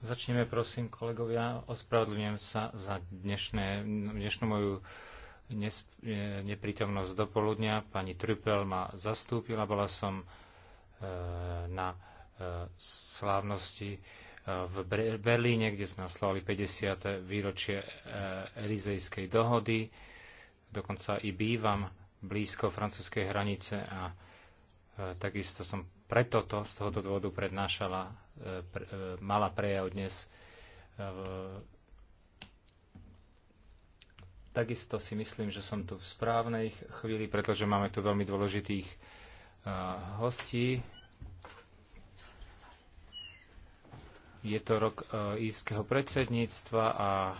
Začneme prosím, kolegovia. Ospravedlňujem sa za dnešné, dnešnú moju nes, e, neprítomnosť do poludnia. Pani Trupel ma zastúpila. Bola som e, na e, slávnosti e, v Berlíne, kde sme oslavovali 50. výročie e, Elizejskej dohody. Dokonca i bývam blízko francúzskej hranice a takisto som preto to z tohoto dôvodu prednášala, e, e, mala prejav dnes. E, Takisto si myslím, že som tu v správnej chvíli, pretože máme tu veľmi dôležitých hostí. Je to rok írskeho predsedníctva a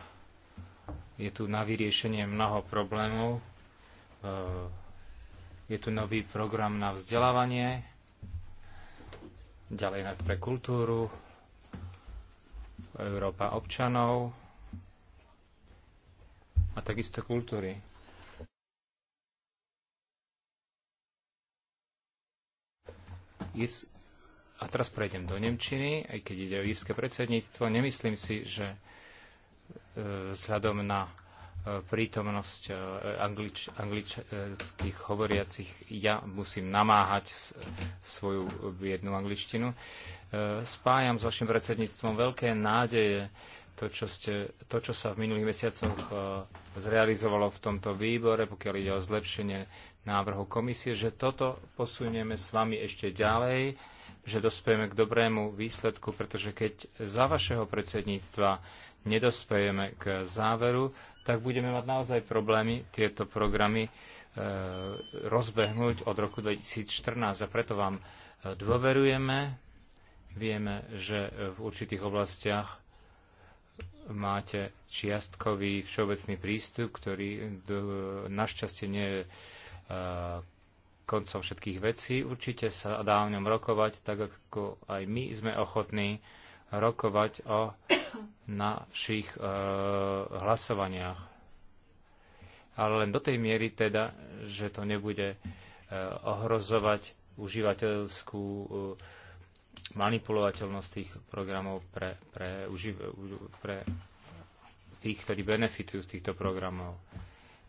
je tu na vyriešenie mnoho problémov. Je tu nový program na vzdelávanie, ďalej pre kultúru, Európa občanov a takisto kultúry. A teraz prejdem do Nemčiny, aj keď ide o írske predsedníctvo. Nemyslím si, že e, vzhľadom na prítomnosť e, anglič, e, angličských hovoriacich, ja musím namáhať svoju biednu angličtinu. E, spájam s vašim predsedníctvom veľké nádeje, to čo, ste, to, čo sa v minulých mesiacoch zrealizovalo v tomto výbore, pokiaľ ide o zlepšenie návrhu komisie, že toto posunieme s vami ešte ďalej, že dospejeme k dobrému výsledku, pretože keď za vašeho predsedníctva nedospejeme k záveru, tak budeme mať naozaj problémy tieto programy e, rozbehnúť od roku 2014. A preto vám e, dôverujeme. Vieme, že v určitých oblastiach máte čiastkový všeobecný prístup, ktorý našťastie nie je e, koncom všetkých vecí. Určite sa dá o ňom rokovať, tak ako aj my sme ochotní rokovať o našich e, hlasovaniach. Ale len do tej miery teda, že to nebude e, ohrozovať užívateľskú e, manipulovateľnosť tých programov pre, pre, uživ, pre tých, ktorí benefitujú z týchto programov.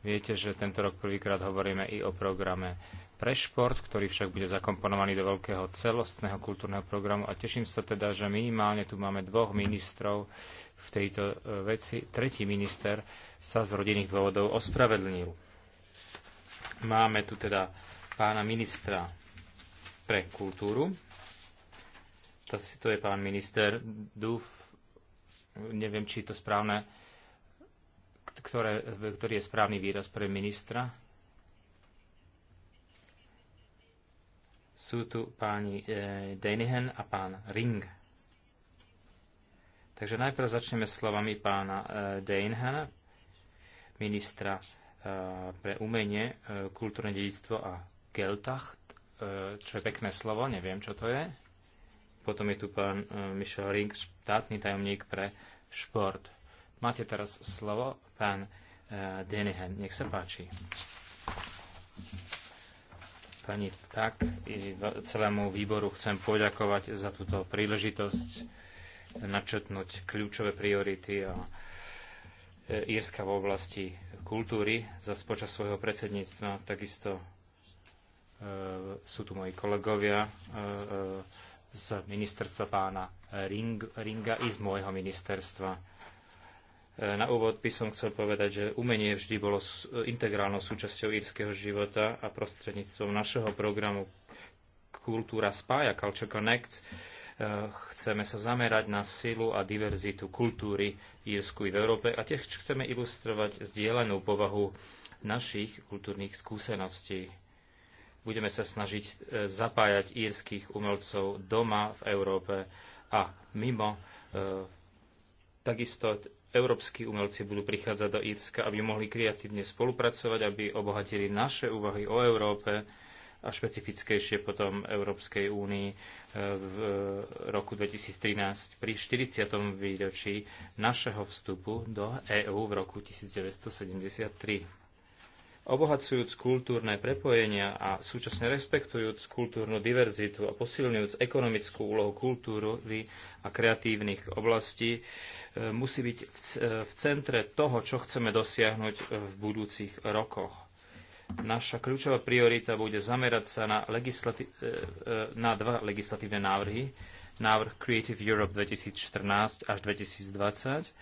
Viete, že tento rok prvýkrát hovoríme i o programe pre šport, ktorý však bude zakomponovaný do veľkého celostného kultúrneho programu. A teším sa teda, že minimálne tu máme dvoch ministrov v tejto e, veci. Tretí minister sa z rodinných dôvodov ospravedlnil. Máme tu teda pána ministra pre kultúru. To je pán minister Duf, neviem, či je to správne, ktoré, ktorý je správny výraz pre ministra Sú tu páni e, Denihen a pán Ring. Takže najprv začneme slovami pána e, Denihena, ministra e, pre umenie, e, kultúrne dedictvo a Geltach, e, čo je pekné slovo, neviem, čo to je. Potom je tu pán e, Michel Ring, štátny tajomník pre šport. Máte teraz slovo, pán e, Denihen, nech sa páči pani Tak i celému výboru chcem poďakovať za túto príležitosť načetnúť kľúčové priority a e, Írska v oblasti kultúry za počas svojho predsedníctva. Takisto e, sú tu moji kolegovia e, z ministerstva pána Ring, Ringa i z môjho ministerstva E, na úvod by som chcel povedať, že umenie vždy bolo e, integrálnou súčasťou írskeho života a prostredníctvom našeho programu Kultúra spája, Culture Connects, e, chceme sa zamerať na silu a diverzitu kultúry Írsku i v Európe a tiež chceme ilustrovať zdieľanú povahu našich kultúrnych skúseností. Budeme sa snažiť zapájať írskych umelcov doma v Európe a mimo. Takisto európsky umelci budú prichádzať do Írska, aby mohli kreatívne spolupracovať, aby obohatili naše úvahy o Európe a špecifickejšie potom Európskej únii e, v e, roku 2013 pri 40. výročí našeho vstupu do EÚ v roku 1973 obohacujúc kultúrne prepojenia a súčasne rešpektujúc kultúrnu diverzitu a posilňujúc ekonomickú úlohu kultúry a kreatívnych oblastí, e, musí byť e, v centre toho, čo chceme dosiahnuť v budúcich rokoch. Naša kľúčová priorita bude zamerať sa na, legislati- e, na dva legislatívne návrhy. Návrh Creative Europe 2014 až 2020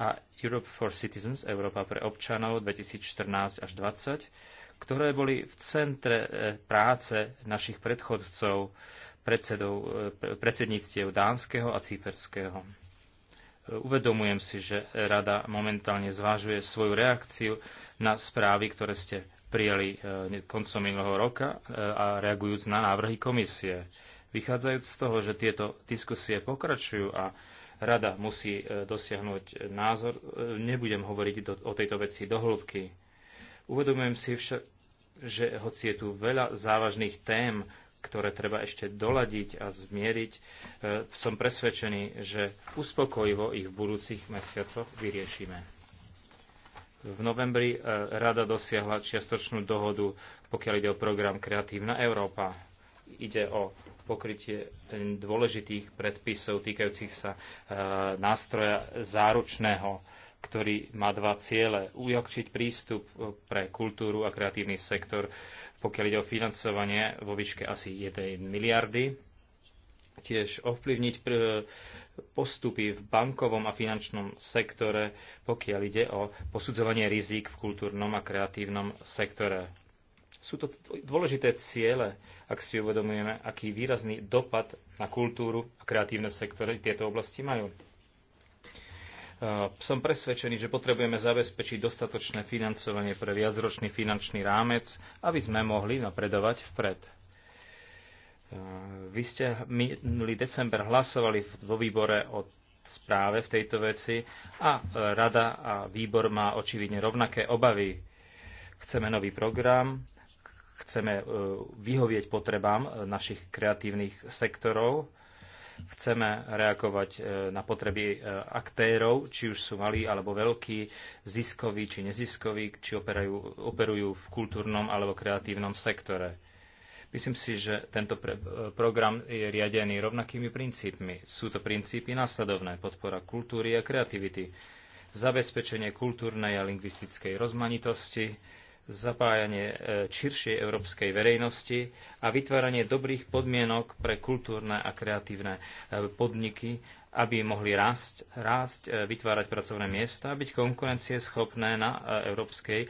a Europe for Citizens, Európa pre občanov 2014 až 2020, ktoré boli v centre e, práce našich predchodcov, predsedov, e, predsedníctiev dánskeho a cíperského. E, uvedomujem si, že rada momentálne zvážuje svoju reakciu na správy, ktoré ste prijali koncom minulého roka a reagujúc na návrhy komisie. Vychádzajúc z toho, že tieto diskusie pokračujú a Rada musí e, dosiahnuť názor. E, nebudem hovoriť do, o tejto veci do hĺbky. Uvedomujem si však, že hoci je tu veľa závažných tém, ktoré treba ešte doladiť a zmieriť, e, som presvedčený, že uspokojivo ich v budúcich mesiacoch vyriešime. V novembri rada dosiahla čiastočnú dohodu, pokiaľ ide o program Kreatívna Európa ide o pokrytie e, dôležitých predpisov týkajúcich sa e, nástroja záručného, ktorý má dva ciele. Ujakčiť prístup e, pre kultúru a kreatívny sektor, pokiaľ ide o financovanie vo výške asi 1 miliardy. Tiež ovplyvniť postupy v bankovom a finančnom sektore, pokiaľ ide o posudzovanie rizik v kultúrnom a kreatívnom sektore sú to dôležité ciele, ak si uvedomujeme, aký výrazný dopad na kultúru a kreatívne sektory tieto oblasti majú. E, som presvedčený, že potrebujeme zabezpečiť dostatočné financovanie pre viacročný finančný rámec, aby sme mohli napredovať vpred. E, vy ste minulý december hlasovali vo výbore o správe v tejto veci a e, rada a výbor má očividne rovnaké obavy. Chceme nový program, Chceme e, vyhovieť potrebám e, našich kreatívnych sektorov, chceme reagovať e, na potreby aktérov, či už sú malí alebo veľkí, ziskoví či neziskoví, či operajú, operujú v kultúrnom alebo kreatívnom sektore. Myslím si, že tento pre- program je riadený rovnakými princípmi. Sú to princípy následovné. Podpora kultúry a kreativity, zabezpečenie kultúrnej a lingvistickej rozmanitosti, zapájanie e, širšej európskej verejnosti a vytváranie dobrých podmienok pre kultúrne a kreatívne e, podniky, aby mohli rásť, rásť e, vytvárať pracovné miesta a byť konkurencieschopné na európskej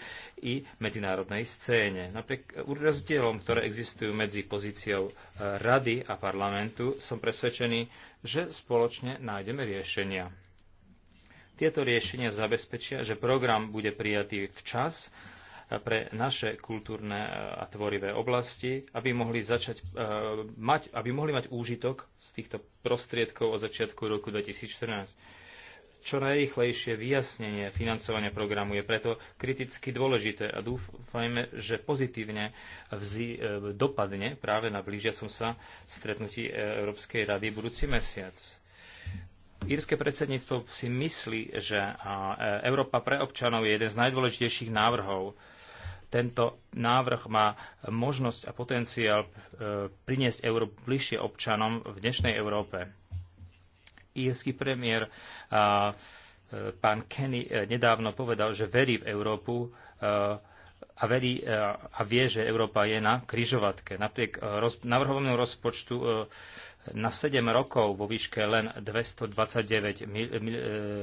i medzinárodnej scéne. Napriek rozdielom, ktoré existujú medzi pozíciou rady a parlamentu, som presvedčený, že spoločne nájdeme riešenia. Tieto riešenia zabezpečia, že program bude prijatý včas, pre naše kultúrne e, a tvorivé oblasti, aby mohli, začať, e, mať, aby mohli mať úžitok z týchto prostriedkov od začiatku roku 2014. Čo najrychlejšie vyjasnenie financovania programu je preto kriticky dôležité a dúfajme, že pozitívne vzi, e, dopadne práve na blížiacom sa stretnutí Európskej rady budúci mesiac. Írske predsedníctvo si myslí, že Európa pre občanov je jeden z najdôležitejších návrhov tento návrh má možnosť a potenciál e, priniesť Európu bližšie občanom v dnešnej Európe. Írsky premiér e, pán Kenny e, nedávno povedal, že verí v Európu a, verí, a vie, že Európa je na kryžovatke. Napriek navrhovanému rozpočtu na 7 rokov vo výške len 229 e,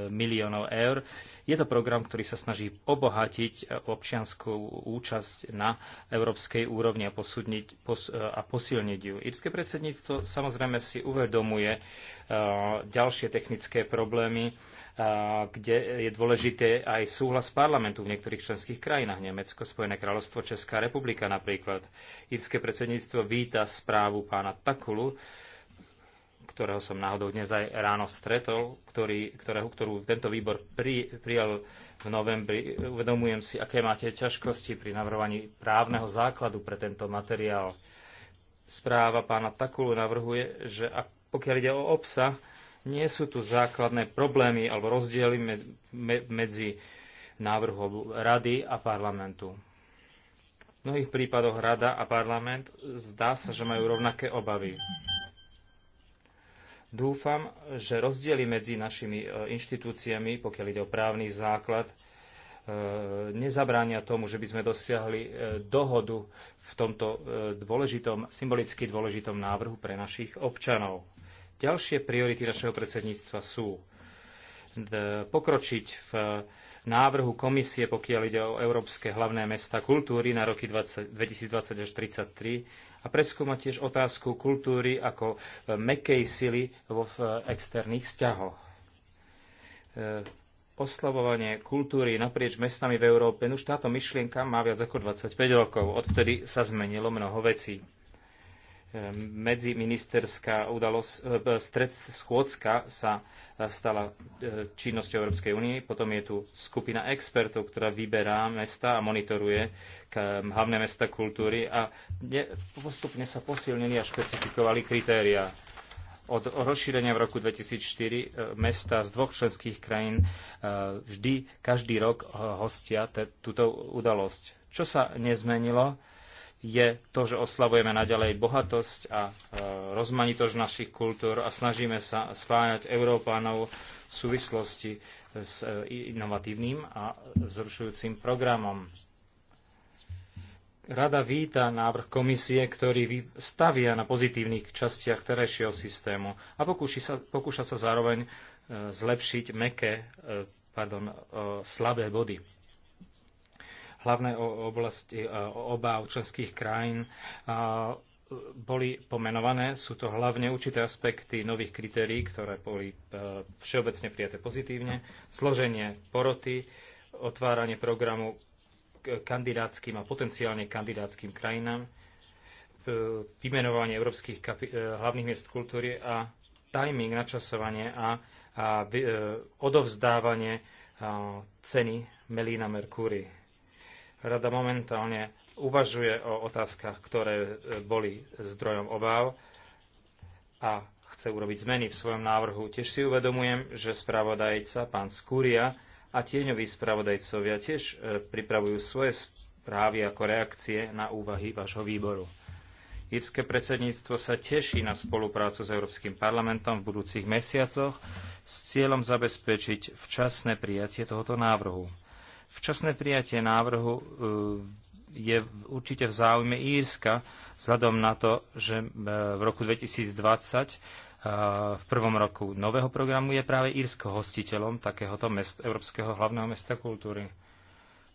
miliónov eur. Je to program, ktorý sa snaží obohatiť občianskú účasť na európskej úrovni a, posudniť, pos, e, a posilniť ju. Írske predsedníctvo samozrejme si uvedomuje e, ďalšie technické problémy, kde je dôležité aj súhlas parlamentu v niektorých členských krajinách, Nemecko, Spojené kráľovstvo, Česká republika napríklad. Írske predsedníctvo víta správu pána Takulu, ktorého som náhodou dnes aj ráno stretol, ktorý, ktorého, ktorú tento výbor pri, prijal v novembri. Uvedomujem si, aké máte ťažkosti pri navrhovaní právneho základu pre tento materiál. Správa pána Takulu navrhuje, že ak, pokiaľ ide o obsah, nie sú tu základné problémy alebo rozdiely med, me, medzi návrhom rady a parlamentu. V mnohých prípadoch rada a parlament zdá sa, že majú rovnaké obavy. Dúfam, že rozdiely medzi našimi e, inštitúciami, pokiaľ ide o právny základ, e, nezabránia tomu, že by sme dosiahli e, dohodu v tomto dôležitom, symbolicky dôležitom návrhu pre našich občanov. Ďalšie priority našeho predsedníctva sú pokročiť v návrhu komisie, pokiaľ ide o európske hlavné mesta kultúry na roky 20, 2020 až 2033 a preskúmať tiež otázku kultúry ako e, mekej sily vo e, externých vzťahoch. E, oslavovanie kultúry naprieč mestami v Európe, už táto myšlienka má viac ako 25 rokov. Odvtedy sa zmenilo mnoho vecí medziministerská udalosť, e, stred schôdzka sa e, stala e, činnosťou Európskej únie. Potom je tu skupina expertov, ktorá vyberá mesta a monitoruje hlavné mesta kultúry a postupne sa posilnili a špecifikovali kritéria. Od rozšírenia v roku 2004 mesta z dvoch členských krajín vždy, každý rok hostia túto udalosť. Čo sa nezmenilo? je to, že oslavujeme naďalej bohatosť a e, rozmanitosť našich kultúr a snažíme sa spájať Európánov v súvislosti s e, inovatívnym a vzrušujúcim programom. Rada víta návrh komisie, ktorý stavia na pozitívnych častiach terajšieho systému a pokúša sa, pokúša sa zároveň e, zlepšiť meké, pardon, slabé body hlavné oblasti e, obáv členských krajín e, boli pomenované. Sú to hlavne určité aspekty nových kritérií, ktoré boli e, všeobecne prijaté pozitívne, složenie poroty, otváranie programu kandidátským a potenciálne kandidátským krajinám, vymenovanie európskych hlavných miest kultúry a timing, načasovanie a, a odovzdávanie a, ceny Melina Mercury. Rada momentálne uvažuje o otázkach, ktoré e, boli zdrojom obáv a chce urobiť zmeny v svojom návrhu. Tiež si uvedomujem, že spravodajca, pán Skúria a tieňoví spravodajcovia tiež e, pripravujú svoje správy ako reakcie na úvahy vášho výboru. Irské predsedníctvo sa teší na spoluprácu s Európskym parlamentom v budúcich mesiacoch s cieľom zabezpečiť včasné prijatie tohoto návrhu. Včasné prijatie návrhu e, je určite v záujme Írska, vzhľadom na to, že e, v roku 2020 e, v prvom roku nového programu je práve Írsko hostiteľom takéhoto mest, Európskeho hlavného mesta kultúry.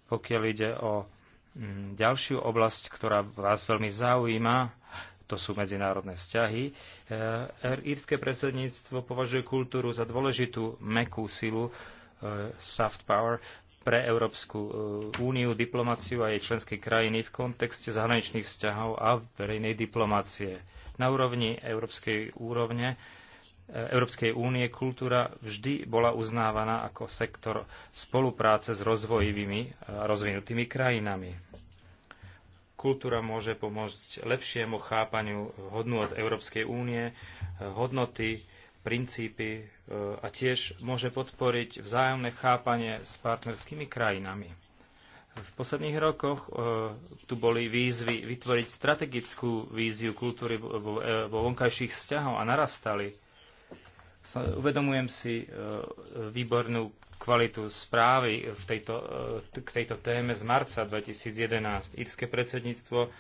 Pokiaľ ide o mm, ďalšiu oblasť, ktorá vás veľmi zaujíma, to sú medzinárodné vzťahy, írske predsedníctvo považuje kultúru za dôležitú mekú silu, soft power, pre Európsku eh, úniu, diplomáciu a jej členské krajiny v kontexte zahraničných vzťahov a verejnej diplomácie. Na úrovni Európskej úrovne eh, Európskej únie kultúra vždy bola uznávaná ako sektor spolupráce s rozvojivými a eh, rozvinutými krajinami. Kultúra môže pomôcť lepšiemu chápaniu hodnôt Európskej únie, hodnoty, princípy e, a tiež môže podporiť vzájomné chápanie s partnerskými krajinami. V posledných rokoch e, tu boli výzvy vytvoriť strategickú víziu kultúry vo e, vonkajších vzťahov a narastali. Uvedomujem si výbornú kvalitu správy v tejto, k tejto téme z marca 2011. Írske predsedníctvo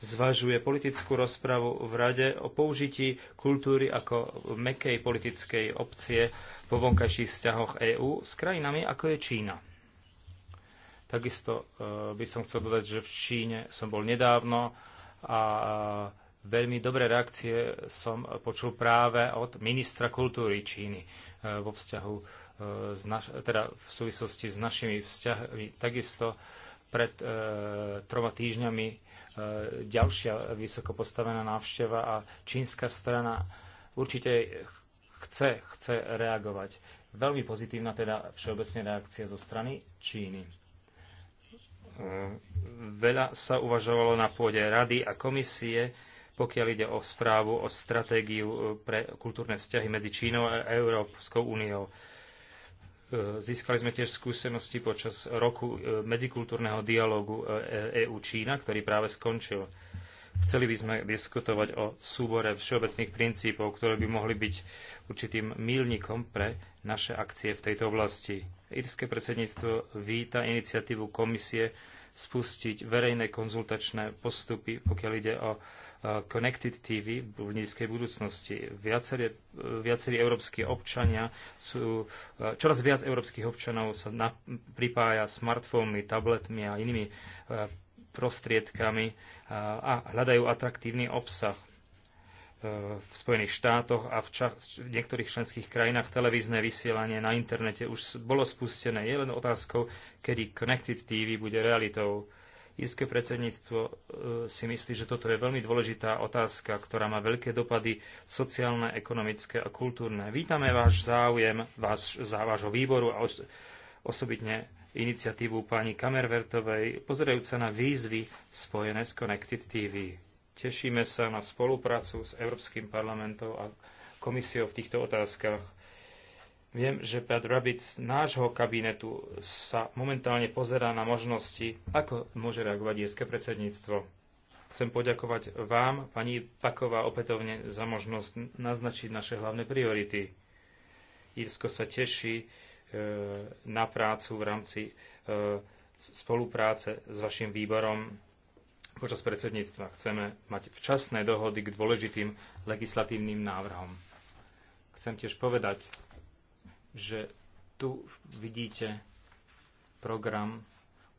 zvažuje politickú rozpravu v Rade o použití kultúry ako mekej politickej opcie vo vonkajších vzťahoch EÚ s krajinami ako je Čína. Takisto e, by som chcel dodať, že v Číne som bol nedávno a e, veľmi dobré reakcie som počul práve od ministra kultúry Číny e, vo vzťahu s naš- teda v súvislosti s našimi vzťahmi. Takisto pred e, troma týždňami Eh, ďalšia vysoko postavená návšteva a čínska strana určite chce, chce reagovať. Veľmi pozitívna teda všeobecne reakcia zo strany Číny. Eh, veľa sa uvažovalo na pôde rady a komisie, pokiaľ ide o správu o stratégiu eh, pre kultúrne vzťahy medzi Čínou a Európskou úniou. E, získali sme tiež skúsenosti počas roku e, medzikultúrneho dialógu EU-Čína, e, ktorý práve skončil. Chceli by sme diskutovať o súbore všeobecných princípov, ktoré by mohli byť určitým milníkom pre naše akcie v tejto oblasti. Írske predsedníctvo víta iniciatívu komisie spustiť verejné konzultačné postupy, pokiaľ ide o Connected TV v blízkej budúcnosti. Viacerí, viacerí európsky občania sú, čoraz viac európskych občanov sa na, pripája smartfónmi, tabletmi a inými e, prostriedkami a, e, a hľadajú atraktívny obsah e, v Spojených štátoch a v, ča- v niektorých členských krajinách televízne vysielanie na internete už bolo spustené. Je len otázkou, kedy Connected TV bude realitou Írske predsedníctvo e, si myslí, že toto je veľmi dôležitá otázka, ktorá má veľké dopady sociálne, ekonomické a kultúrne. Vítame váš záujem, váš, za vášho výboru a osobitne iniciatívu pani Kamervertovej, pozerajúca na výzvy spojené s Connected TV. Tešíme sa na spoluprácu s Európskym parlamentom a komisiou v týchto otázkach Viem, že Pat Rabbit z nášho kabinetu sa momentálne pozerá na možnosti, ako môže reagovať jeské predsedníctvo. Chcem poďakovať vám, pani Paková, opätovne za možnosť naznačiť naše hlavné priority. Írsko sa teší e, na prácu v rámci e, spolupráce s vašim výborom počas predsedníctva. Chceme mať včasné dohody k dôležitým legislatívnym návrhom. Chcem tiež povedať, že tu vidíte program,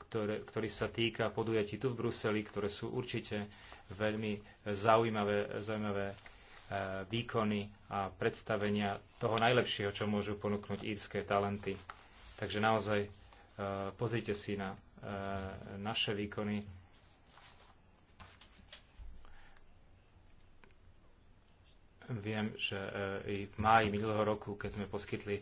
ktoré, ktorý sa týka podujatí tu v Bruseli, ktoré sú určite veľmi zaujímavé, zaujímavé e, výkony a predstavenia toho najlepšieho, čo môžu ponúknuť írske talenty. Takže naozaj e, pozrite si na e, naše výkony Viem, že e, i v máji minulého roku, keď sme poskytli e,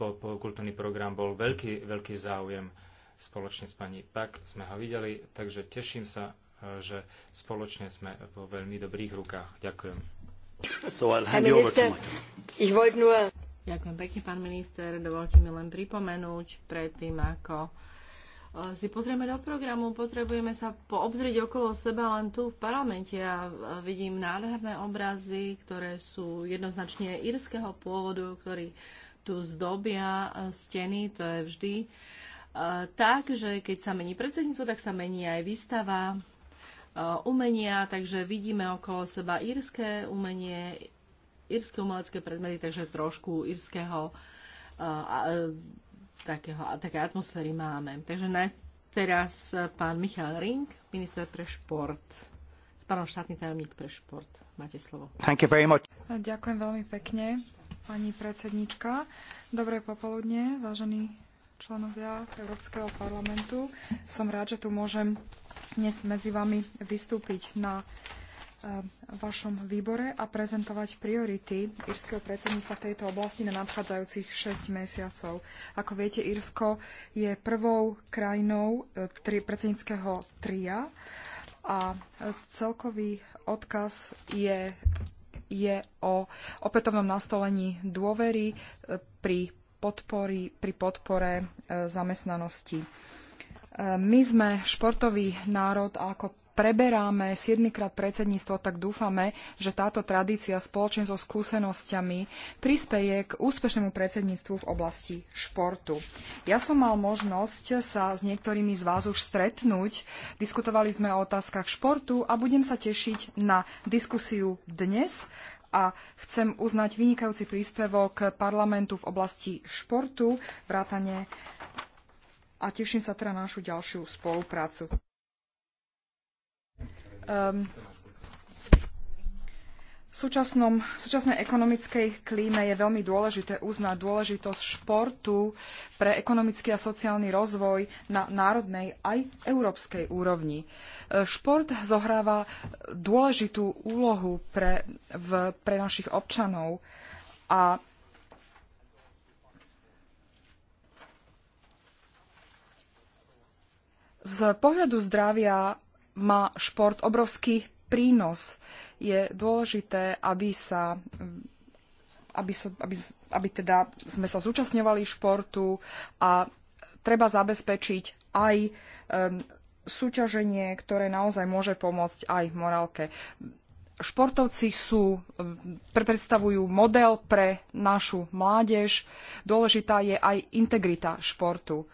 po, po kultúrny program, bol veľký, veľký záujem spoločne s pani Pak. Sme ho videli, takže teším sa, e, že spoločne sme vo veľmi dobrých rukách. Ďakujem. So Ďakujem pekne, pán minister. Dovolte mi len pripomenúť, predtým ako si pozrieme do programu, potrebujeme sa poobzrieť okolo seba len tu v parlamente. a vidím nádherné obrazy, ktoré sú jednoznačne írskeho pôvodu, ktorý tu zdobia e, steny, to je vždy e, tak, že keď sa mení predsedníctvo, tak sa mení aj výstava e, umenia, takže vidíme okolo seba írske umenie, írske umelecké predmety, takže trošku írskeho takého, také atmosféry máme. Takže na teraz e, pán Michal Ring, minister pre šport. Pán štátny tajomník pre šport. Máte slovo. Thank you very much. Ďakujem veľmi pekne, pani predsednička. Dobré popoludne, vážení členovia Európskeho parlamentu. Som rád, že tu môžem dnes medzi vami vystúpiť na Eh, vašom výbore a prezentovať priority írskeho predsedníctva v tejto oblasti na nadchádzajúcich 6 mesiacov. Ako viete, Írsko je prvou krajinou eh, tri, predsedníckého tria a eh, celkový odkaz je, je o opätovnom nastolení dôvery pri, podpory, pri podpore zamestnanosti. My sme športový národ a ako preberáme 7 krát predsedníctvo, tak dúfame, že táto tradícia spoločne so skúsenosťami prispeje k úspešnému predsedníctvu v oblasti športu. Ja som mal možnosť sa s niektorými z vás už stretnúť. Diskutovali sme o otázkach športu a budem sa tešiť na diskusiu dnes a chcem uznať vynikajúci príspevok parlamentu v oblasti športu, vrátane a teším sa teda na našu ďalšiu spoluprácu. Um, v, súčasnom, v súčasnej ekonomickej klíme je veľmi dôležité uznať dôležitosť športu pre ekonomický a sociálny rozvoj na národnej aj európskej úrovni. Ehm, šport zohráva dôležitú úlohu pre, v, pre našich občanov a z pohľadu zdravia má šport obrovský prínos. Je dôležité, aby sa aby, sa, aby, aby teda sme sa zúčastňovali športu a treba zabezpečiť aj um, súťaženie, ktoré naozaj môže pomôcť aj v morálke. Športovci sú, predstavujú model pre našu mládež. Dôležitá je aj integrita športu.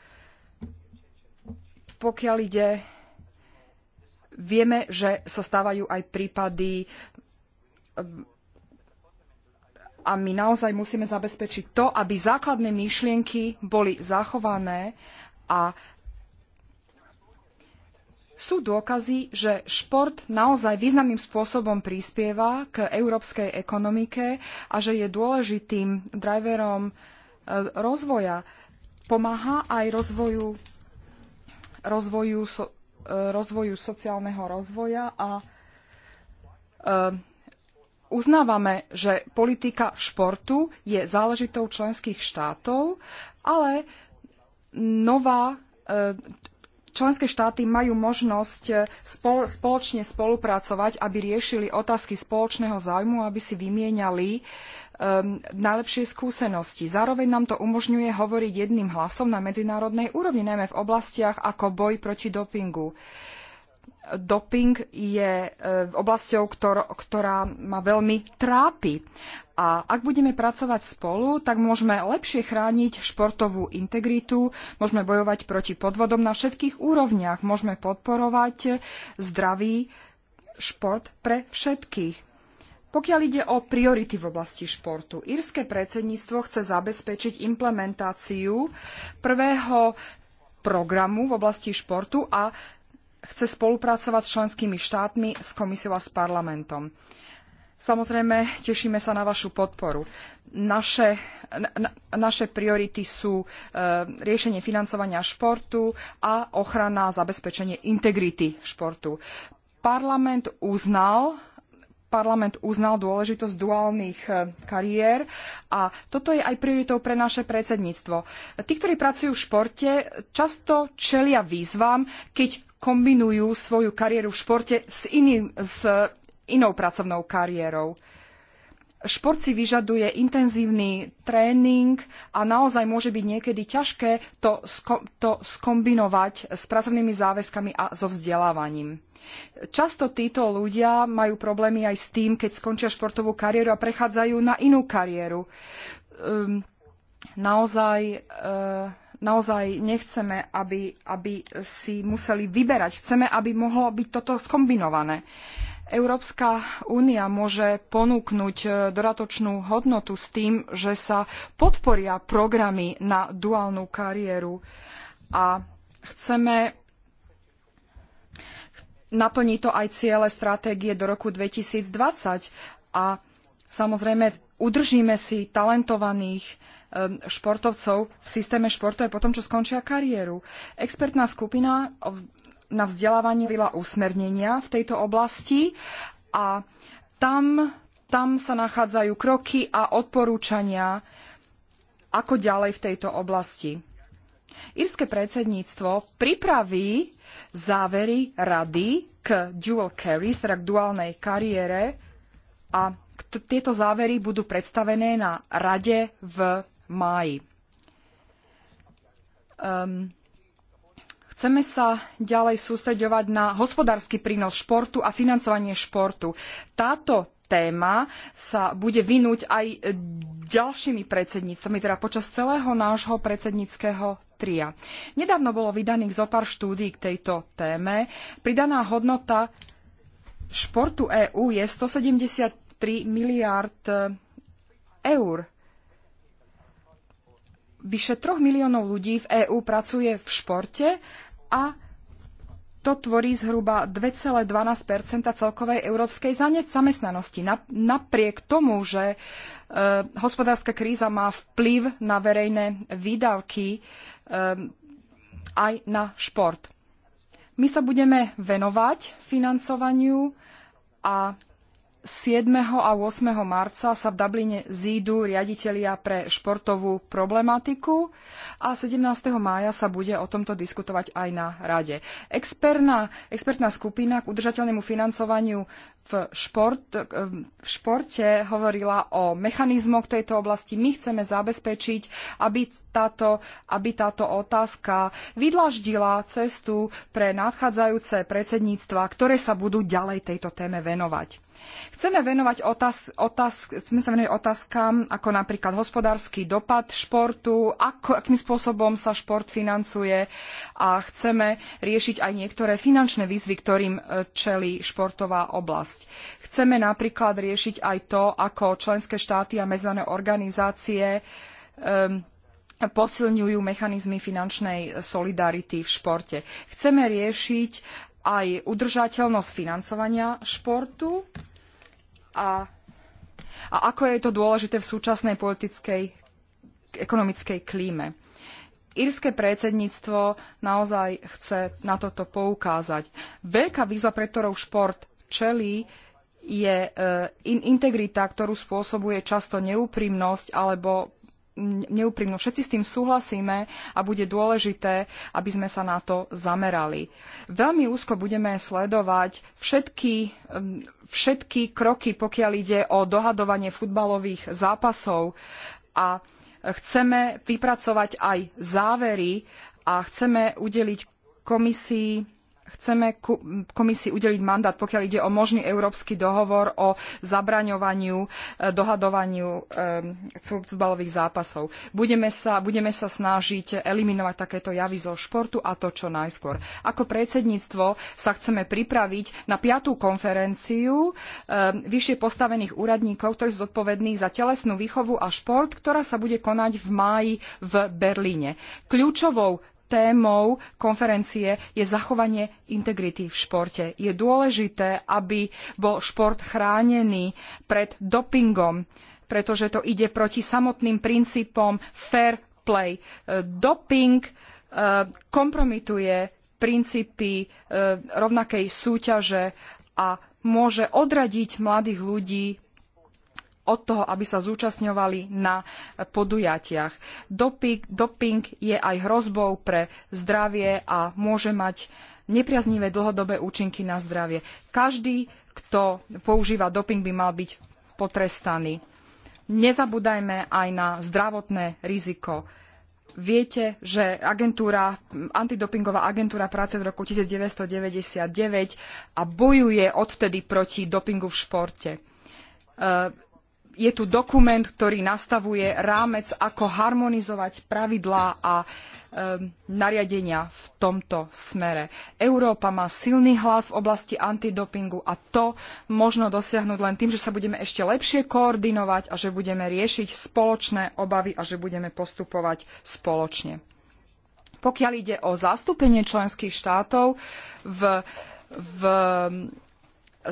Pokiaľ ide Vieme, že sa stávajú aj prípady a my naozaj musíme zabezpečiť to, aby základné myšlienky boli zachované a sú dôkazy, že šport naozaj významným spôsobom prispieva k európskej ekonomike a že je dôležitým driverom e, rozvoja. Pomáha aj rozvoju, rozvoju so, rozvoju sociálneho rozvoja a e, uznávame, že politika športu je záležitou členských štátov, ale nová e, členské štáty majú možnosť e, spoločne spolupracovať, aby riešili otázky spoločného záujmu, aby si vymieňali um, najlepšie skúsenosti. Zároveň nám to umožňuje hovoriť jedným hlasom na medzinárodnej úrovni, najmä v oblastiach ako boj proti dopingu. Doping je um, oblasťou, ktor ktorá ma veľmi trápi. A ak budeme pracovať spolu, tak môžeme lepšie chrániť športovú integritu, môžeme bojovať proti podvodom na všetkých úrovniach, môžeme podporovať zdravý šport pre všetkých pokiaľ ide o priority v oblasti športu, írske predsedníctvo chce zabezpečiť implementáciu prvého programu v oblasti športu a chce spolupracovať s členskými štátmi, s komisiou a s parlamentom. Samozrejme, tešíme sa na vašu podporu. Naše, na, naše priority sú e, riešenie financovania športu a ochrana a zabezpečenie integrity športu. Parlament uznal parlament uznal dôležitosť duálnych e, kariér a toto je aj prioritou pre naše predsedníctvo. Tí, ktorí pracujú v športe, často čelia výzvam, keď kombinujú svoju kariéru v športe s, iným, s inou pracovnou kariérou. Šport si vyžaduje intenzívny tréning a naozaj môže byť niekedy ťažké to, sko- to skombinovať s pracovnými záväzkami a so vzdelávaním. Často títo ľudia majú problémy aj s tým, keď skončia športovú kariéru a prechádzajú na inú kariéru. Um, naozaj, uh, naozaj nechceme, aby, aby si museli vyberať. Chceme, aby mohlo byť toto skombinované. Uh, Európska únia môže ponúknuť e, doratočnú hodnotu s tým, že sa podporia programy na duálnu kariéru a chceme naplniť to aj ciele stratégie do roku 2020 a samozrejme udržíme si talentovaných športovcov v systéme športu aj potom, čo skončia kariéru. Expertná skupina na vzdelávanie vila usmernenia v tejto oblasti a tam, tam sa nachádzajú kroky a odporúčania, ako ďalej v tejto oblasti. Írske predsedníctvo pripraví závery rady k dual carries, teda k duálnej kariére a tieto závery budú predstavené na rade v máji. Um, Chceme sa ďalej sústreďovať na hospodársky prínos športu a financovanie športu. Táto téma sa bude vynúť aj ďalšími predsedníctvami, teda počas celého nášho predsedníckého tria. Nedávno bolo vydaných zo pár štúdií k tejto téme. Pridaná hodnota športu EÚ je 173 miliárd e, eur. Vyše troch miliónov ľudí v EÚ pracuje v športe a to tvorí zhruba 2,12 celkovej európskej zamestnanosti. Napriek tomu, že e, hospodárska kríza má vplyv na verejné výdavky e, aj na šport. My sa budeme venovať financovaniu a 7. a 8. marca sa v Dubline zídu riaditelia pre športovú problematiku a 17. mája sa bude o tomto diskutovať aj na rade. Experná, expertná skupina k udržateľnému financovaniu v, šport, v športe hovorila o mechanizmoch tejto oblasti. My chceme zabezpečiť, aby táto, aby táto otázka vydlaždila cestu pre nadchádzajúce predsedníctva, ktoré sa budú ďalej tejto téme venovať. Chceme, venovať otáz, otáz, chceme sa venovať otázkam ako napríklad hospodársky dopad športu, ako, akým spôsobom sa šport financuje a chceme riešiť aj niektoré finančné výzvy, ktorým e, čelí športová oblasť. Chceme napríklad riešiť aj to, ako členské štáty a medzinárodné organizácie um, posilňujú mechanizmy finančnej solidarity v športe. Chceme riešiť aj udržateľnosť financovania športu a, a ako je to dôležité v súčasnej politickej ekonomickej klíme. Írske predsedníctvo naozaj chce na toto poukázať. Veľká výzva, pre ktorou šport čelí, je e, in integrita, ktorú spôsobuje často neúprimnosť alebo neúprimnú. Všetci s tým súhlasíme a bude dôležité, aby sme sa na to zamerali. Veľmi úzko budeme sledovať všetky, všetky kroky, pokiaľ ide o dohadovanie futbalových zápasov a chceme vypracovať aj závery a chceme udeliť komisii chceme komisii udeliť mandát, pokiaľ ide o možný európsky dohovor o zabraňovaniu, e, dohadovaniu e, futbalových zápasov. Budeme sa, budeme sa snažiť eliminovať takéto javy zo športu a to čo najskôr. Ako predsedníctvo sa chceme pripraviť na piatú konferenciu e, vyššie postavených úradníkov, ktorí sú zodpovední za telesnú výchovu a šport, ktorá sa bude konať v máji v Berlíne. Kľúčovou témou konferencie je zachovanie integrity v športe. Je dôležité, aby bol šport chránený pred dopingom, pretože to ide proti samotným princípom fair play. E, doping e, kompromituje princípy e, rovnakej súťaže a môže odradiť mladých ľudí od toho, aby sa zúčastňovali na podujatiach. Doping, doping je aj hrozbou pre zdravie a môže mať nepriaznivé dlhodobé účinky na zdravie. Každý, kto používa doping, by mal byť potrestaný. Nezabúdajme aj na zdravotné riziko viete, že agentúra, antidopingová agentúra práce v roku 1999 a bojuje odvtedy proti dopingu v športe. E, je tu dokument, ktorý nastavuje rámec, ako harmonizovať pravidlá a ehm, nariadenia v tomto smere. Európa má silný hlas v oblasti antidopingu a to možno dosiahnuť len tým, že sa budeme ešte lepšie koordinovať a že budeme riešiť spoločné obavy a že budeme postupovať spoločne. Pokiaľ ide o zastúpenie členských štátov v, v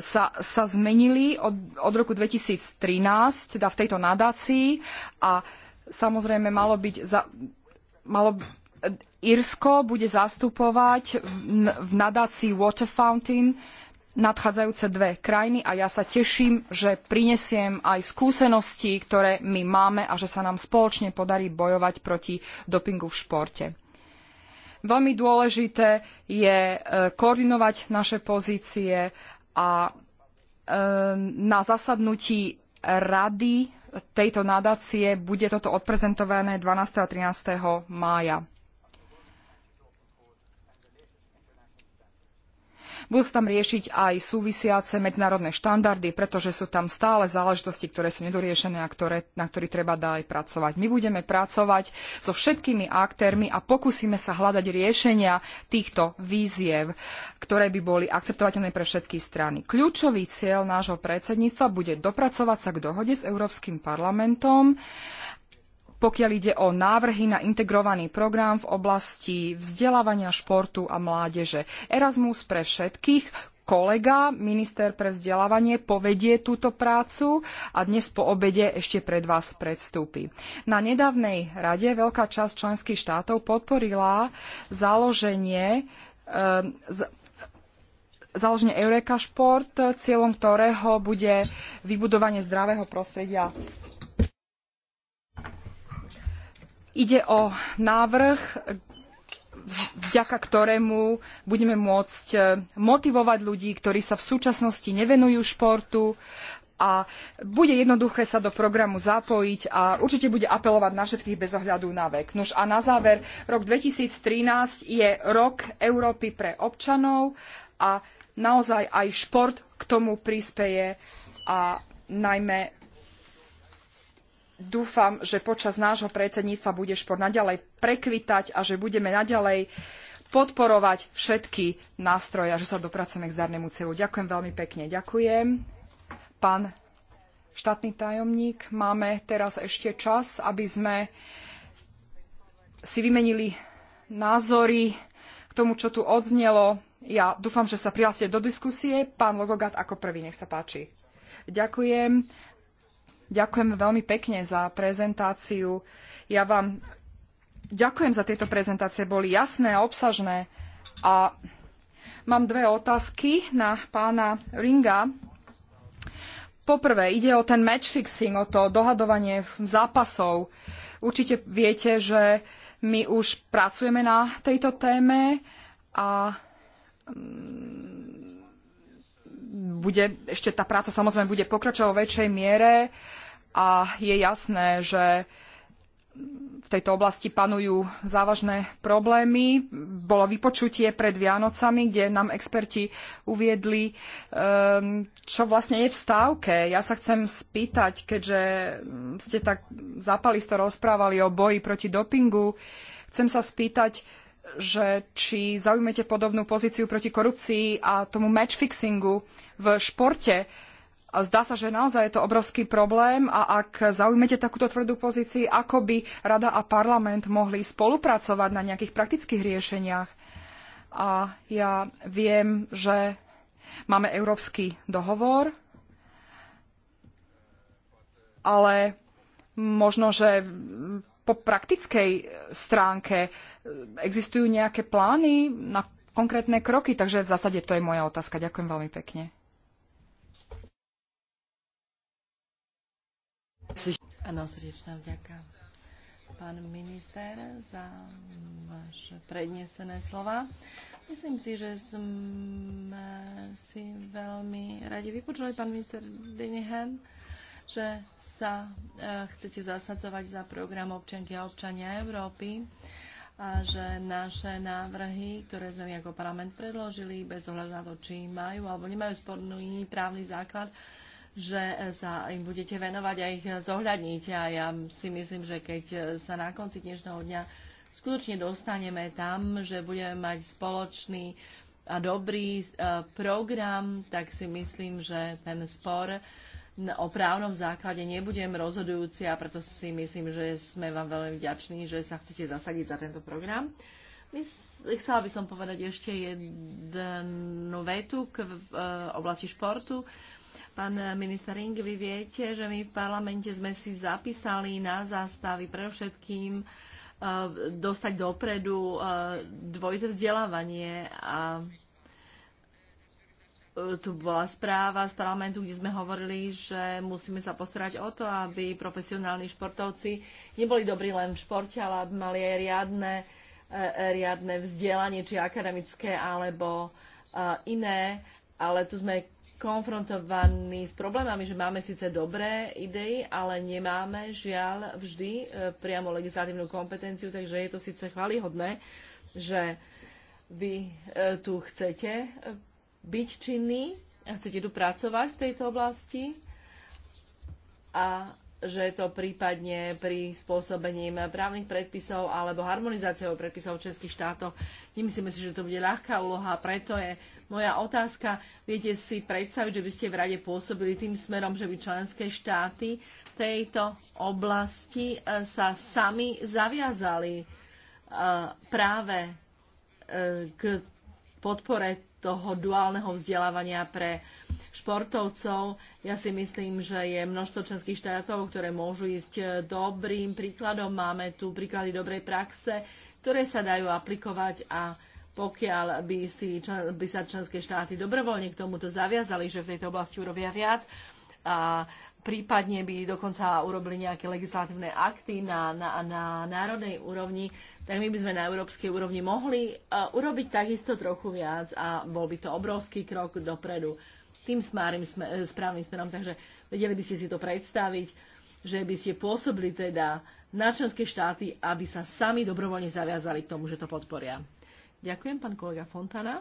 sa, sa zmenili od, od roku 2013, teda v tejto nadácii a samozrejme malo byť za, malo, Írsko bude zastupovať v, v nadácii Water Fountain nadchádzajúce dve krajiny a ja sa teším, že prinesiem aj skúsenosti, ktoré my máme a že sa nám spoločne podarí bojovať proti dopingu v športe. Veľmi dôležité je e, koordinovať naše pozície a e, na zasadnutí rady tejto nadácie bude toto odprezentované 12. a 13. mája. Budú sa tam riešiť aj súvisiace medzinárodné štandardy, pretože sú tam stále záležitosti, ktoré sú nedoriešené a ktoré, na ktorých treba ďalej pracovať. My budeme pracovať so všetkými aktérmi a pokúsime sa hľadať riešenia týchto víziev, ktoré by boli akceptovateľné pre všetky strany. Kľúčový cieľ nášho predsedníctva bude dopracovať sa k dohode s Európskym parlamentom pokiaľ ide o návrhy na integrovaný program v oblasti vzdelávania športu a mládeže. Erasmus pre všetkých, kolega, minister pre vzdelávanie, povedie túto prácu a dnes po obede ešte pred vás predstúpi. Na nedávnej rade veľká časť členských štátov podporila založenie eh, založenie Eureka Šport, cieľom ktorého bude vybudovanie zdravého prostredia Ide o návrh, vďaka ktorému budeme môcť e, motivovať ľudí, ktorí sa v súčasnosti nevenujú športu a bude jednoduché sa do programu zapojiť a určite bude apelovať na všetkých bez ohľadu na vek. Nuž a na záver, rok 2013 je rok Európy pre občanov a naozaj aj šport k tomu prispeje a najmä dúfam, že počas nášho predsedníctva bude šport naďalej prekvitať a že budeme naďalej podporovať všetky nástroje a že sa dopracujeme k zdarnému cieľu. Ďakujem veľmi pekne. Ďakujem. Pán štátny tajomník, máme teraz ešte čas, aby sme si vymenili názory k tomu, čo tu odznelo. Ja dúfam, že sa prihlásite do diskusie. Pán Logogat ako prvý, nech sa páči. Ďakujem. Ďakujem veľmi pekne za prezentáciu. Ja vám ďakujem za tieto prezentácie, boli jasné a obsažné. A mám dve otázky na pána Ringa. Poprvé, ide o ten match fixing, o to dohadovanie zápasov. Určite viete, že my už pracujeme na tejto téme a mm, bude, ešte tá práca samozrejme bude pokračovať vo väčšej miere a je jasné, že v tejto oblasti panujú závažné problémy. Bolo vypočutie pred Vianocami, kde nám experti uviedli, ehm, čo vlastne je v stávke. Ja sa chcem spýtať, keďže ste tak zapalisto rozprávali o boji proti dopingu, chcem sa spýtať, že či zaujmete podobnú pozíciu proti korupcii a tomu match fixingu v športe. Zdá sa, že naozaj je to obrovský problém a ak zaujmete takúto tvrdú pozíciu, ako by Rada a parlament mohli spolupracovať na nejakých praktických riešeniach. A ja viem, že máme európsky dohovor, ale možno, že po praktickej stránke existujú nejaké plány na konkrétne kroky, takže v zásade to je moja otázka. Ďakujem veľmi pekne. Áno, srdečná vďaka. Pán minister, za vaše prednesené slova. Myslím si, že sme si veľmi radi vypočuli, pán minister Dinihan, že sa eh, chcete zasadzovať za program občanky a občania Európy a že naše návrhy, ktoré sme my ako parlament predložili, bez ohľadu na to, či majú alebo nemajú sporný iný právny základ, že sa im budete venovať a ich zohľadníte. A ja si myslím, že keď sa na konci dnešného dňa skutočne dostaneme tam, že budeme mať spoločný a dobrý e, program, tak si myslím, že ten spor o právnom základe nebudem rozhodujúci a preto si myslím, že sme vám veľmi vďační, že sa chcete zasadiť za tento program. Chcela by som povedať ešte jednu vetu k e, oblasti športu. Pán minister Ring, vy viete, že my v parlamente sme si zapísali na zástavy pre všetkým e, dostať dopredu e, dvojité vzdelávanie a E, tu bola správa z parlamentu, kde sme hovorili, že musíme sa postarať o to, aby profesionálni športovci neboli dobrí len v športe, ale aby mali aj riadne, e, e, riadne vzdelanie, či akademické, alebo iné. Ale tu sme konfrontovaní s problémami, že máme síce dobré idei, ale nemáme žiaľ vždy priamo legislatívnu kompetenciu, takže je to síce chvalihodné, že vy tu chcete byť činní a chcete tu pracovať v tejto oblasti a že to prípadne pri spôsobením právnych predpisov alebo harmonizáciou predpisov v českých štátoch. Nemyslíme si, že to bude ľahká úloha, preto je moja otázka. Viete si predstaviť, že by ste v rade pôsobili tým smerom, že by členské štáty v tejto oblasti e, sa sami zaviazali e, práve e, k podpore toho duálneho vzdelávania pre športovcov. Ja si myslím, že je množstvo členských štátov, ktoré môžu ísť e, dobrým príkladom. Máme tu príklady dobrej praxe, ktoré sa dajú aplikovať a pokiaľ by, si, by sa členské štáty dobrovoľne k tomuto zaviazali, že v tejto oblasti urobia viac a prípadne by dokonca urobili nejaké legislatívne akty na, na, na národnej úrovni, tak my by sme na európskej úrovni mohli uh, urobiť takisto trochu viac a bol by to obrovský krok dopredu tým smárim, sme, e, správnym smerom. Takže vedeli by ste si to predstaviť, že by ste pôsobili teda na členské štáty, aby sa sami dobrovoľne zaviazali k tomu, že to podporia. Ďakujem, pán kolega Fontana.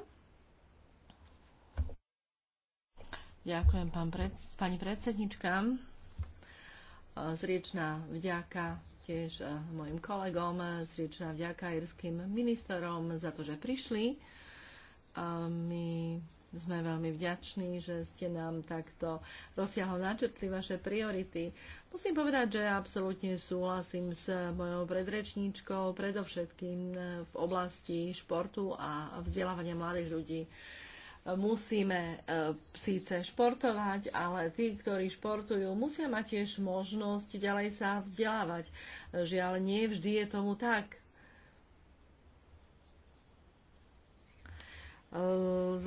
Ďakujem, pán pred, pani predsednička. E, zriečná vďaka tiež e, mojim kolegom, e, sriečná vďaka irským ministerom za to, že prišli. A my sme veľmi vďační, že ste nám takto rozsiahlo načrtli vaše priority. Musím povedať, že absolútne súhlasím s mojou predrečníčkou, predovšetkým e, v oblasti športu a vzdelávania mladých ľudí musíme e, síce športovať, ale tí, ktorí športujú, musia mať tiež možnosť ďalej sa vzdelávať. Žiaľ, nie vždy je tomu tak. E, z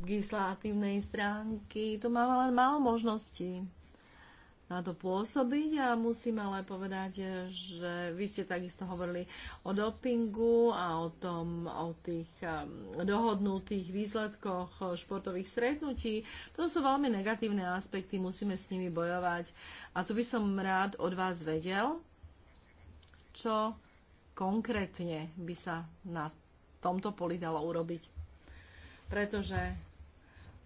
legislatívnej stránky tu máme len málo možností na to pôsobiť a musím ale povedať, že vy ste takisto hovorili o dopingu a o tom, o tých um, dohodnutých výsledkoch športových stretnutí. To sú veľmi negatívne aspekty, musíme s nimi bojovať a tu by som rád od vás vedel, čo konkrétne by sa na tomto poli dalo urobiť. Pretože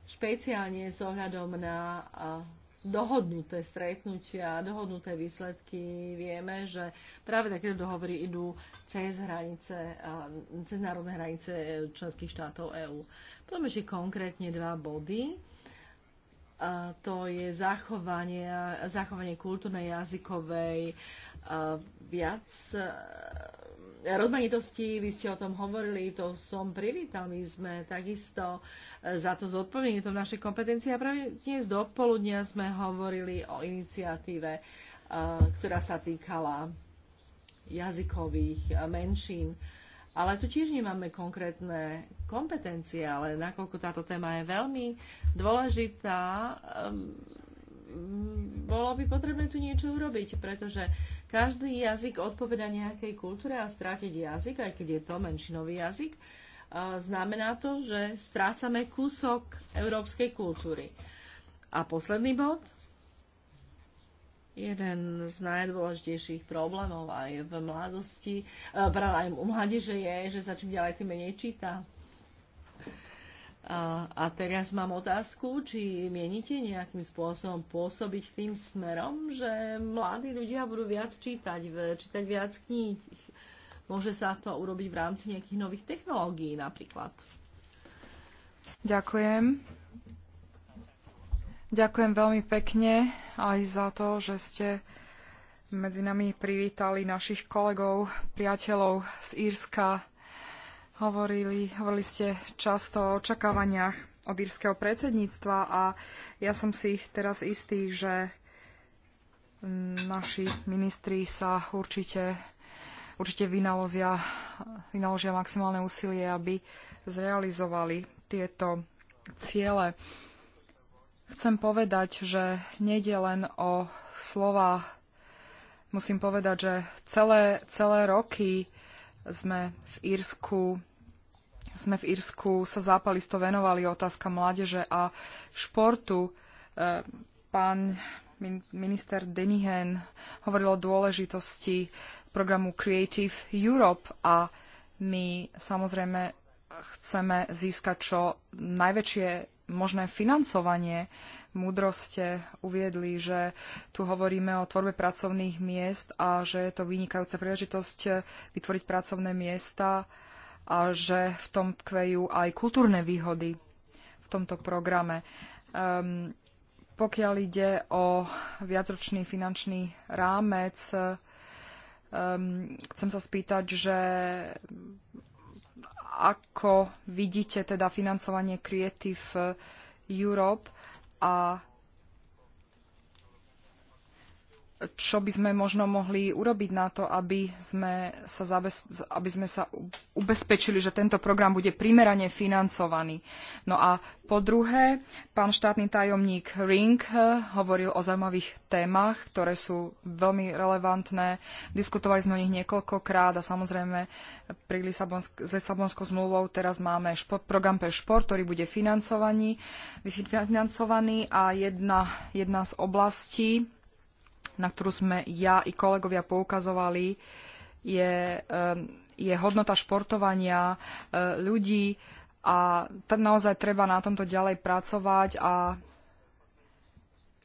špeciálne s ohľadom na dohodnuté stretnutia, dohodnuté výsledky. Vieme, že práve takéto dohovory idú cez hranice, cez národné hranice členských štátov EÚ. Potom ešte konkrétne dva body. A to je zachovanie, zachovanie kultúrnej, jazykovej, viac rozmanitosti, vy ste o tom hovorili, to som privítal, my sme takisto e, za to zodpovední, to v našej kompetencii a práve dnes do poludnia sme hovorili o iniciatíve, e, ktorá sa týkala jazykových e, menšín. Ale tu tiež nemáme konkrétne kompetencie, ale nakoľko táto téma je veľmi dôležitá, bolo by potrebné tu niečo urobiť, pretože každý jazyk odpoveda nejakej kultúre a strátiť jazyk, aj keď je to menšinový jazyk, znamená to, že strácame kúsok európskej kultúry. A posledný bod, jeden z najdôležitejších problémov aj v mladosti, e, aj u mládeže je, že sa čím ďalej tým menej číta. A teraz mám otázku, či mienite nejakým spôsobom pôsobiť tým smerom, že mladí ľudia budú viac čítať, čítať viac kníh. Môže sa to urobiť v rámci nejakých nových technológií napríklad. Ďakujem. Ďakujem veľmi pekne aj za to, že ste medzi nami privítali našich kolegov, priateľov z Írska, Hovorili, hovorili ste často o očakávaniach od írskeho predsedníctva a ja som si teraz istý, že naši ministri sa určite, určite vynaložia maximálne úsilie, aby zrealizovali tieto ciele. Chcem povedať, že nejde len o slova. Musím povedať, že celé, celé roky sme v Írsku sme v Írsku sa zápalisto venovali otázka mládeže a športu. E, pán minister Denihen hovoril o dôležitosti programu Creative Europe a my samozrejme chceme získať čo najväčšie možné financovanie múdroste uviedli, že tu hovoríme o tvorbe pracovných miest a že je to vynikajúca príležitosť vytvoriť pracovné miesta a že v tom tkvejú aj kultúrne výhody v tomto programe. Um, pokiaľ ide o viacročný finančný rámec, um, chcem sa spýtať, že ako vidíte teda financovanie Creative Europe a čo by sme možno mohli urobiť na to, aby sme sa, zabez, aby sme sa ubezpečili, že tento program bude primerane financovaný. No a po druhé, pán štátny tajomník Ring eh, hovoril o zaujímavých témach, ktoré sú veľmi relevantné. Diskutovali sme o nich niekoľkokrát a samozrejme pri Lisabonsk- s Lisabonskou zmluvou teraz máme program pre šport, ktorý bude financovaný, financovaný a jedna, jedna z oblastí, na ktorú sme ja i kolegovia poukazovali, je, ehm, je hodnota športovania e, ľudí a naozaj treba na tomto ďalej pracovať a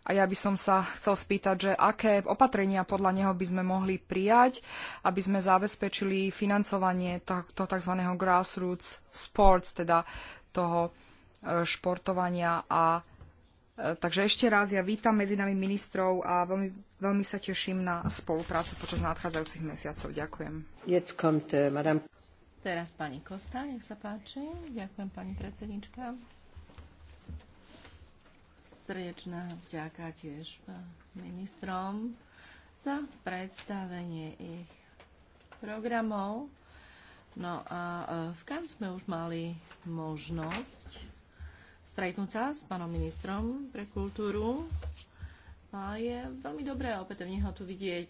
a ja by som sa chcel spýtať, že aké opatrenia podľa neho by sme mohli prijať, aby sme zabezpečili financovanie toho tzv. grassroots sports, teda toho e, športovania a E, takže ešte raz ja vítam medzi nami ministrov a veľmi, veľmi sa teším na spoluprácu počas nadchádzajúcich mesiacov. Ďakujem. E, Teraz pani Kosta, nech sa páči. Ďakujem pani predsednička. Srdečná vďaka tiež e, ministrom za predstavenie ich programov. No a v kam sme už mali možnosť stretnúť sa s pánom ministrom pre kultúru. A je veľmi dobré opätovne ho tu vidieť,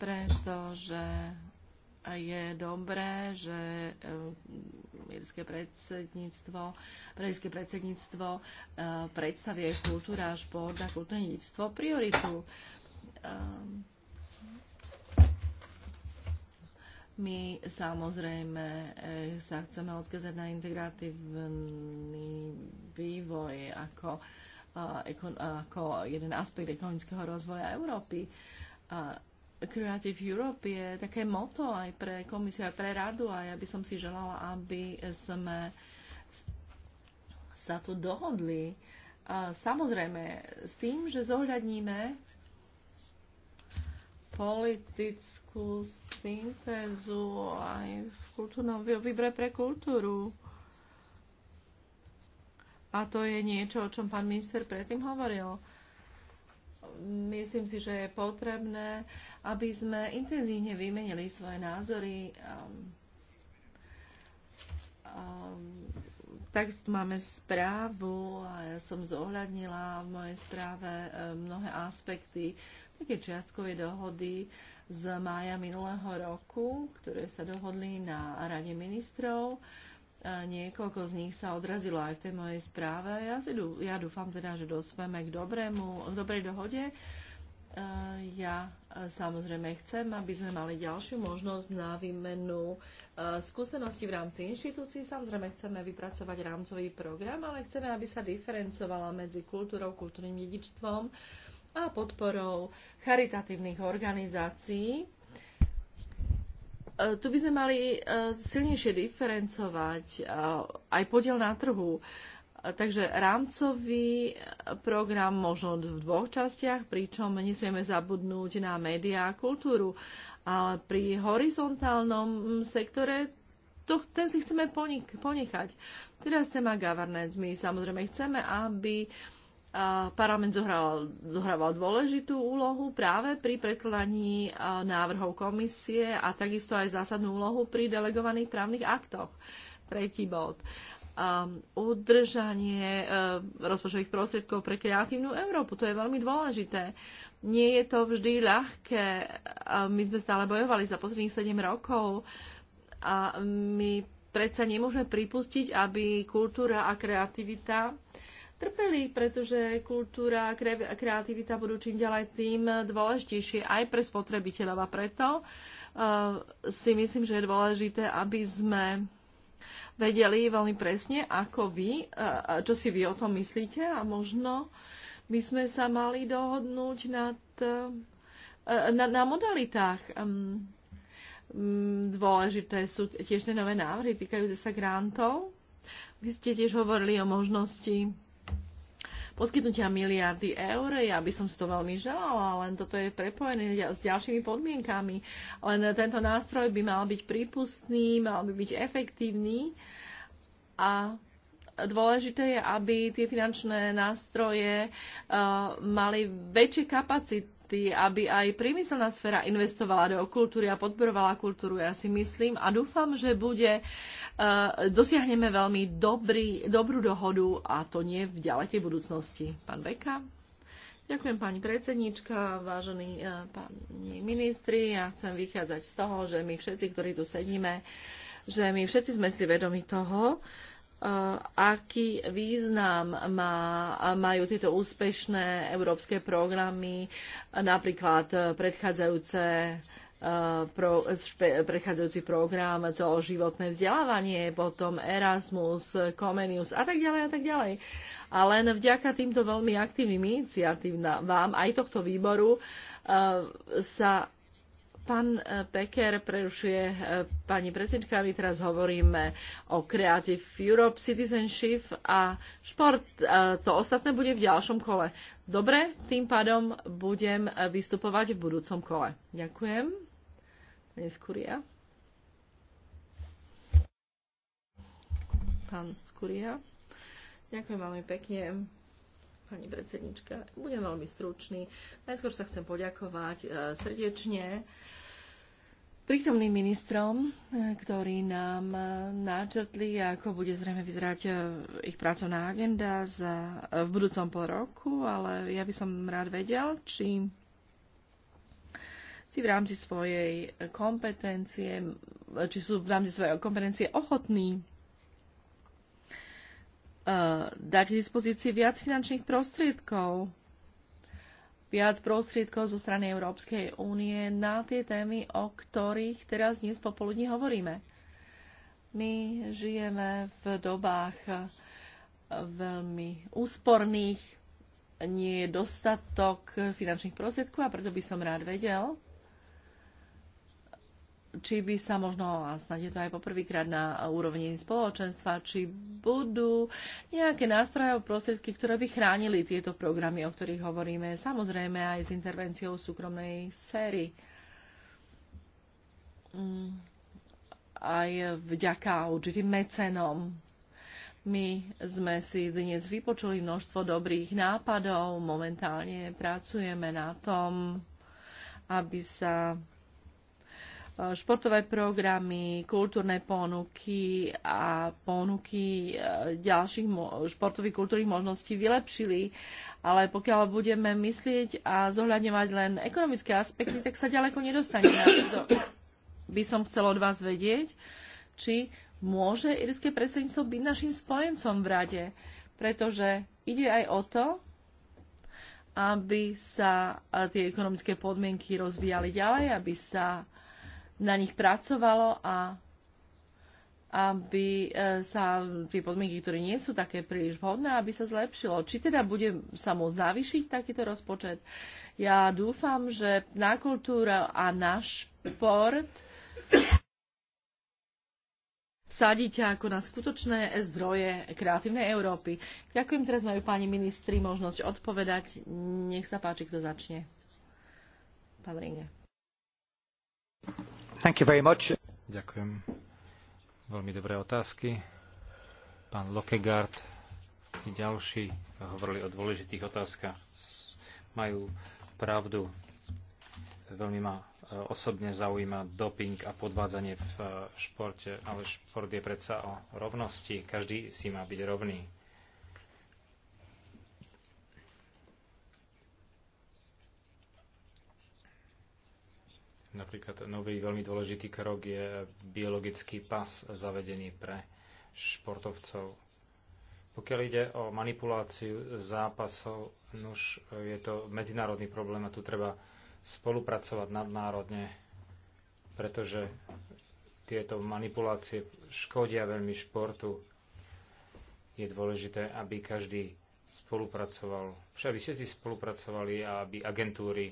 pretože je dobré, že mierské eh, predsedníctvo, mierské predsedníctvo eh, predstavuje kultúra šport a kultúrne dedičstvo prioritu. Ehm, My samozrejme eh, sa chceme odkazať na integratívny vývoj ako, eh, ako jeden aspekt ekonomického rozvoja Európy. Creative Europe je také moto aj pre komisiu, aj pre radu a ja by som si želala, aby sme sa tu dohodli. Samozrejme, s tým, že zohľadníme politickú syntézu aj v kultúrnom výbre pre kultúru. A to je niečo, o čom pán minister predtým hovoril. Myslím si, že je potrebné, aby sme intenzívne vymenili svoje názory. Tak tu máme správu a ja som zohľadnila v mojej správe e, mnohé aspekty Také čiastkové dohody z mája minulého roku, ktoré sa dohodli na Rade ministrov. Niekoľko z nich sa odrazilo aj v tej mojej správe. Ja, si, ja dúfam teda, že dospeme k, dobrému, k dobrej dohode. Ja samozrejme chcem, aby sme mali ďalšiu možnosť na výmenu skúseností v rámci inštitúcií. Samozrejme chceme vypracovať rámcový program, ale chceme, aby sa diferencovala medzi kultúrou, kultúrnym dedičstvom a podporou charitatívnych organizácií. E, tu by sme mali e, silnejšie diferencovať e, aj podiel na trhu. Takže rámcový program možno v dvoch častiach, pričom nesmieme zabudnúť na médiá a kultúru. Ale pri horizontálnom sektore to, ten si chceme ponechať. Teraz téma governance. My samozrejme chceme, aby uh, Parlament zohrával, zohrával dôležitú úlohu práve pri prekladaní návrhov komisie a takisto aj zásadnú úlohu pri delegovaných právnych aktoch. Tretí bod. Um, udržanie um, rozpočtových prostriedkov pre kreatívnu Európu. To je veľmi dôležité. Nie je to vždy ľahké. Um, my sme stále bojovali za posledných 7 rokov a my predsa nemôžeme pripustiť, aby kultúra a kreativita trpeli, pretože kultúra a kreativita budú čím ďalej tým dôležitejšie aj pre spotrebiteľov. A preto uh, si myslím, že je dôležité, aby sme vedeli veľmi presne, ako vy, uh, čo si vy o tom myslíte a možno by sme sa mali dohodnúť nad, uh, na, na modalitách. Um, um, dôležité sú tiež tie nové návrhy týkajúce sa grantov. Vy ste tiež hovorili o možnosti poskytnutia miliardy eur. Ja by som si to veľmi želala, len toto je prepojené s ďalšími podmienkami. Len tento nástroj by mal byť prípustný, mal by byť efektívny a dôležité je, aby tie finančné nástroje uh, mali väčšie kapacity projekty, aby aj priemyselná sféra investovala do kultúry a podporovala kultúru. Ja si myslím a dúfam, že bude, e, dosiahneme veľmi dobrý, dobrú dohodu a to nie v ďalekej budúcnosti. Pán Beka. Ďakujem pani predsednička, vážení e, pani ministri. Ja chcem vychádzať z toho, že my všetci, ktorí tu sedíme, že my všetci sme si vedomi toho, aký význam má, majú tieto úspešné európske programy, napríklad predchádzajúce eh, pro, špe, predchádzajúci program celoživotné vzdelávanie, potom Erasmus, Comenius a tak ďalej a tak ďalej. A len vďaka týmto veľmi aktívnym iniciatívam aj tohto výboru eh, sa Pán e, Peker prerušuje e, pani predsednička, my teraz hovoríme o Creative Europe, Citizenship a šport. E, to ostatné bude v ďalšom kole. Dobre, tým pádom budem vystupovať v budúcom kole. Ďakujem. Pani Skuria. Pán Skuria. Ďakujem veľmi pekne pani predsednička. Budem veľmi stručný. Najskôr sa chcem poďakovať srdečne prítomným ministrom, e, ktorí nám e, náčrtli, ako bude zrejme vyzerať e, ich pracovná agenda za, v budúcom pol roku, ale ja by som rád vedel, či si v rámci svojej kompetencie, či sú v rámci svojej kompetencie ochotní dať k dispozícii viac finančných prostriedkov viac prostriedkov zo strany Európskej únie na tie témy, o ktorých teraz dnes popoludní hovoríme. My žijeme v dobách eh, veľmi úsporných, nie je dostatok eh, finančných prostriedkov a preto by som rád vedel, či by sa možno, a snad je to aj poprvýkrát na úrovni spoločenstva, či budú nejaké nástroje a prostriedky, ktoré by chránili tieto programy, o ktorých hovoríme, samozrejme aj s intervenciou súkromnej sféry. Mm, aj vďaka určitým mecenom. My sme si dnes vypočuli množstvo dobrých nápadov, momentálne pracujeme na tom, aby sa Eh, športové programy, kultúrne ponuky a ponuky eh, ďalších športových kultúrnych možností vylepšili, ale pokiaľ budeme myslieť a zohľadňovať len ekonomické aspekty, tak sa ďaleko nedostaneme. By som chcel od vás vedieť, či môže irské predsedníctvo byť našim spojencom v rade, pretože ide aj o to, aby sa eh, tie ekonomické podmienky rozvíjali ďalej, aby sa na nich pracovalo a aby e, sa tie podmienky, ktoré nie sú také príliš vhodné, aby sa zlepšilo. Či teda bude sa môcť navýšiť takýto rozpočet? Ja dúfam, že na kultúra a na šport sadíte ako na skutočné zdroje kreatívnej Európy. Ďakujem, teraz majú pani ministri možnosť odpovedať. Nech sa páči, kto začne. Pán Ringe. Thank you very much. Ďakujem. Veľmi dobré otázky. Pán Lokegaard i ďalší hovorili o dôležitých otázkach. Majú pravdu. Veľmi ma e, osobne zaujíma doping a podvádzanie v e, športe, ale šport je predsa o rovnosti. Každý si má byť rovný Napríklad nový veľmi dôležitý krok je biologický pas zavedený pre športovcov. Pokiaľ ide o manipuláciu zápasov, nuž je to medzinárodný problém a tu treba spolupracovať nadnárodne, pretože tieto manipulácie škodia veľmi športu. Je dôležité, aby každý spolupracoval, aby všetci spolupracovali a aby agentúry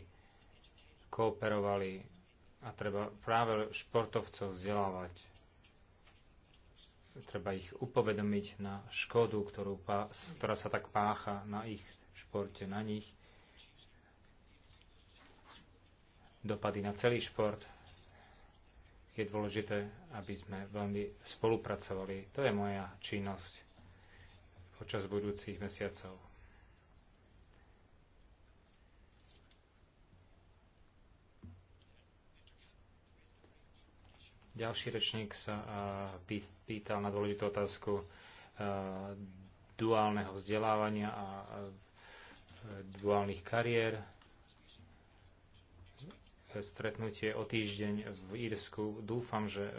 kooperovali a treba práve športovcov vzdelávať. Treba ich upovedomiť na škodu, ktorú, ktorá sa tak pácha na ich športe, na nich. Dopady na celý šport. Je dôležité, aby sme veľmi spolupracovali. To je moja činnosť počas budúcich mesiacov. Ďalší rečník sa pýtal na dôležitú otázku duálneho vzdelávania a duálnych kariér. Stretnutie o týždeň v Írsku. Dúfam, že e,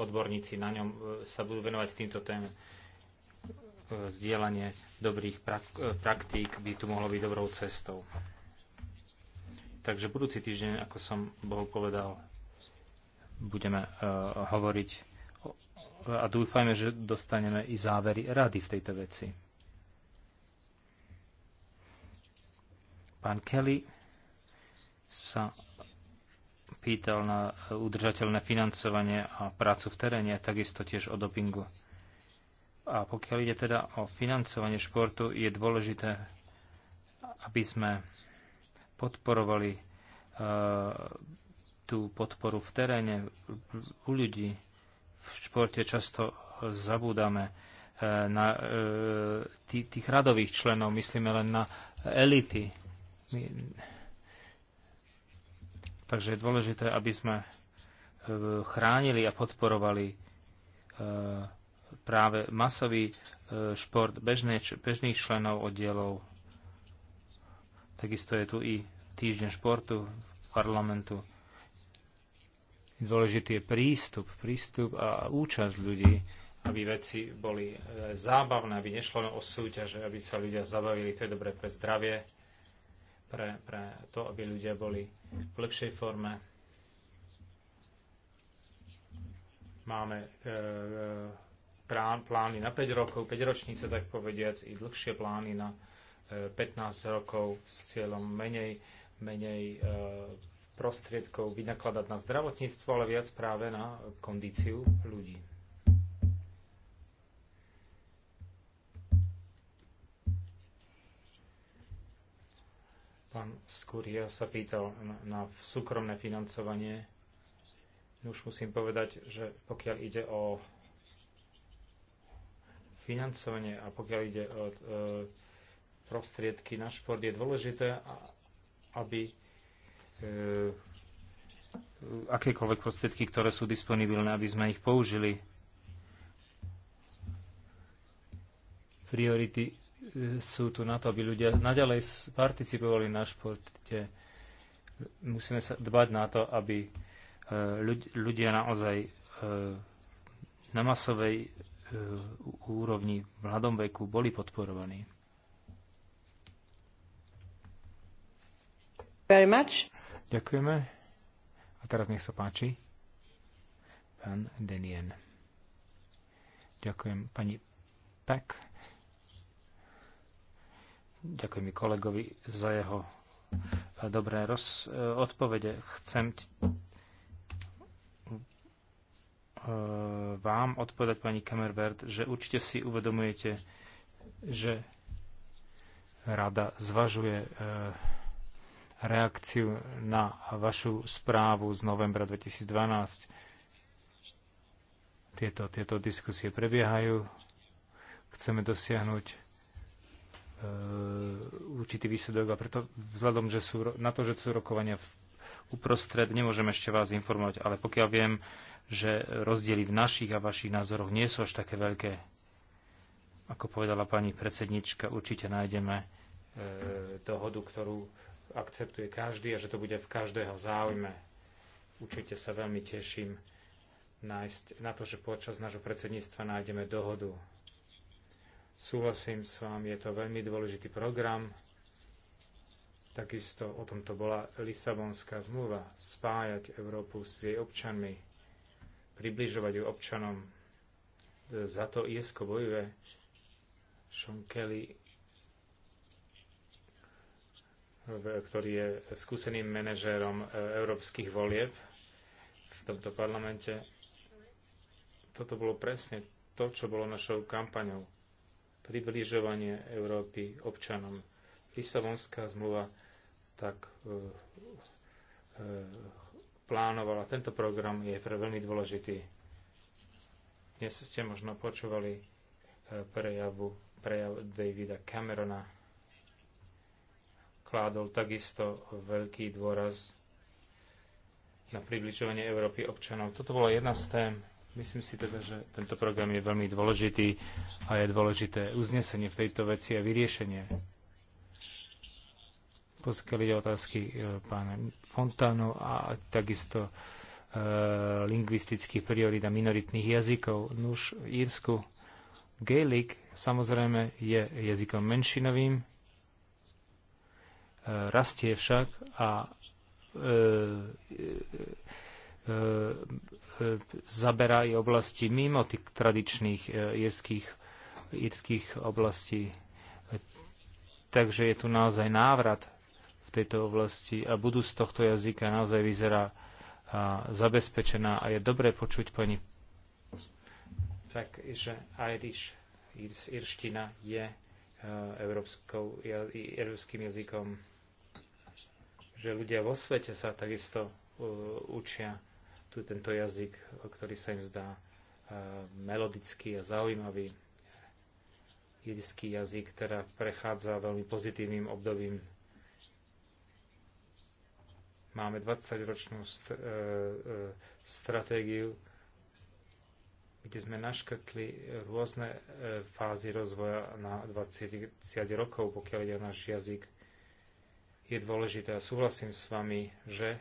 odborníci na ňom e, sa budú venovať týmto témam. E, Zdieľanie dobrých praktík by tu mohlo byť dobrou cestou. Takže budúci týždeň, ako som bol povedal, budeme e, hovoriť a dúfajme, že dostaneme i závery rady v tejto veci. Pán Kelly sa pýtal na udržateľné financovanie a prácu v teréne, takisto tiež o dopingu. A pokiaľ ide teda o financovanie športu, je dôležité, aby sme podporovali e, tú podporu v teréne, u ľudí. V športe často zabúdame e, na e, tých radových členov, myslíme len na elity. Takže je dôležité, aby sme e, chránili a podporovali práve masový šport bežných členov oddielov. Takisto je tu i týždeň športu v parlamentu Dôležitý je prístup, prístup a účasť ľudí, aby veci boli e, zábavné, aby nešlo len o súťaže, aby sa ľudia zabavili. To je dobré pre zdravie, pre, pre to, aby ľudia boli v lepšej forme. Máme e, e plán, plány na 5 rokov, 5 ročnice, tak povediac, i dlhšie plány na e, 15 rokov s cieľom menej, menej e, prostriedkov vynakladať na zdravotníctvo, ale viac práve na kondíciu ľudí. Pán Skúria sa pýtal na, na súkromné financovanie. Už musím povedať, že pokiaľ ide o financovanie a pokiaľ ide o e, prostriedky na šport, je dôležité, aby E, akékoľvek prostriedky, ktoré sú disponibilné, aby sme ich použili. Priority e, sú tu na to, aby ľudia naďalej participovali na športe. Musíme sa dbať na to, aby e, ľudia naozaj na masovej úrovni v mladom veku boli podporovaní. Very much. Ďakujeme. A teraz nech sa páči. Pán Denien. Ďakujem pani Peck. Ďakujem mi kolegovi za jeho e, dobré roz, e, odpovede. Chcem e, vám odpovedať, pani Kamerbert, že určite si uvedomujete, že rada zvažuje reakciu na vašu správu z novembra 2012. Tieto, tieto diskusie prebiehajú. Chceme dosiahnuť e, určitý výsledok a preto vzhľadom že sú, na to, že sú rokovania v, uprostred, nemôžem ešte vás informovať, ale pokiaľ viem, že rozdiely v našich a vašich názoroch nie sú až také veľké. Ako povedala pani predsednička, určite nájdeme e, dohodu, ktorú akceptuje každý a že to bude v každého záujme. Určite sa veľmi teším nájsť, na to, že počas nášho predsedníctva nájdeme dohodu. Súhlasím s vám, je to veľmi dôležitý program. Takisto o tomto bola Lisabonská zmluva. Spájať Európu s jej občanmi, približovať ju občanom. E, za to ISKO bojuje. Sean Kelly ktorý je skúseným manažérom e, európskych volieb v tomto parlamente. Toto bolo presne to, čo bolo našou kampaňou. Približovanie Európy občanom. Lisabonská zmluva tak e, e, plánovala. Tento program je pre veľmi dôležitý. Dnes ste možno počúvali prejavu, prejav Davida Camerona, kládol takisto veľký dôraz na približovanie Európy občanov. Toto bola jedna z tém. Myslím si teda, že tento program je veľmi dôležitý a je dôležité uznesenie v tejto veci a vyriešenie. Pozkali ide otázky e, pána Fontánu a takisto e, lingvistických priorít a minoritných jazykov. Nuž Írsku Gaelic samozrejme je jazykom menšinovým, rastie však a e, e, e, zaberá aj oblasti mimo tých tradičných irských, oblastí. Takže je tu naozaj návrat v tejto oblasti a budú z tohto jazyka naozaj vyzerá zabezpečená a je dobré počuť pani tak, že Irish, irština je európskou, európskym jazykom že ľudia vo svete sa takisto uh, učia tu tento jazyk, ktorý sa im zdá uh, melodický a zaujímavý. Írsky jazyk ktorá prechádza veľmi pozitívnym obdobím. Máme 20-ročnú st- uh, uh, stratégiu, kde sme naškrtli rôzne uh, fázy rozvoja na 20 rokov, pokiaľ ide o náš jazyk je dôležité a súhlasím s vami, že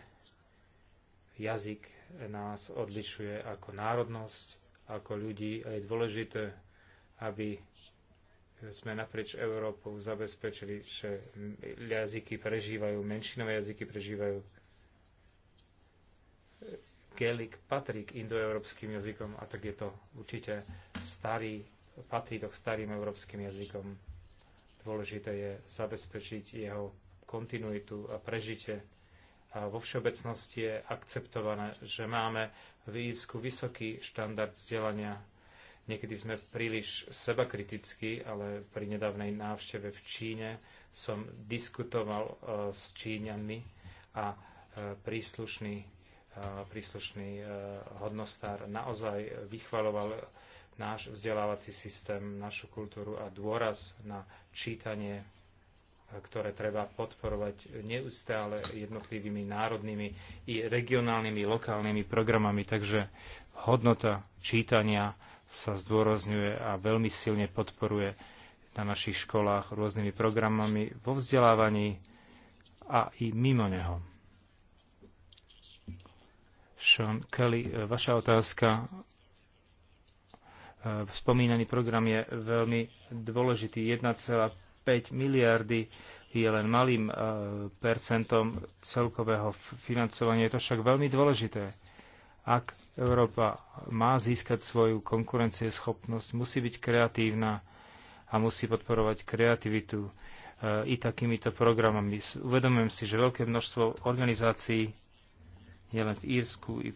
jazyk nás odlišuje ako národnosť, ako ľudí a je dôležité, aby sme naprieč Európou zabezpečili, že jazyky prežívajú, menšinové jazyky prežívajú. Gelik patrí k indoeurópskym jazykom a tak je to určite starý, patrí to k starým európskym jazykom. Dôležité je zabezpečiť jeho kontinuitu a prežitie. A vo všeobecnosti je akceptované, že máme v Írsku vysoký štandard vzdelania. Niekedy sme príliš sebakritickí, ale pri nedávnej návšteve v Číne som diskutoval e, s Číňanmi a e, príslušný, e, príslušný hodnostár naozaj vychvaloval náš vzdelávací systém, našu kultúru a dôraz na čítanie ktoré treba podporovať neustále jednotlivými národnými i regionálnymi, lokálnymi programami. Takže hodnota čítania sa zdôrazňuje a veľmi silne podporuje na našich školách rôznymi programami vo vzdelávaní a i mimo neho. Sean Kelly, vaša otázka spomínaný program je veľmi dôležitý miliardy je len malým e, percentom celkového financovania. Je to však veľmi dôležité. Ak Európa má získať svoju konkurencieschopnosť, musí byť kreatívna a musí podporovať kreativitu e, i takýmito programami. Uvedomujem si, že veľké množstvo organizácií nielen v Írsku, i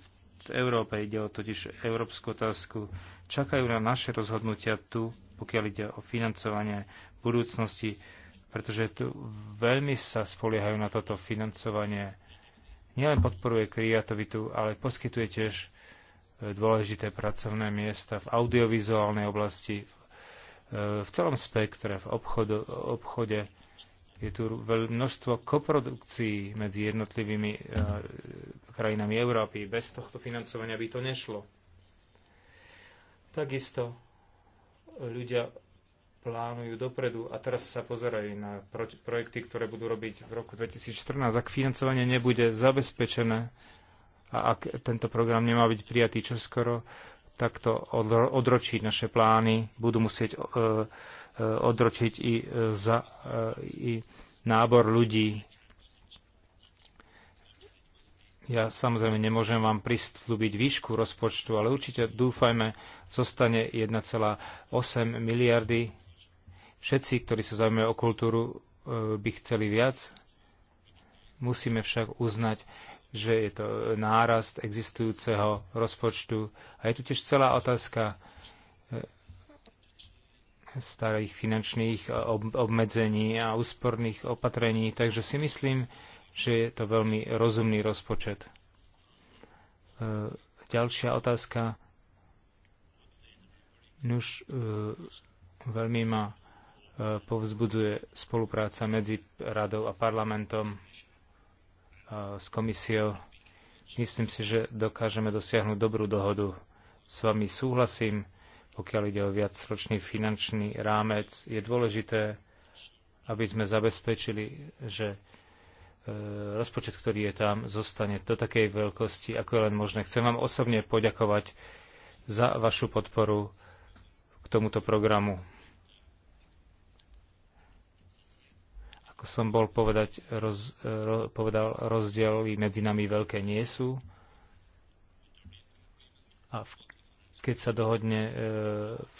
v Európe, ide o totiž európsku otázku, čakajú na naše rozhodnutia tu, pokiaľ ide o financovanie budúcnosti, pretože tu veľmi sa spoliehajú na toto financovanie. Nielen podporuje kreativitu, ale poskytuje tiež e, dôležité pracovné miesta v audiovizuálnej oblasti, e, v celom spektre, v obchodu, obchode. Je tu množstvo koprodukcií medzi jednotlivými e, krajinami Európy. Bez tohto financovania by to nešlo. Takisto ľudia plánujú dopredu a teraz sa pozerajú na projekty, ktoré budú robiť v roku 2014. Ak financovanie nebude zabezpečené a ak tento program nemá byť prijatý čoskoro, tak to odročí naše plány, budú musieť e, e, odročiť i, e, za, i nábor ľudí. Ja samozrejme nemôžem vám pristúbiť výšku rozpočtu, ale určite dúfajme, zostane 1,8 miliardy Všetci, ktorí sa zaujímajú o kultúru, e, by chceli viac. Musíme však uznať, že je to nárast existujúceho rozpočtu. A je tu tiež celá otázka e, starých finančných e, obmedzení a úsporných opatrení. Takže si myslím, že je to veľmi rozumný rozpočet. Ďalšia otázka. Nuž, veľmi ma E, povzbudzuje spolupráca medzi radou a parlamentom e, s komisiou. Myslím si, že dokážeme dosiahnuť dobrú dohodu. S vami súhlasím, pokiaľ ide o viacročný finančný rámec. Je dôležité, aby sme zabezpečili, že e, rozpočet, ktorý je tam, zostane do takej veľkosti, ako je len možné. Chcem vám osobne poďakovať za vašu podporu k tomuto programu. Ako som bol povedať, roz, ro, povedal, rozdiely medzi nami veľké nie sú. A v, keď sa dohodne e,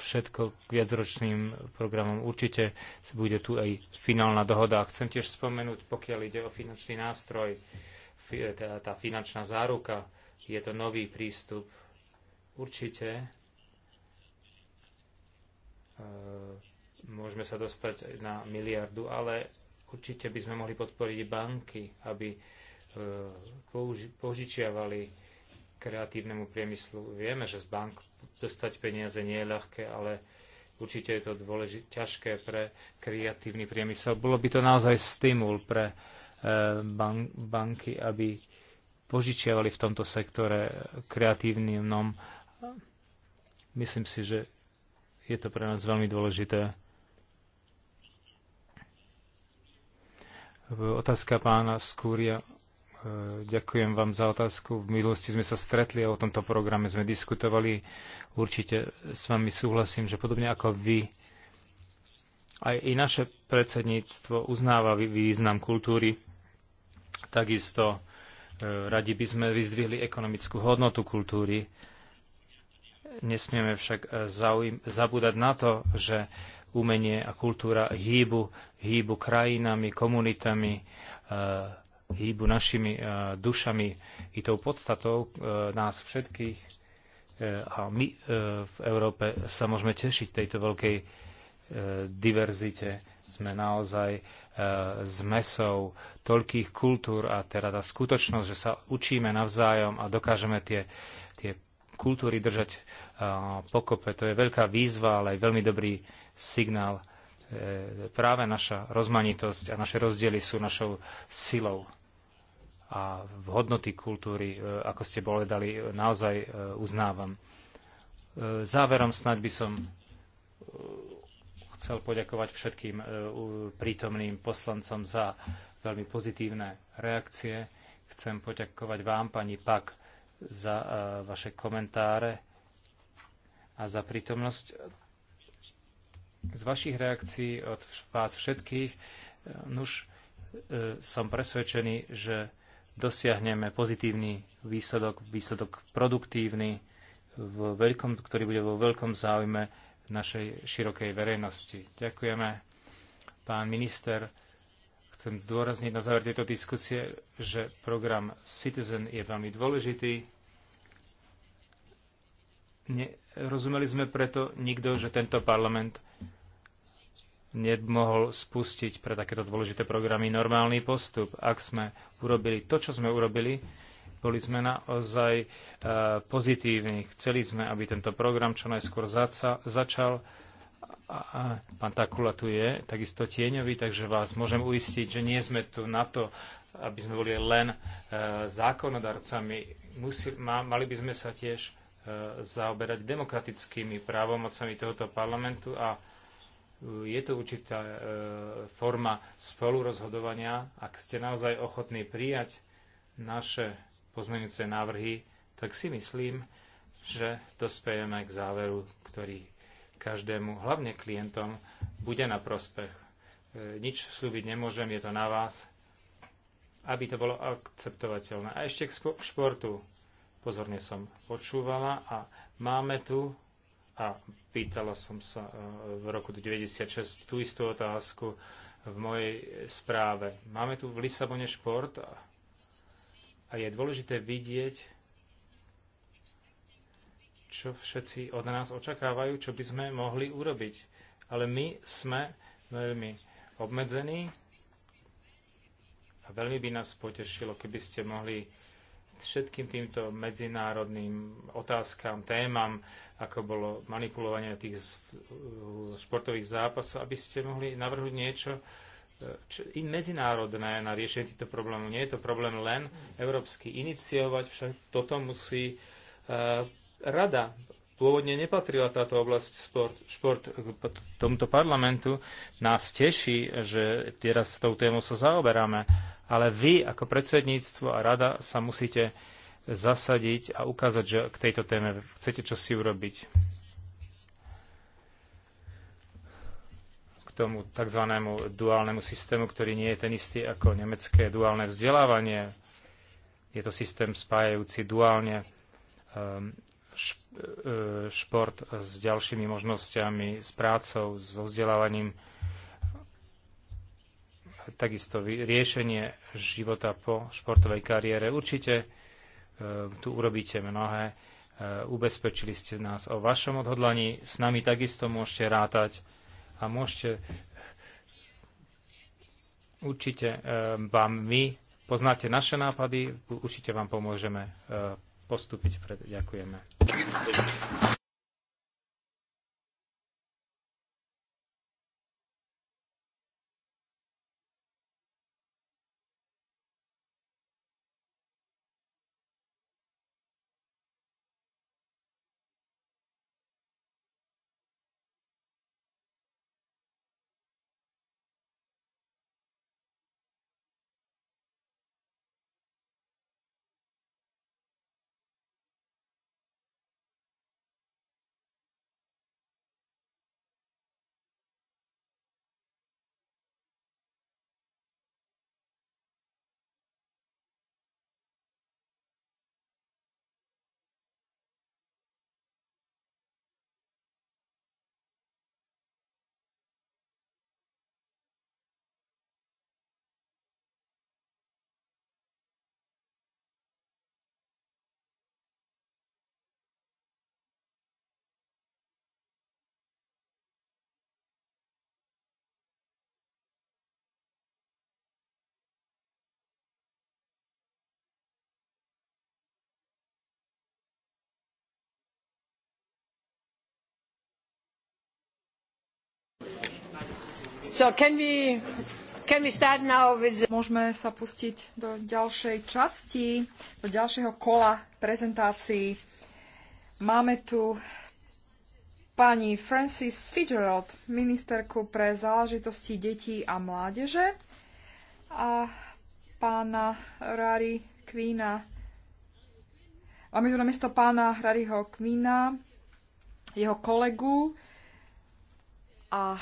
všetko k viacročným programom, určite bude tu aj finálna dohoda. Chcem tiež spomenúť, pokiaľ ide o finančný nástroj, e, teda tá finančná záruka, je to nový prístup. Určite e, môžeme sa dostať na miliardu, ale Určite by sme mohli podporiť banky, aby e, požičiavali kreatívnemu priemyslu. Vieme, že z bank dostať peniaze nie je ľahké, ale určite je to dôležité, ťažké pre kreatívny priemysel. Bolo by to naozaj stimul pre e, bank, banky, aby požičiavali v tomto sektore kreatívnym. Myslím si, že je to pre nás veľmi dôležité. Otázka pána Skúria. E, ďakujem vám za otázku. V minulosti sme sa stretli a o tomto programe sme diskutovali. Určite s vami súhlasím, že podobne ako vy, aj i naše predsedníctvo uznáva význam kultúry. Takisto e, radi by sme vyzdvihli ekonomickú hodnotu kultúry. Nesmieme však e, zabúdať na to, že umenie a kultúra hýbu, hýbu krajinami, komunitami, e, hýbu našimi e, dušami i tou podstatou e, nás všetkých. A my v Európe sa môžeme tešiť tejto veľkej diverzite. Sme naozaj zmesou toľkých kultúr a teda tá skutočnosť, že sa učíme navzájom a dokážeme tie, tie kultúry držať pokope. To je veľká výzva, ale aj veľmi dobrý signál. E, práve naša rozmanitosť a naše rozdiely sú našou silou a v hodnoty kultúry, e, ako ste povedali, e, naozaj uznávam. Záverom snad by som chcel poďakovať všetkým prítomným poslancom za veľmi pozitívne reakcie. Chcem poďakovať vám, pani Pak, za vaše komentáre a za prítomnosť. Z vašich reakcií od vás všetkých, e, nuž e, som presvedčený, že dosiahneme pozitívny výsledok, výsledok produktívny, v veľkom, ktorý bude vo veľkom záujme našej širokej verejnosti. Ďakujeme, pán minister. Chcem zdôrazniť na záver tejto diskusie, že program Citizen je veľmi dôležitý Rozumeli sme preto nikto, že tento parlament nemohol spustiť pre takéto dôležité programy normálny postup. Ak sme urobili to, čo sme urobili, boli sme naozaj e, pozitívni. Chceli sme, aby tento program čo najskôr začal. A pán Takula tu je, takisto tieňový, takže vás môžem uistiť, že nie sme tu na to, aby sme boli len e, zákonodarcami. mali by sme sa tiež E, zaoberať demokratickými právomocami tohoto parlamentu a e, je to určitá e, forma spolurozhodovania. Ak ste naozaj ochotní prijať naše pozmenujúce návrhy, tak si myslím, že dospejeme k záveru, ktorý každému, hlavne klientom, bude na prospech. Nič slúbiť nemôžem, je to na vás, aby to bolo akceptovateľné. A ešte k športu Pozorne som počúvala a máme tu, a pýtala som sa e, v roku 96 tú istú otázku v mojej správe. Máme tu v Lisabone šport a, a je dôležité vidieť, čo všetci od nás očakávajú, čo by sme mohli urobiť. Ale my sme veľmi obmedzení a veľmi by nás potešilo, keby ste mohli všetkým týmto medzinárodným otázkam, témam, ako bolo manipulovanie tých športových zápasov, aby ste mohli navrhnúť niečo e, čo, medzinárodné na riešenie týchto problémov. Nie je to problém len európsky iniciovať, však toto musí uh, rada. Pôvodne nepatrila táto oblasť sport, šport k tomuto parlamentu. Nás teší, že teraz s tou témou sa zaoberáme ale vy ako predsedníctvo a rada sa musíte zasadiť a ukázať, že k tejto téme chcete čo si urobiť. K tomu tzv. duálnemu systému, ktorý nie je ten istý ako nemecké duálne vzdelávanie. Je to systém spájajúci duálne ehm, e, šport s ďalšími možnosťami, s prácou, so vzdelávaním, takisto riešenie života po športovej kariére. Určite e, tu urobíte mnohé. E, ubezpečili ste nás o vašom odhodlaní. S nami takisto môžete rátať a môžete určite e, vám my poznáte naše nápady, určite vám pomôžeme postúpiť Ďakujeme. Môžeme sa pustiť do ďalšej časti, do ďalšieho kola prezentácií. Máme tu pani Frances Fitzgerald, ministerku pre záležitosti detí a mládeže a pána Rari Kvína. Máme tu namiesto pána Rariho Kvína, jeho kolegu a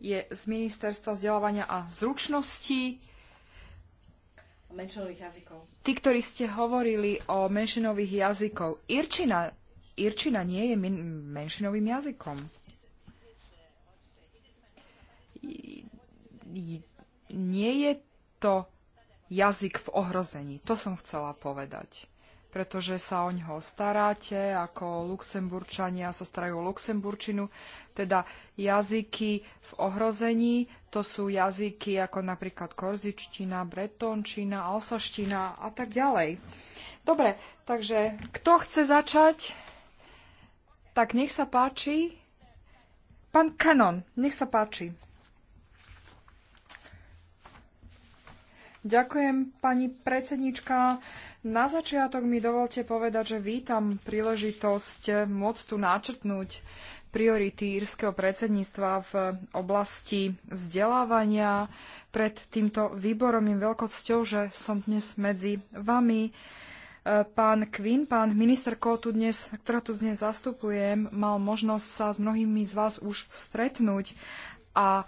je z Ministerstva vzdelávania a zručností. Menšinových jazykov. Tí, ktorí ste hovorili o menšinových jazykov, Irčina, Irčina nie je menšinovým jazykom. Nie je to jazyk v ohrození. To som chcela povedať pretože sa o ňoho staráte, ako Luxemburčania sa starajú o Luxemburčinu. Teda jazyky v ohrození, to sú jazyky ako napríklad korzičtina, bretončina, alsaština a tak ďalej. Dobre, takže kto chce začať? Tak nech sa páči. Pán Kanon, nech sa páči. Ďakujem, pani predsednička. Na začiatok mi dovolte povedať, že vítam príležitosť môcť tu načrtnúť priority írskeho predsedníctva v oblasti vzdelávania. Pred týmto výborom im veľkou cťou, že som dnes medzi vami. E, pán Quinn, pán minister, tu dnes, ktorého tu dnes zastupujem, mal možnosť sa s mnohými z vás už stretnúť a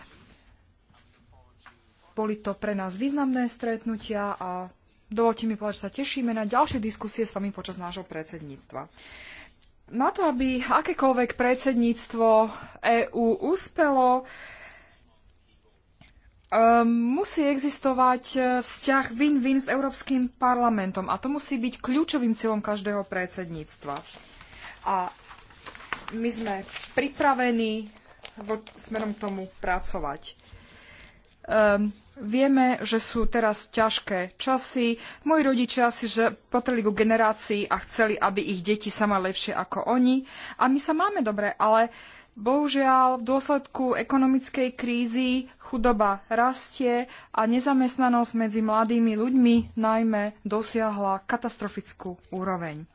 boli to pre nás významné stretnutia a Dovolte mi povedať, že sa tešíme na ďalšie diskusie s vami počas nášho predsedníctva. Na to, aby akékoľvek predsedníctvo EÚ uspelo, ehm, musí existovať e, vzťah win-win s Európskym parlamentom a to musí byť kľúčovým cieľom každého predsedníctva. A my sme pripravení smerom k tomu pracovať. Um, Vieme, že sú teraz ťažké časy. Moji rodičia si že potreli ku generácii a chceli, aby ich deti sa mali lepšie ako oni. A my sa máme dobre, ale bohužiaľ v dôsledku ekonomickej krízy chudoba rastie a nezamestnanosť medzi mladými ľuďmi najmä dosiahla katastrofickú úroveň.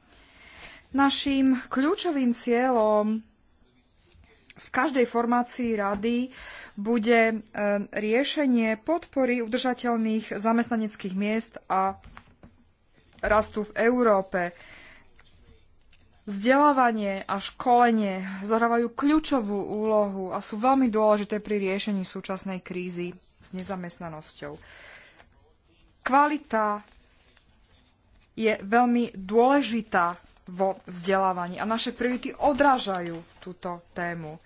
Naším kľúčovým cieľom v každej formácii rady bude e, riešenie podpory udržateľných zamestnaneckých miest a rastu v Európe. Vzdelávanie a školenie zohrávajú kľúčovú úlohu a sú veľmi dôležité pri riešení súčasnej krízy s nezamestnanosťou. Kvalita je veľmi dôležitá vo vzdelávaní a naše priority odrážajú túto tému.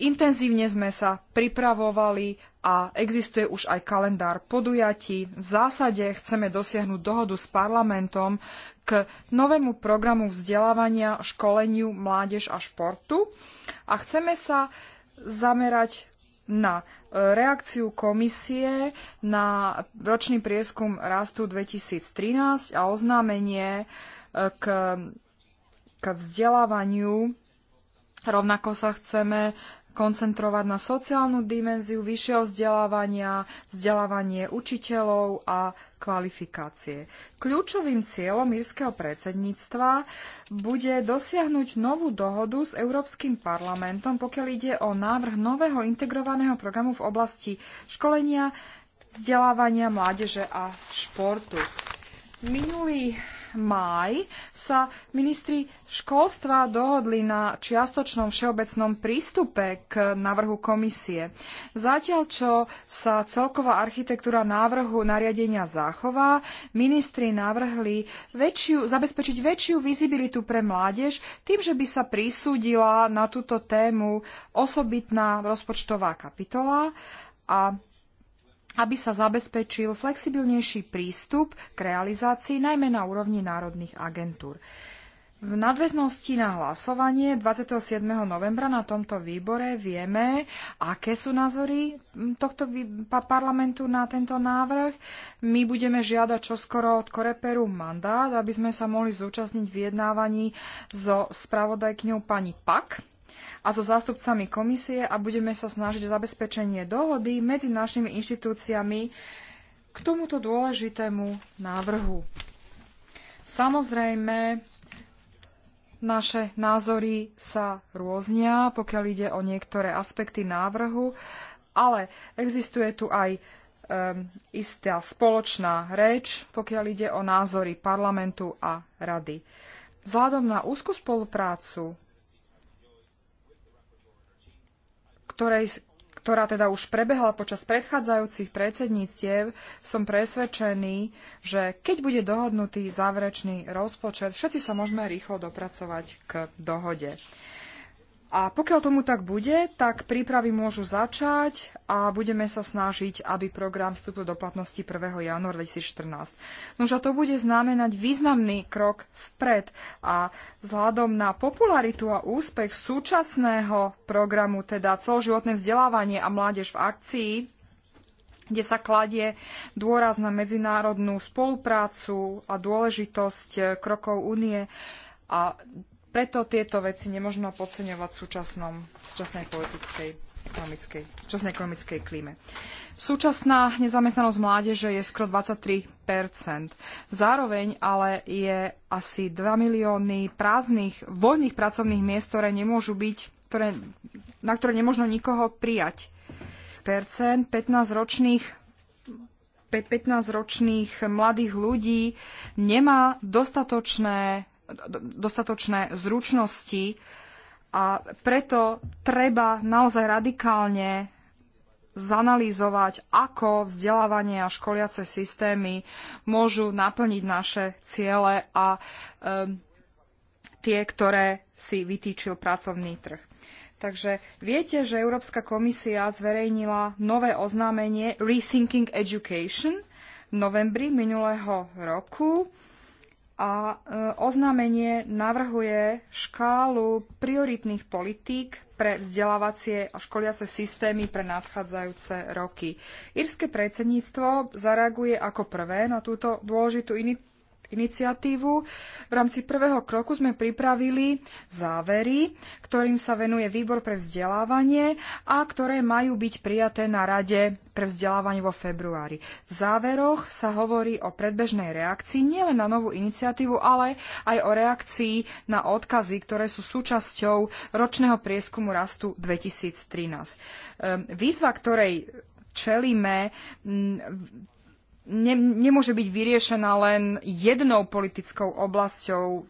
Intenzívne sme sa pripravovali a existuje už aj kalendár podujatí. V zásade chceme dosiahnuť dohodu s parlamentom k novému programu vzdelávania, školeniu, mládež a športu a chceme sa zamerať na e, reakciu komisie na ročný prieskum rastu 2013 a oznámenie e, k, k vzdelávaniu. Rovnako sa chceme koncentrovať na sociálnu dimenziu vyššieho vzdelávania, vzdelávanie učiteľov a kvalifikácie. Kľúčovým cieľom írskeho predsedníctva bude dosiahnuť novú dohodu s Európskym parlamentom, pokiaľ ide o návrh nového integrovaného programu v oblasti školenia, vzdelávania mládeže a športu. Minulý máj sa ministri školstva dohodli na čiastočnom všeobecnom prístupe k návrhu komisie. Zatiaľ, čo sa celková architektúra návrhu nariadenia zachová, ministri navrhli väčšiu, zabezpečiť väčšiu vizibilitu pre mládež tým, že by sa prisúdila na túto tému osobitná rozpočtová kapitola a aby sa zabezpečil flexibilnejší prístup k realizácii najmä na úrovni národných agentúr. V nadväznosti na hlasovanie 27. novembra na tomto výbore vieme, aké sú názory tohto parlamentu na tento návrh. My budeme žiadať čoskoro od Koreperu mandát, aby sme sa mohli zúčastniť v vyjednávaní so spravodajkňou pani Pak a so zástupcami komisie a budeme sa snažiť o zabezpečenie dohody medzi našimi inštitúciami k tomuto dôležitému návrhu. Samozrejme, naše názory sa rôznia, pokiaľ ide o niektoré aspekty návrhu, ale existuje tu aj um, istá spoločná reč, pokiaľ ide o názory parlamentu a rady. Vzhľadom na úzku spoluprácu ktorej, ktorá teda už prebehla počas predchádzajúcich predsedníctiev, som presvedčený, že keď bude dohodnutý záverečný rozpočet, všetci sa môžeme rýchlo dopracovať k dohode. A pokiaľ tomu tak bude, tak prípravy môžu začať a budeme sa snažiť, aby program vstúpil do platnosti 1. januára 2014. Nože to bude znamenať významný krok vpred a vzhľadom na popularitu a úspech súčasného programu, teda celoživotné vzdelávanie a mládež v akcii, kde sa kladie dôraz na medzinárodnú spoluprácu a dôležitosť krokov únie a preto tieto veci nemožno podceňovať v súčasnom, súčasnej politickej ekonomickej, súčasnej ekonomickej klíme. Súčasná nezamestnanosť mládeže je skoro 23 Zároveň ale je asi 2 milióny prázdnych, voľných pracovných miest, ktoré nemôžu byť, ktoré, na ktoré nemôžno nikoho prijať. 15-ročných 15-ročných mladých ľudí nemá dostatočné dostatočné zručnosti a preto treba naozaj radikálne zanalýzovať, ako vzdelávanie a školiace systémy môžu naplniť naše ciele a ehm, tie, ktoré si vytýčil pracovný trh. Takže viete, že Európska komisia zverejnila nové oznámenie Rethinking Education v novembri minulého roku a e, oznámenie navrhuje škálu prioritných politík pre vzdelávacie a školiace systémy pre nadchádzajúce roky. Írske predsedníctvo zareaguje ako prvé na túto dôležitú iniciatívu. V rámci prvého kroku sme pripravili závery, ktorým sa venuje výbor pre vzdelávanie a ktoré majú byť prijaté na Rade pre vzdelávanie vo februári. V záveroch sa hovorí o predbežnej reakcii nielen na novú iniciatívu, ale aj o reakcii na odkazy, ktoré sú súčasťou ročného prieskumu rastu 2013. Ehm, výzva, ktorej čelíme, ne, nemôže byť vyriešená len jednou politickou oblasťou.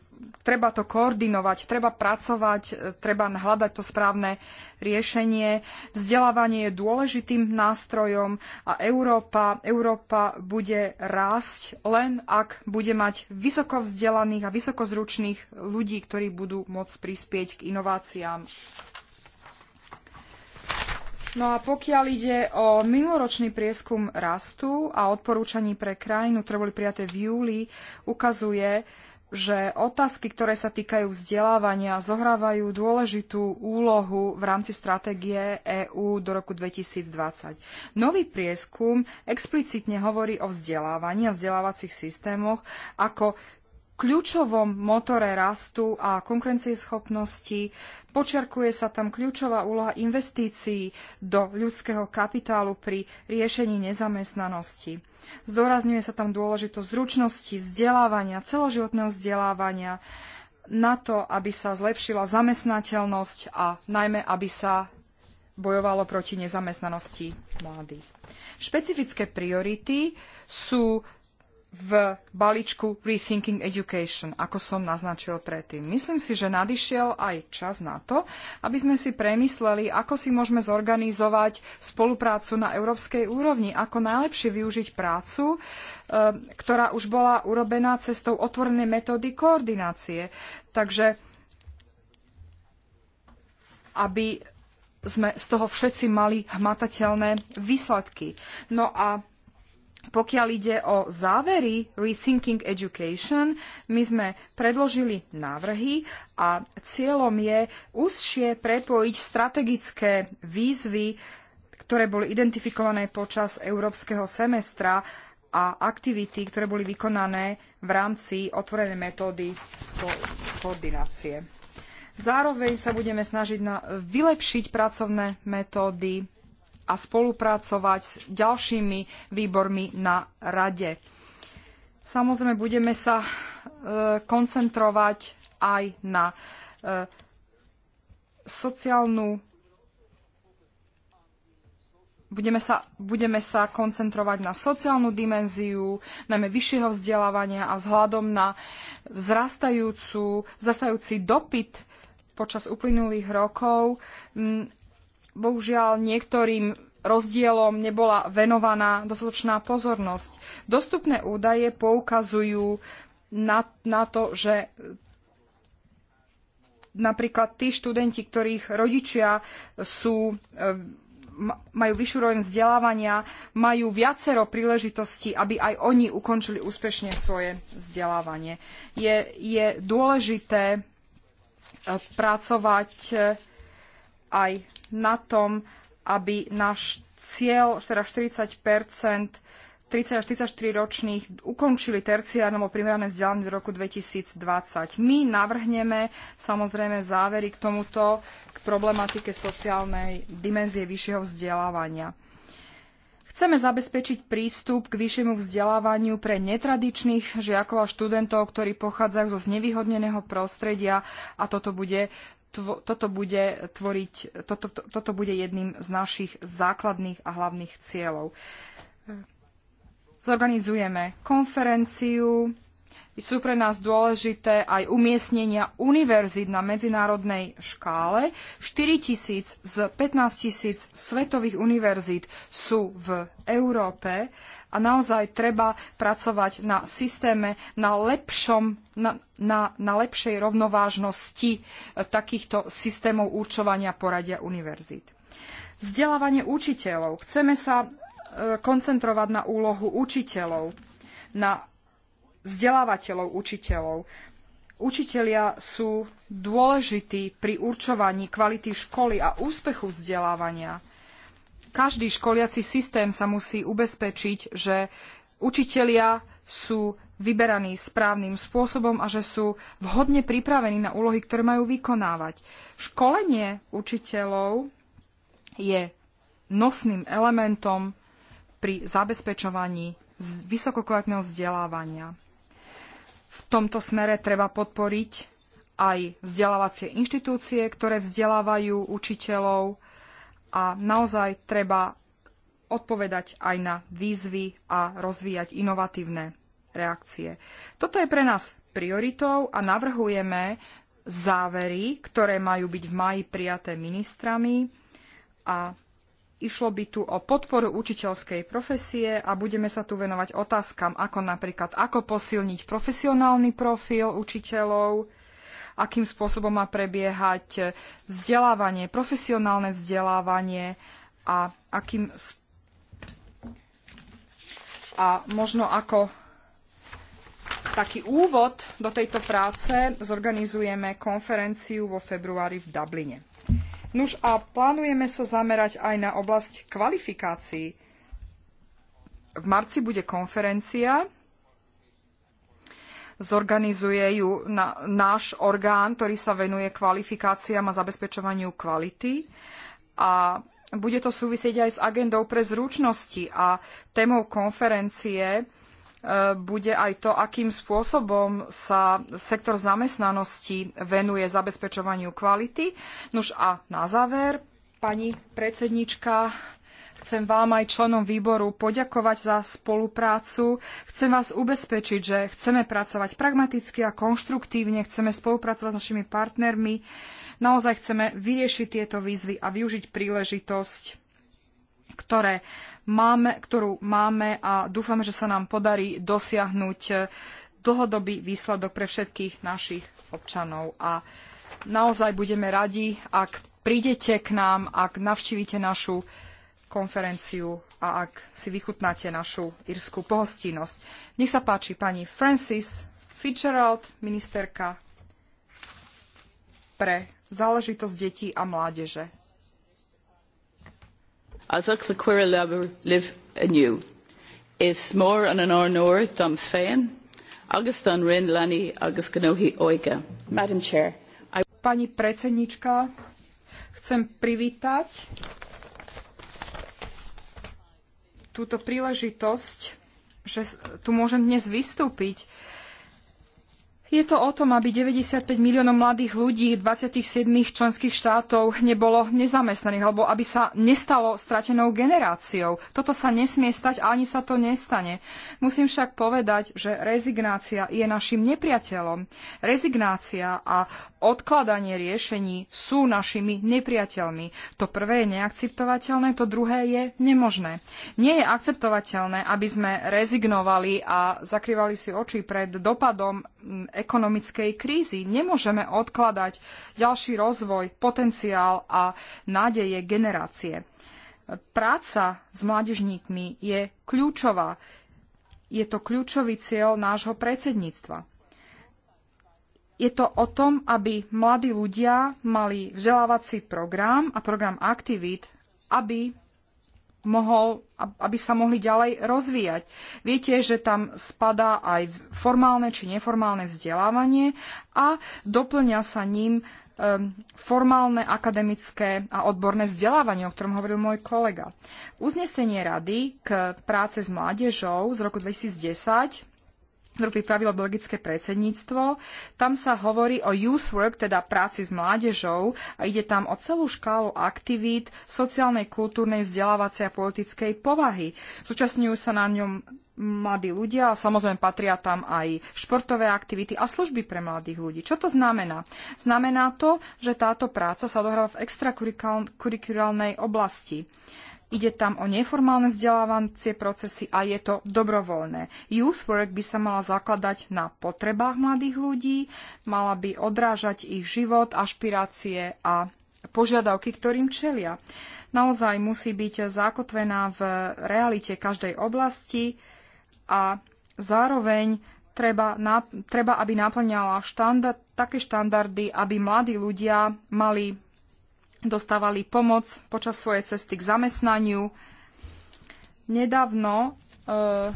Treba to koordinovať, treba pracovať, e, treba hľadať to správne riešenie. Vzdelávanie je dôležitým nástrojom a Európa, Európa bude rásť len ak bude mať vysoko vzdelaných a vysokozručných ľudí, ktorí budú môcť prispieť k inováciám No a pokiaľ ide o minuloročný prieskum rastu a odporúčaní pre krajinu, ktoré boli prijaté v júli, ukazuje, že otázky, ktoré sa týkajú vzdelávania, zohrávajú dôležitú úlohu v rámci stratégie EÚ do roku 2020. Nový prieskum explicitne hovorí o vzdelávaní a vzdelávacích systémoch ako kľúčovom motore rastu a konkurencieschopnosti. Počerkuje sa tam kľúčová úloha investícií do ľudského kapitálu pri riešení nezamestnanosti. Zdôrazňuje sa tam dôležitosť zručnosti, vzdelávania, celoživotného vzdelávania na to, aby sa zlepšila zamestnateľnosť a najmä, aby sa bojovalo proti nezamestnanosti mladých. Špecifické priority sú v balíčku Rethinking Education, ako som naznačil predtým. Myslím si, že nadišiel aj čas na to, aby sme si premysleli, ako si môžeme zorganizovať spoluprácu na európskej úrovni, ako najlepšie využiť prácu, eh, ktorá už bola urobená cestou otvorenej metódy koordinácie. Takže aby sme z toho všetci mali hmatateľné výsledky. No a pokiaľ ide o závery Rethinking Education, my sme predložili návrhy a cieľom je úzšie prepojiť strategické výzvy, ktoré boli identifikované počas európskeho semestra a aktivity, ktoré boli vykonané v rámci otvorenej metódy koordinácie. Zároveň sa budeme snažiť na vylepšiť pracovné metódy a spolupracovať s ďalšími výbormi na rade. Samozrejme, budeme sa e, koncentrovať aj na e, sociálnu. Budeme sa, budeme sa koncentrovať na sociálnu dimenziu, najmä vyššieho vzdelávania a vzhľadom na vzrastajúcu, vzrastajúci dopyt počas uplynulých rokov bohužiaľ niektorým rozdielom nebola venovaná dostatočná pozornosť. Dostupné údaje poukazujú na, na to, že napríklad tí študenti, ktorých rodičia sú e, majú vyššiu roveň vzdelávania, majú viacero príležitostí, aby aj oni ukončili úspešne svoje vzdelávanie. Je, je dôležité e, pracovať e, aj na tom, aby náš cieľ, teda 40 30 až 34 ročných ukončili terciárne alebo primerané vzdelanie do roku 2020. My navrhneme samozrejme závery k tomuto, k problematike sociálnej dimenzie vyššieho vzdelávania. Chceme zabezpečiť prístup k vyššiemu vzdelávaniu pre netradičných žiakov a študentov, ktorí pochádzajú zo znevýhodneného prostredia a toto bude tvo, toto, bude tvoriť, toto, to, toto bude jedným z našich základných a hlavných cieľov. Zorganizujeme konferenciu sú pre nás dôležité aj umiestnenia univerzít na medzinárodnej škále. 4 tisíc z 15 tisíc svetových univerzít sú v Európe a naozaj treba pracovať na systéme, na, lepšom, na, na, na lepšej rovnovážnosti e, takýchto systémov určovania poradia univerzít. Vzdelávanie učiteľov. Chceme sa e, koncentrovať na úlohu učiteľov, na vzdelávateľov, učiteľov. Učitelia sú dôležití pri určovaní kvality školy a úspechu vzdelávania. Každý školiaci systém sa musí ubezpečiť, že učitelia sú vyberaní správnym spôsobom a že sú vhodne pripravení na úlohy, ktoré majú vykonávať. Školenie učiteľov je nosným elementom pri zabezpečovaní vysokokvalitného vzdelávania. V tomto smere treba podporiť aj vzdelávacie inštitúcie, ktoré vzdelávajú učiteľov a naozaj treba odpovedať aj na výzvy a rozvíjať inovatívne reakcie. Toto je pre nás prioritou a navrhujeme závery, ktoré majú byť v maji prijaté ministrami a Išlo by tu o podporu učiteľskej profesie a budeme sa tu venovať otázkam ako napríklad, ako posilniť profesionálny profil učiteľov, akým spôsobom má prebiehať vzdelávanie, profesionálne vzdelávanie a akým a možno ako taký úvod do tejto práce zorganizujeme konferenciu vo februári v Dubline. Nuž a plánujeme sa zamerať aj na oblasť kvalifikácií. V marci bude konferencia, zorganizuje ju na, náš orgán, ktorý sa venuje kvalifikáciám a zabezpečovaniu kvality. A bude to súvisieť aj s agendou pre zručnosti a témou konferencie bude aj to, akým spôsobom sa sektor zamestnanosti venuje zabezpečovaniu kvality. Nuž a na záver, pani predsednička, chcem vám aj členom výboru poďakovať za spoluprácu. Chcem vás ubezpečiť, že chceme pracovať pragmaticky a konštruktívne, chceme spolupracovať s našimi partnermi, naozaj chceme vyriešiť tieto výzvy a využiť príležitosť, ktoré máme, ktorú máme a dúfame, že sa nám podarí dosiahnuť eh, dlhodobý výsledok pre všetkých našich občanov. A naozaj budeme radi, ak prídete k nám, ak navštívite našu konferenciu a ak si vychutnáte našu írskú pohostinnosť. Nech sa páči pani Francis Fitzgerald, ministerka pre záležitosť detí a mládeže as ag le cuir leabhar libh aniu. Is mór an an árnóir dom féin, agus don rin lení agus gnóhi oiga. Madam Chair. I... Pani predsednička, chcem privítať túto príležitosť, že tu môžem dnes vystúpiť je to o tom, aby 95 miliónov mladých ľudí 27 členských štátov nebolo nezamestnaných, alebo aby sa nestalo stratenou generáciou. Toto sa nesmie stať a ani sa to nestane. Musím však povedať, že rezignácia je našim nepriateľom. Rezignácia a odkladanie riešení sú našimi nepriateľmi. To prvé je neakceptovateľné, to druhé je nemožné. Nie je akceptovateľné, aby sme rezignovali a zakrývali si oči pred dopadom ekonomickej krízy. Nemôžeme odkladať ďalší rozvoj, potenciál a nádeje generácie. Práca s mládežníkmi je kľúčová. Je to kľúčový cieľ nášho predsedníctva. Je to o tom, aby mladí ľudia mali vzdelávací program a program aktivít, aby mohol, aby sa mohli ďalej rozvíjať. Viete, že tam spadá aj formálne či neformálne vzdelávanie a doplňa sa ním ehm, formálne akademické a odborné vzdelávanie, o ktorom hovoril môj kolega. Uznesenie rady k práce s mládežou z roku 2010 ktorú pripravilo belgické predsedníctvo. Tam sa hovorí o youth work, teda práci s mládežou a ide tam o celú škálu aktivít sociálnej, kultúrnej, vzdelávacej a politickej povahy. Zúčastňujú sa na ňom mladí ľudia a samozrejme patria tam aj športové aktivity a služby pre mladých ľudí. Čo to znamená? Znamená to, že táto práca sa odohráva v extrakurikulálnej oblasti. Uh, Ide tam o neformálne vzdelávacie procesy a je to dobrovoľné. Youth Work by sa mala zakladať na potrebách mladých ľudí, mala by odrážať ich život, ašpirácie a požiadavky, ktorým čelia. Naozaj musí byť zakotvená v realite každej oblasti a zároveň treba, na, treba aby naplňala štandard, také štandardy, aby mladí ľudia mali dostávali pomoc počas svojej cesty k zamestnaniu. Nedávno eh,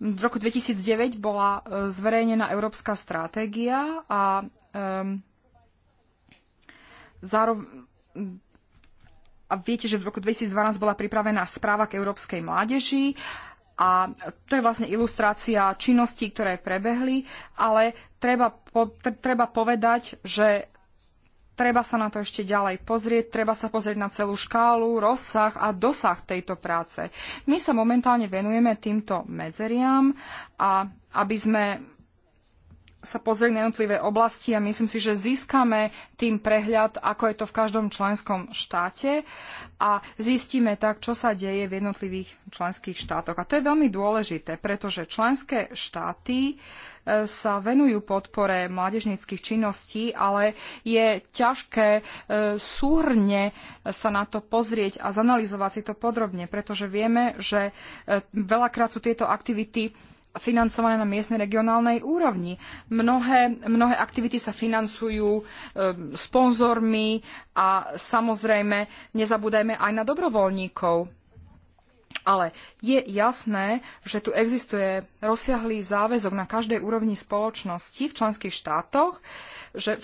v roku 2009 bola eh, zverejnená európska stratégia a eh, zároveň a viete, že v roku 2012 bola pripravená správa k európskej mládeži a to je vlastne ilustrácia činností, ktoré prebehli, ale treba, po, treba povedať, že Treba sa na to ešte ďalej pozrieť, treba sa pozrieť na celú škálu, rozsah a dosah tejto práce. My sa momentálne venujeme týmto medzeriam a aby sme sa pozrieť na jednotlivé oblasti a myslím si, že získame tým prehľad, ako je to v každom členskom štáte a zistíme tak, čo sa deje v jednotlivých členských štátoch. A to je veľmi dôležité, pretože členské štáty e, sa venujú podpore mládežnických činností, ale je ťažké e, súhrne sa na to pozrieť a zanalizovať si to podrobne, pretože vieme, že e, veľakrát sú tieto aktivity financované na miestnej regionálnej úrovni. Mnohé, mnohé aktivity sa financujú e, sponzormi a samozrejme nezabúdajme aj na dobrovoľníkov. Ale je jasné, že tu existuje rozsiahlý záväzok na každej úrovni spoločnosti v členských štátoch, že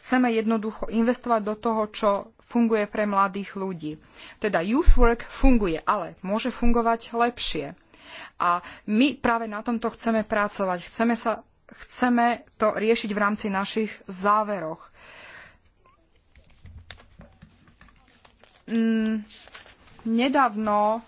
chceme jednoducho investovať do toho, čo funguje pre mladých ľudí. Teda youth work funguje, ale môže fungovať lepšie. A my práve na tomto chceme pracovať. Chceme, sa, chceme to riešiť v rámci našich záveroch. Mm, nedávno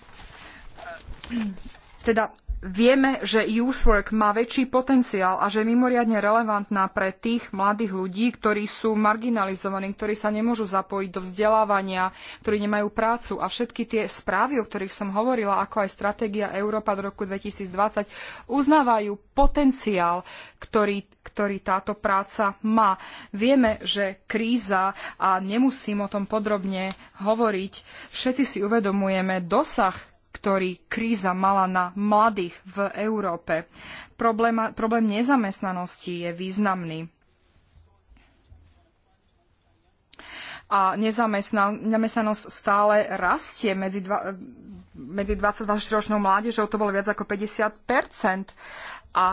teda Vieme, že youth work má väčší potenciál a že je mimoriadne relevantná pre tých mladých ľudí, ktorí sú marginalizovaní, ktorí sa nemôžu zapojiť do vzdelávania, ktorí nemajú prácu. A všetky tie správy, o ktorých som hovorila, ako aj stratégia Európa do roku 2020, uznávajú potenciál, ktorý, ktorý táto práca má. Vieme, že kríza, a nemusím o tom podrobne hovoriť, všetci si uvedomujeme dosah ktorý kríza mala na mladých v Európe. Problém, problém nezamestnanosti je významný. A nezamestnanosť stále rastie medzi, dva, medzi 20 24 ročnou mládežou, to bolo viac ako 50 A e,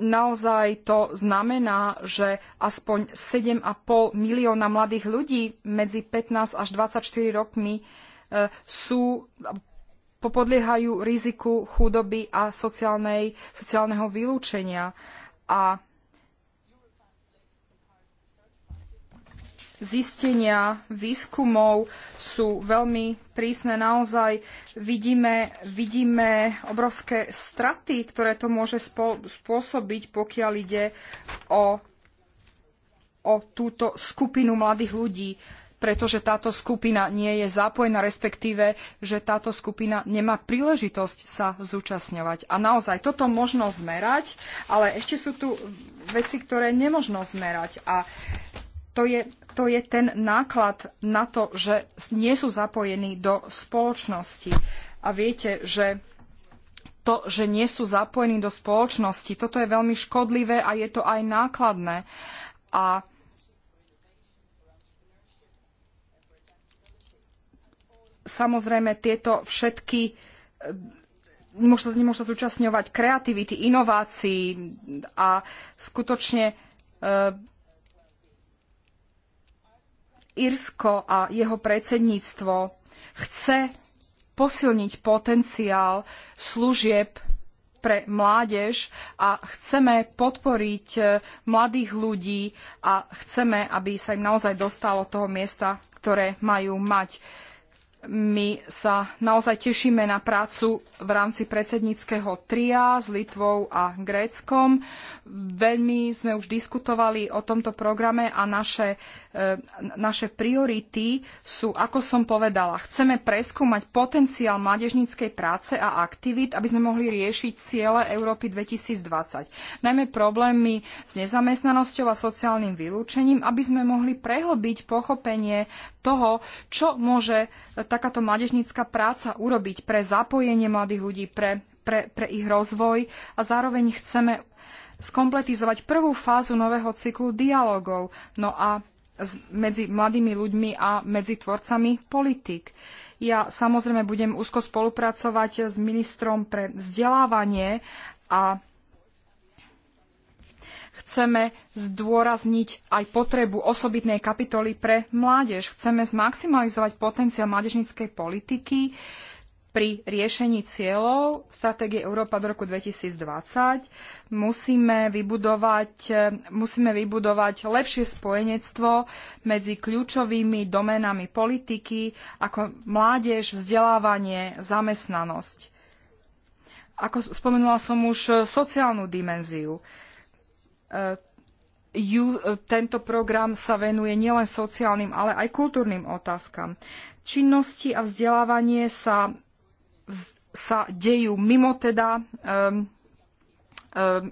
naozaj to znamená, že aspoň 7,5 milióna mladých ľudí medzi 15 až 24 rokmi e, sú, podliehajú riziku chudoby a sociálnej, sociálneho vylúčenia. A zistenia výskumov sú veľmi prísne. Naozaj vidíme, vidíme obrovské straty, ktoré to môže spôsobiť, pokiaľ ide o, o túto skupinu mladých ľudí pretože táto skupina nie je zapojená, respektíve, že táto skupina nemá príležitosť sa zúčastňovať. A naozaj toto možno zmerať, ale ešte sú tu veci, ktoré nemožno zmerať. A to je, to je ten náklad na to, že nie sú zapojení do spoločnosti. A viete, že to, že nie sú zapojení do spoločnosti, toto je veľmi škodlivé a je to aj nákladné. A samozrejme tieto všetky e, nemôžu, nemôžu sa zúčastňovať kreativity, inovácií a skutočne e, Írsko a jeho predsedníctvo chce posilniť potenciál služieb pre mládež a chceme podporiť eh, mladých ľudí a chceme, aby sa im naozaj dostalo toho miesta, ktoré majú mať. My sa naozaj tešíme na prácu v rámci predsedníckého tria s Litvou a Gréckom. Veľmi sme už diskutovali o tomto programe a naše E, naše priority sú, ako som povedala, chceme preskúmať potenciál mládežníckej práce a aktivít, aby sme mohli riešiť ciele Európy 2020. Najmä problémy s nezamestnanosťou a sociálnym vylúčením, aby sme mohli prehlbiť pochopenie toho, čo môže takáto mládežnícka práca urobiť pre zapojenie mladých ľudí, pre, pre, pre ich rozvoj a zároveň chceme skompletizovať prvú fázu nového cyklu dialogov. No a medzi mladými ľuďmi a medzi tvorcami politik. Ja samozrejme budem úzko spolupracovať s ministrom pre vzdelávanie a chceme zdôrazniť aj potrebu osobitnej kapitoly pre mládež. Chceme zmaximalizovať potenciál mládežníckej politiky. Uh, pri riešení cieľov stratégie Európa do roku 2020 musíme vybudovať, musíme vybudovať lepšie spojenectvo medzi kľúčovými doménami politiky ako mládež, vzdelávanie, zamestnanosť. Ako spomenula som už sociálnu dimenziu. E, ju, e, tento program sa venuje nielen sociálnym, ale aj kultúrnym otázkam. Činnosti a vzdelávanie sa sa dejú mimo teda um, um,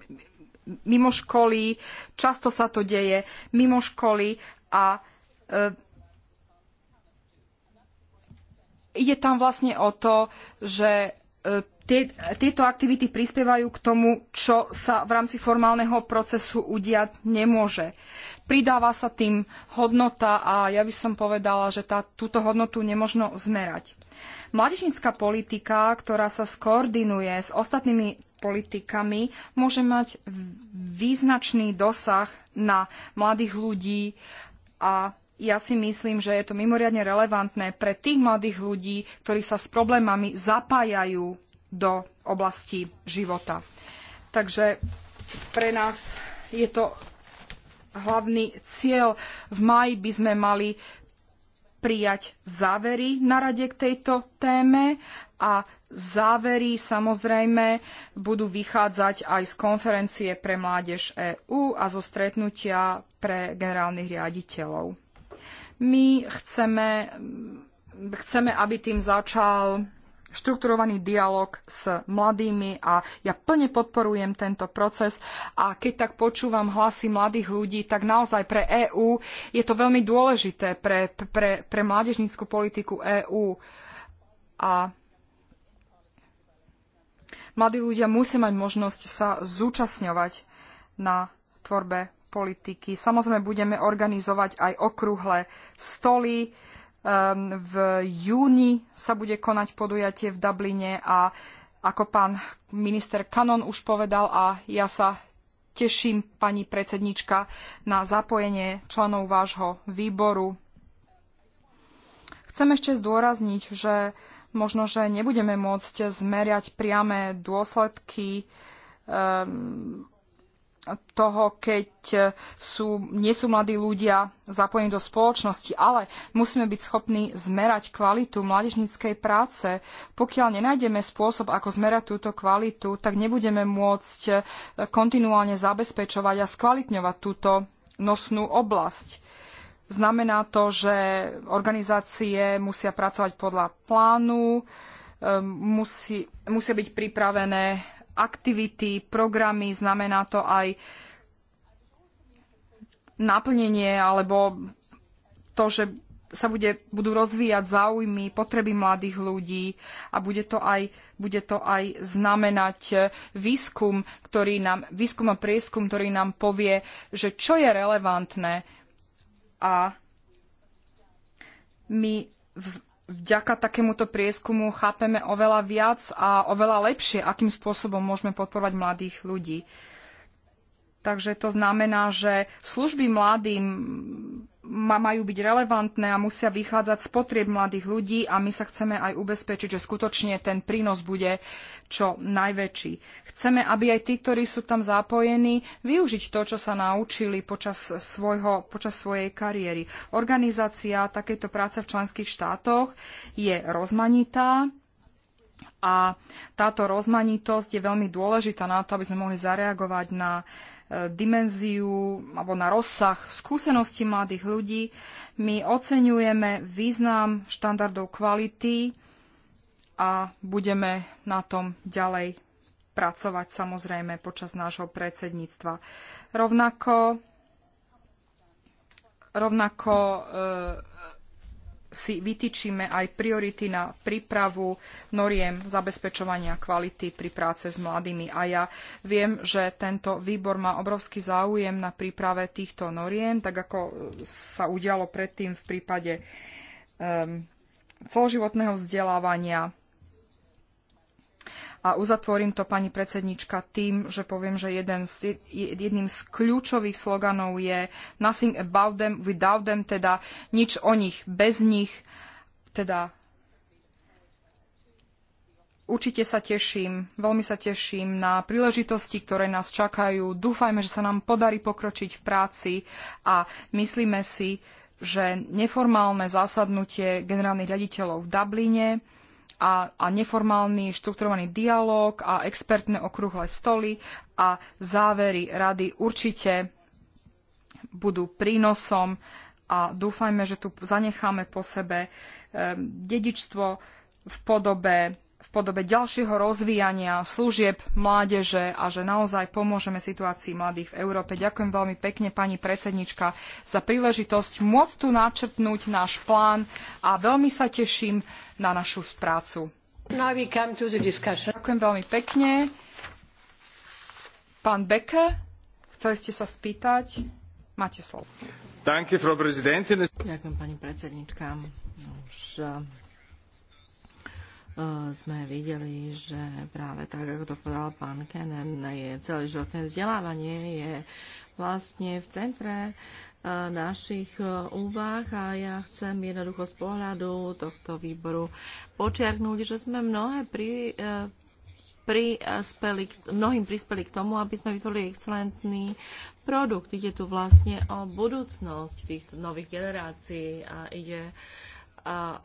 mimo školy, často sa to deje mimo školy a um, ide tam vlastne o to, že e, tie, tieto aktivity prispievajú k tomu, čo sa v rámci formálneho procesu udiať nemôže. Pridáva sa tým hodnota a ja by som povedala, že tá, túto hodnotu nemožno zmerať. Mládežnícka politika, ktorá sa skoordinuje s ostatnými politikami, môže mať význačný dosah na mladých ľudí a ja si myslím, že je to mimoriadne relevantné pre tých mladých ľudí, ktorí sa s problémami zapájajú do oblasti života. Takže pre nás je to hlavný cieľ. V maji by sme mali prijať závery na rade k tejto téme a závery samozrejme budú vychádzať aj z konferencie pre mládež EÚ a zo stretnutia pre generálnych riaditeľov. My chceme, chceme aby tým začal štrukturovaný dialog s mladými a ja plne podporujem tento proces a keď tak počúvam hlasy mladých ľudí, tak naozaj pre EÚ je to veľmi dôležité pre, pre, pre mládežnícku politiku EÚ a mladí ľudia musia mať možnosť sa zúčastňovať na tvorbe politiky. Samozrejme budeme organizovať aj okrúhle stoly, Ehm, v júni sa bude konať podujatie v Dubline a ako pán minister Kanon už povedal a ja sa teším, pani predsednička, na zapojenie členov vášho výboru. Chcem ešte zdôrazniť, že možno, že nebudeme môcť zmeriať priame dôsledky um, toho, keď e, sú, nie sú mladí ľudia zapojení do spoločnosti, ale musíme byť schopní zmerať kvalitu mládežníckej práce. Pokiaľ nenájdeme spôsob, ako zmerať túto kvalitu, tak nebudeme môcť e, kontinuálne zabezpečovať a skvalitňovať túto nosnú oblasť. Znamená to, že organizácie musia pracovať podľa plánu, e, musí, musia byť pripravené aktivity, programy, znamená to aj naplnenie alebo to, že sa bude, budú rozvíjať záujmy, potreby mladých ľudí a bude to aj, bude to aj znamenať výskum, ktorý nám, výskum a prieskum, ktorý nám povie, že čo je relevantné a my vďaka takémuto prieskumu chápeme oveľa viac a oveľa lepšie, akým spôsobom môžeme podporovať mladých ľudí. Takže to znamená, že služby mladým majú byť relevantné a musia vychádzať z potrieb mladých ľudí a my sa chceme aj ubezpečiť, že skutočne ten prínos bude čo najväčší. Chceme, aby aj tí, ktorí sú tam zapojení, využiť to, čo sa naučili počas, svojho, počas svojej kariéry. Organizácia takéto práce v členských štátoch je rozmanitá, a táto rozmanitosť je veľmi dôležitá na to, aby sme mohli zareagovať na dimenziu alebo na rozsah skúseností mladých ľudí. My oceňujeme význam štandardov kvality a budeme na tom ďalej pracovať samozrejme počas nášho predsedníctva. Rovnako, rovnako e, si vytýčime aj priority na prípravu noriem zabezpečovania kvality pri práce s mladými. A ja viem, že tento výbor má obrovský záujem na príprave týchto noriem, tak ako sa udialo predtým v prípade um, celoživotného vzdelávania a uzatvorím to, pani predsednička, tým, že poviem, že jeden z, jedným z kľúčových sloganov je nothing about them without them, teda nič o nich bez nich, teda Určite sa teším, veľmi sa teším na príležitosti, ktoré nás čakajú. Dúfajme, že sa nám podarí pokročiť v práci a myslíme si, že neformálne zasadnutie generálnych riaditeľov v Dubline a, a neformálny štrukturovaný dialog a expertné okrúhle stoly a závery rady určite budú prínosom a dúfajme, že tu zanecháme po sebe ehm, dedičstvo v podobe v podobe ďalšieho rozvíjania služieb mládeže a že naozaj pomôžeme situácii mladých v Európe. Ďakujem veľmi pekne pani predsednička za príležitosť môcť tu načrtnúť náš plán a veľmi sa teším na našu prácu. Ďakujem veľmi pekne. Pán Beke, chceli ste sa spýtať? Máte slovo. Ďakujem, pani predsednička. Už Eh, sme videli, že práve tak, ako to povedal pán Kenen, je celé životné vzdelávanie je vlastne v centre eh, našich eh, úvah a ja chcem jednoducho z pohľadu tohto výboru počiarknúť, že sme mnohé pri, prispeli, mnohým prispeli k tomu, aby sme vytvorili excelentný produkt. Ide tu vlastne o budúcnosť tých nových generácií a ide uh,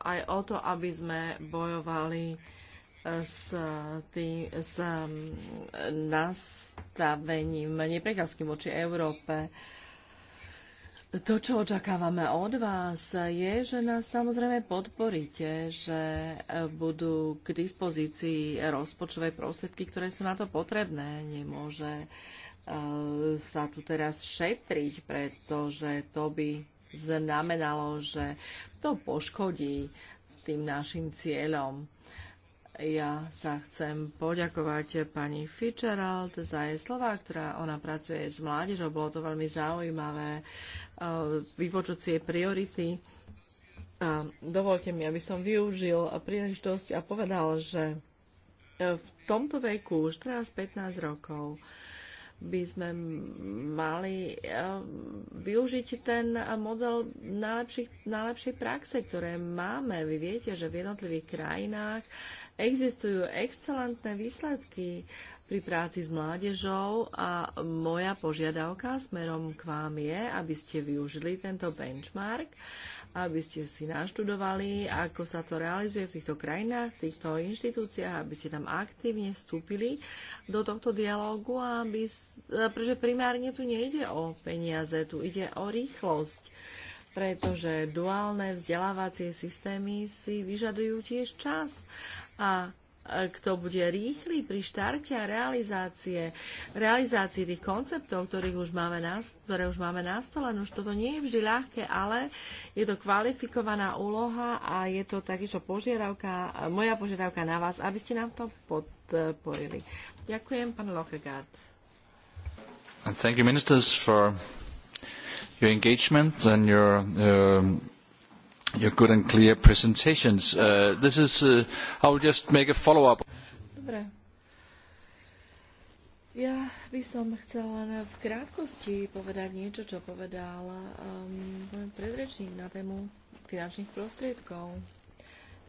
aj o to, aby sme bojovali e, s, tý, s nastavením nepriateľským voči Európe. To, čo očakávame od vás, je, že nás samozrejme podporíte, že e, budú k dispozícii rozpočtové prostriedky, ktoré sú na to potrebné. Nemôže e, sa tu teraz šetriť, pretože to by znamenalo, že to poškodí tým našim cieľom. Ja sa chcem poďakovať pani Fitzgerald za jej slova, ktorá ona pracuje s mládežou. Bolo to veľmi zaujímavé eh, vypočuť si jej priority. A dovolte mi, aby som využil príležitosť a povedal, že eh, v tomto veku, 14-15 rokov, by sme mali eh, využiť ten model najlepšej praxe, ktoré máme. Vy viete, že v jednotlivých krajinách existujú excelentné výsledky pri práci s mládežou a moja požiadavka smerom k vám je, aby ste využili tento benchmark aby ste si naštudovali, ako sa to realizuje v týchto krajinách, v týchto inštitúciách, aby ste tam aktívne vstúpili do tohto dialógu, aby, pretože primárne tu nejde o peniaze, tu ide o rýchlosť pretože duálne vzdelávacie systémy si vyžadujú tiež čas a kto bude rýchly pri štarte a realizácie, realizácii tých konceptov, ktorých už máme na, ktoré už máme na stole. No už toto nie je vždy ľahké, ale je to kvalifikovaná úloha a je to takisto požiadavka, moja požiadavka na vás, aby ste nám to podporili. Ďakujem, pán Lokegaard. And thank you, ministers, for your engagement and your um, your good and clear presentations. Uh, this is, uh, I will just make a follow-up. Dobre. Ja by som chcela len v krátkosti povedať niečo, čo povedal um, predrečník na tému finančných prostriedkov.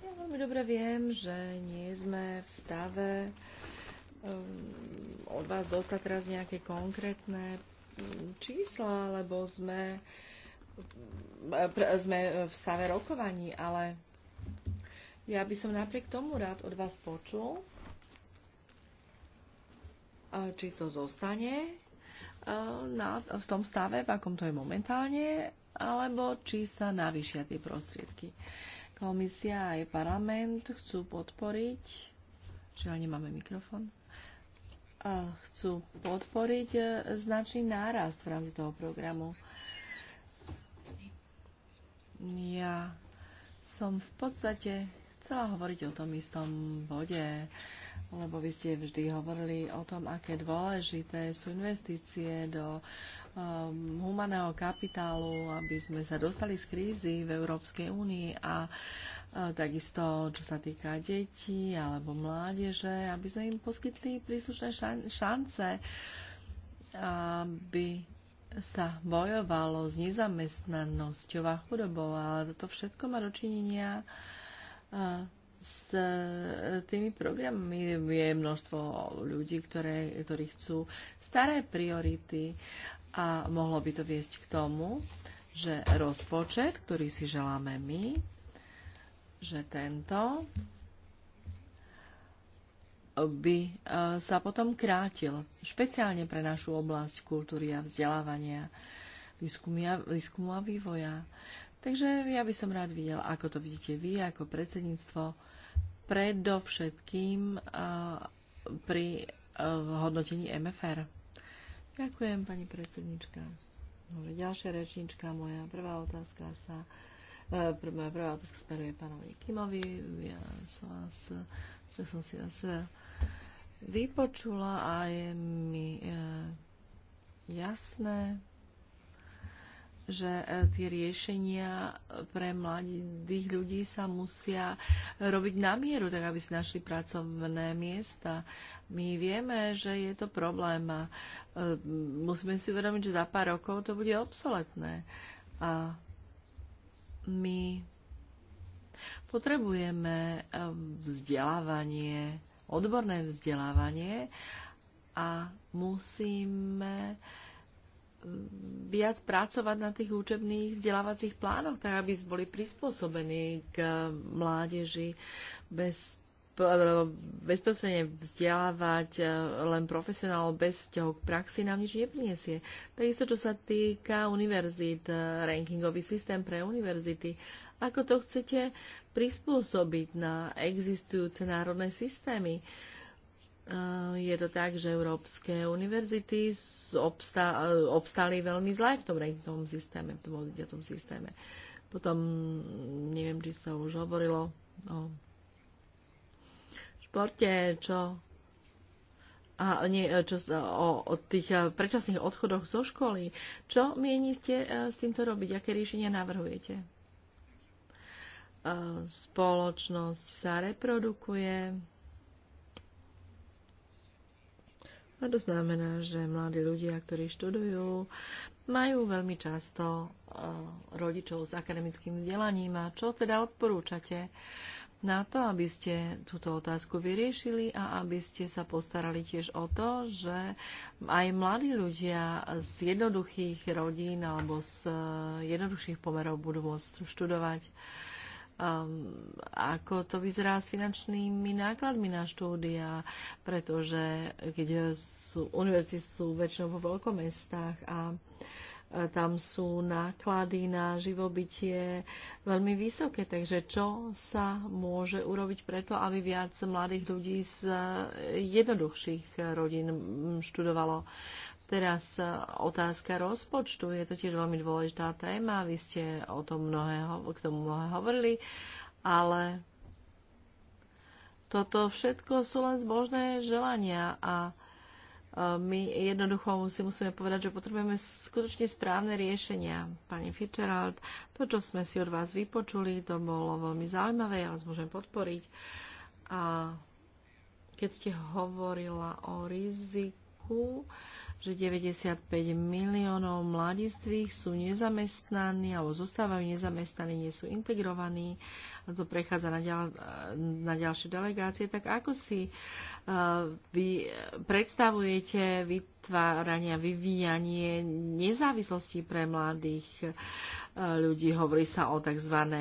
Ja veľmi dobre viem, že nie sme v stave um, od vás dostať teraz nejaké konkrétne um, čísla, lebo sme uh, sme v stave rokovaní, ale ja by som napriek tomu rád od vás počul, či to zostane v tom stave, v akom to je momentálne, alebo či sa navýšia tie prostriedky. Komisia aj parlament chcú podporiť, žiaľ nemáme mikrofón, chcú podporiť e, značný nárast v rámci toho programu. Ja som v podstate chcela hovoriť o tom istom bode, lebo vy ste vždy hovorili o tom, aké dôležité sú investície do um, humaného kapitálu, aby sme sa dostali z krízy v Európskej únii a takisto čo sa týka detí alebo mládeže, aby sme im poskytli príslušné šance, aby sa bojovalo s nezamestnanosťou a chudobou, ale toto všetko má dočinenia e, s e, tými programmi, je množstvo ľudí, ktoré, ktorí chcú staré priority a mohlo by to viesť k tomu, že rozpočet, ktorý si želáme my, že tento by e, sa potom krátil, špeciálne pre našu oblasť kultúry a vzdelávania, výskumu a vývoja. Takže ja by som rád videl, ako to vidíte vy, ako predsedníctvo, predovšetkým e, pri e, hodnotení MFR. Ďakujem, pani predsednička. ďalšia rečnička, moja prvá otázka sa moja prvá otázka smeruje pánovi Kimovi. Ja som vás, som si vás vypočula a je mi e, jasné, že e, tie riešenia pre mladých ľudí sa musia robiť na mieru, tak aby si našli pracovné miesta. My vieme, že je to problém a e, musíme si uvedomiť, že za pár rokov to bude obsoletné. A my potrebujeme vzdelávanie, odborné vzdelávanie a musíme mm, viac pracovať na tých učebných vzdelávacích plánoch, tak aby boli prispôsobení k mládeži bez bezprostredne vzdelávať e, len profesionálov bez vťahu k praxi nám nič neprinesie. Takisto, čo sa týka univerzít, e, rankingový systém pre univerzity ako to chcete prispôsobiť na existujúce národné systémy? Je to tak, že európske univerzity obstáli veľmi zle v tom ratingovom systéme, v tom hodnotiacom systéme. Potom, neviem, či sa už hovorilo o športe, čo a nie, čo, o, o tých predčasných odchodoch zo školy. Čo mieni ste e, s týmto robiť? Aké riešenia navrhujete? spoločnosť sa reprodukuje. A to znamená, že mladí ľudia, ktorí študujú, majú veľmi často e, rodičov s akademickým vzdelaním. A čo teda odporúčate na to, aby ste túto otázku vyriešili a aby ste sa postarali tiež o to, že aj mladí ľudia z jednoduchých rodín alebo z jednoduchších pomerov budú môcť študovať? um, ako to vyzerá s finančnými nákladmi na štúdia, pretože keď sú, univerzity sú väčšinou vo veľkomestách a tam sú náklady na živobytie veľmi vysoké. Takže čo sa môže urobiť preto, aby viac mladých ľudí z jednoduchších rodín študovalo Teraz e, otázka rozpočtu je to tiež veľmi dôležitá téma. Vy ste o tom mnohé, k tomu mnohé hovorili, ale toto všetko sú len zbožné želania a e, my jednoducho si musíme povedať, že potrebujeme skutočne správne riešenia. Pani Fitzgerald, to, čo sme si od vás vypočuli, to bolo veľmi zaujímavé, ja vás môžem podporiť. A keď ste hovorila o riziku, že 95 miliónov mladistvých sú nezamestnaní alebo zostávajú nezamestnaní, nie sú integrovaní a to prechádza na, ďal, na ďalšie delegácie. Tak ako si uh, vy predstavujete vy, vytvárania, vyvíjanie nezávislosti pre mladých e, ľudí. Hovorí sa o tzv. E,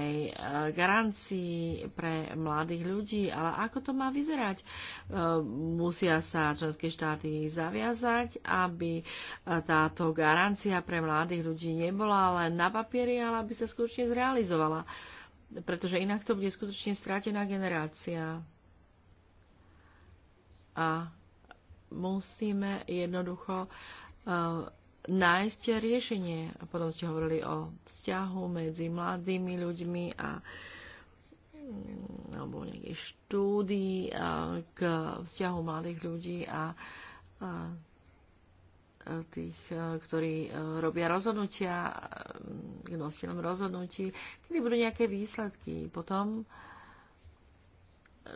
garancii pre mladých ľudí, ale ako to má vyzerať? E, musia sa členské štáty zaviazať, aby táto garancia pre mladých ľudí nebola len na papieri, ale aby sa skutočne zrealizovala. Pretože inak to bude skutočne strátená generácia. A musíme jednoducho eh, nájsť riešenie. A potom ste hovorili o vzťahu medzi mladými ľuďmi a mm, alebo nejakej štúdii eh, k vzťahu mladých ľudí a, a eh, tých, ktorí robia rozhodnutia, k nosilom rozhodnutí, kedy budú nejaké výsledky. Potom,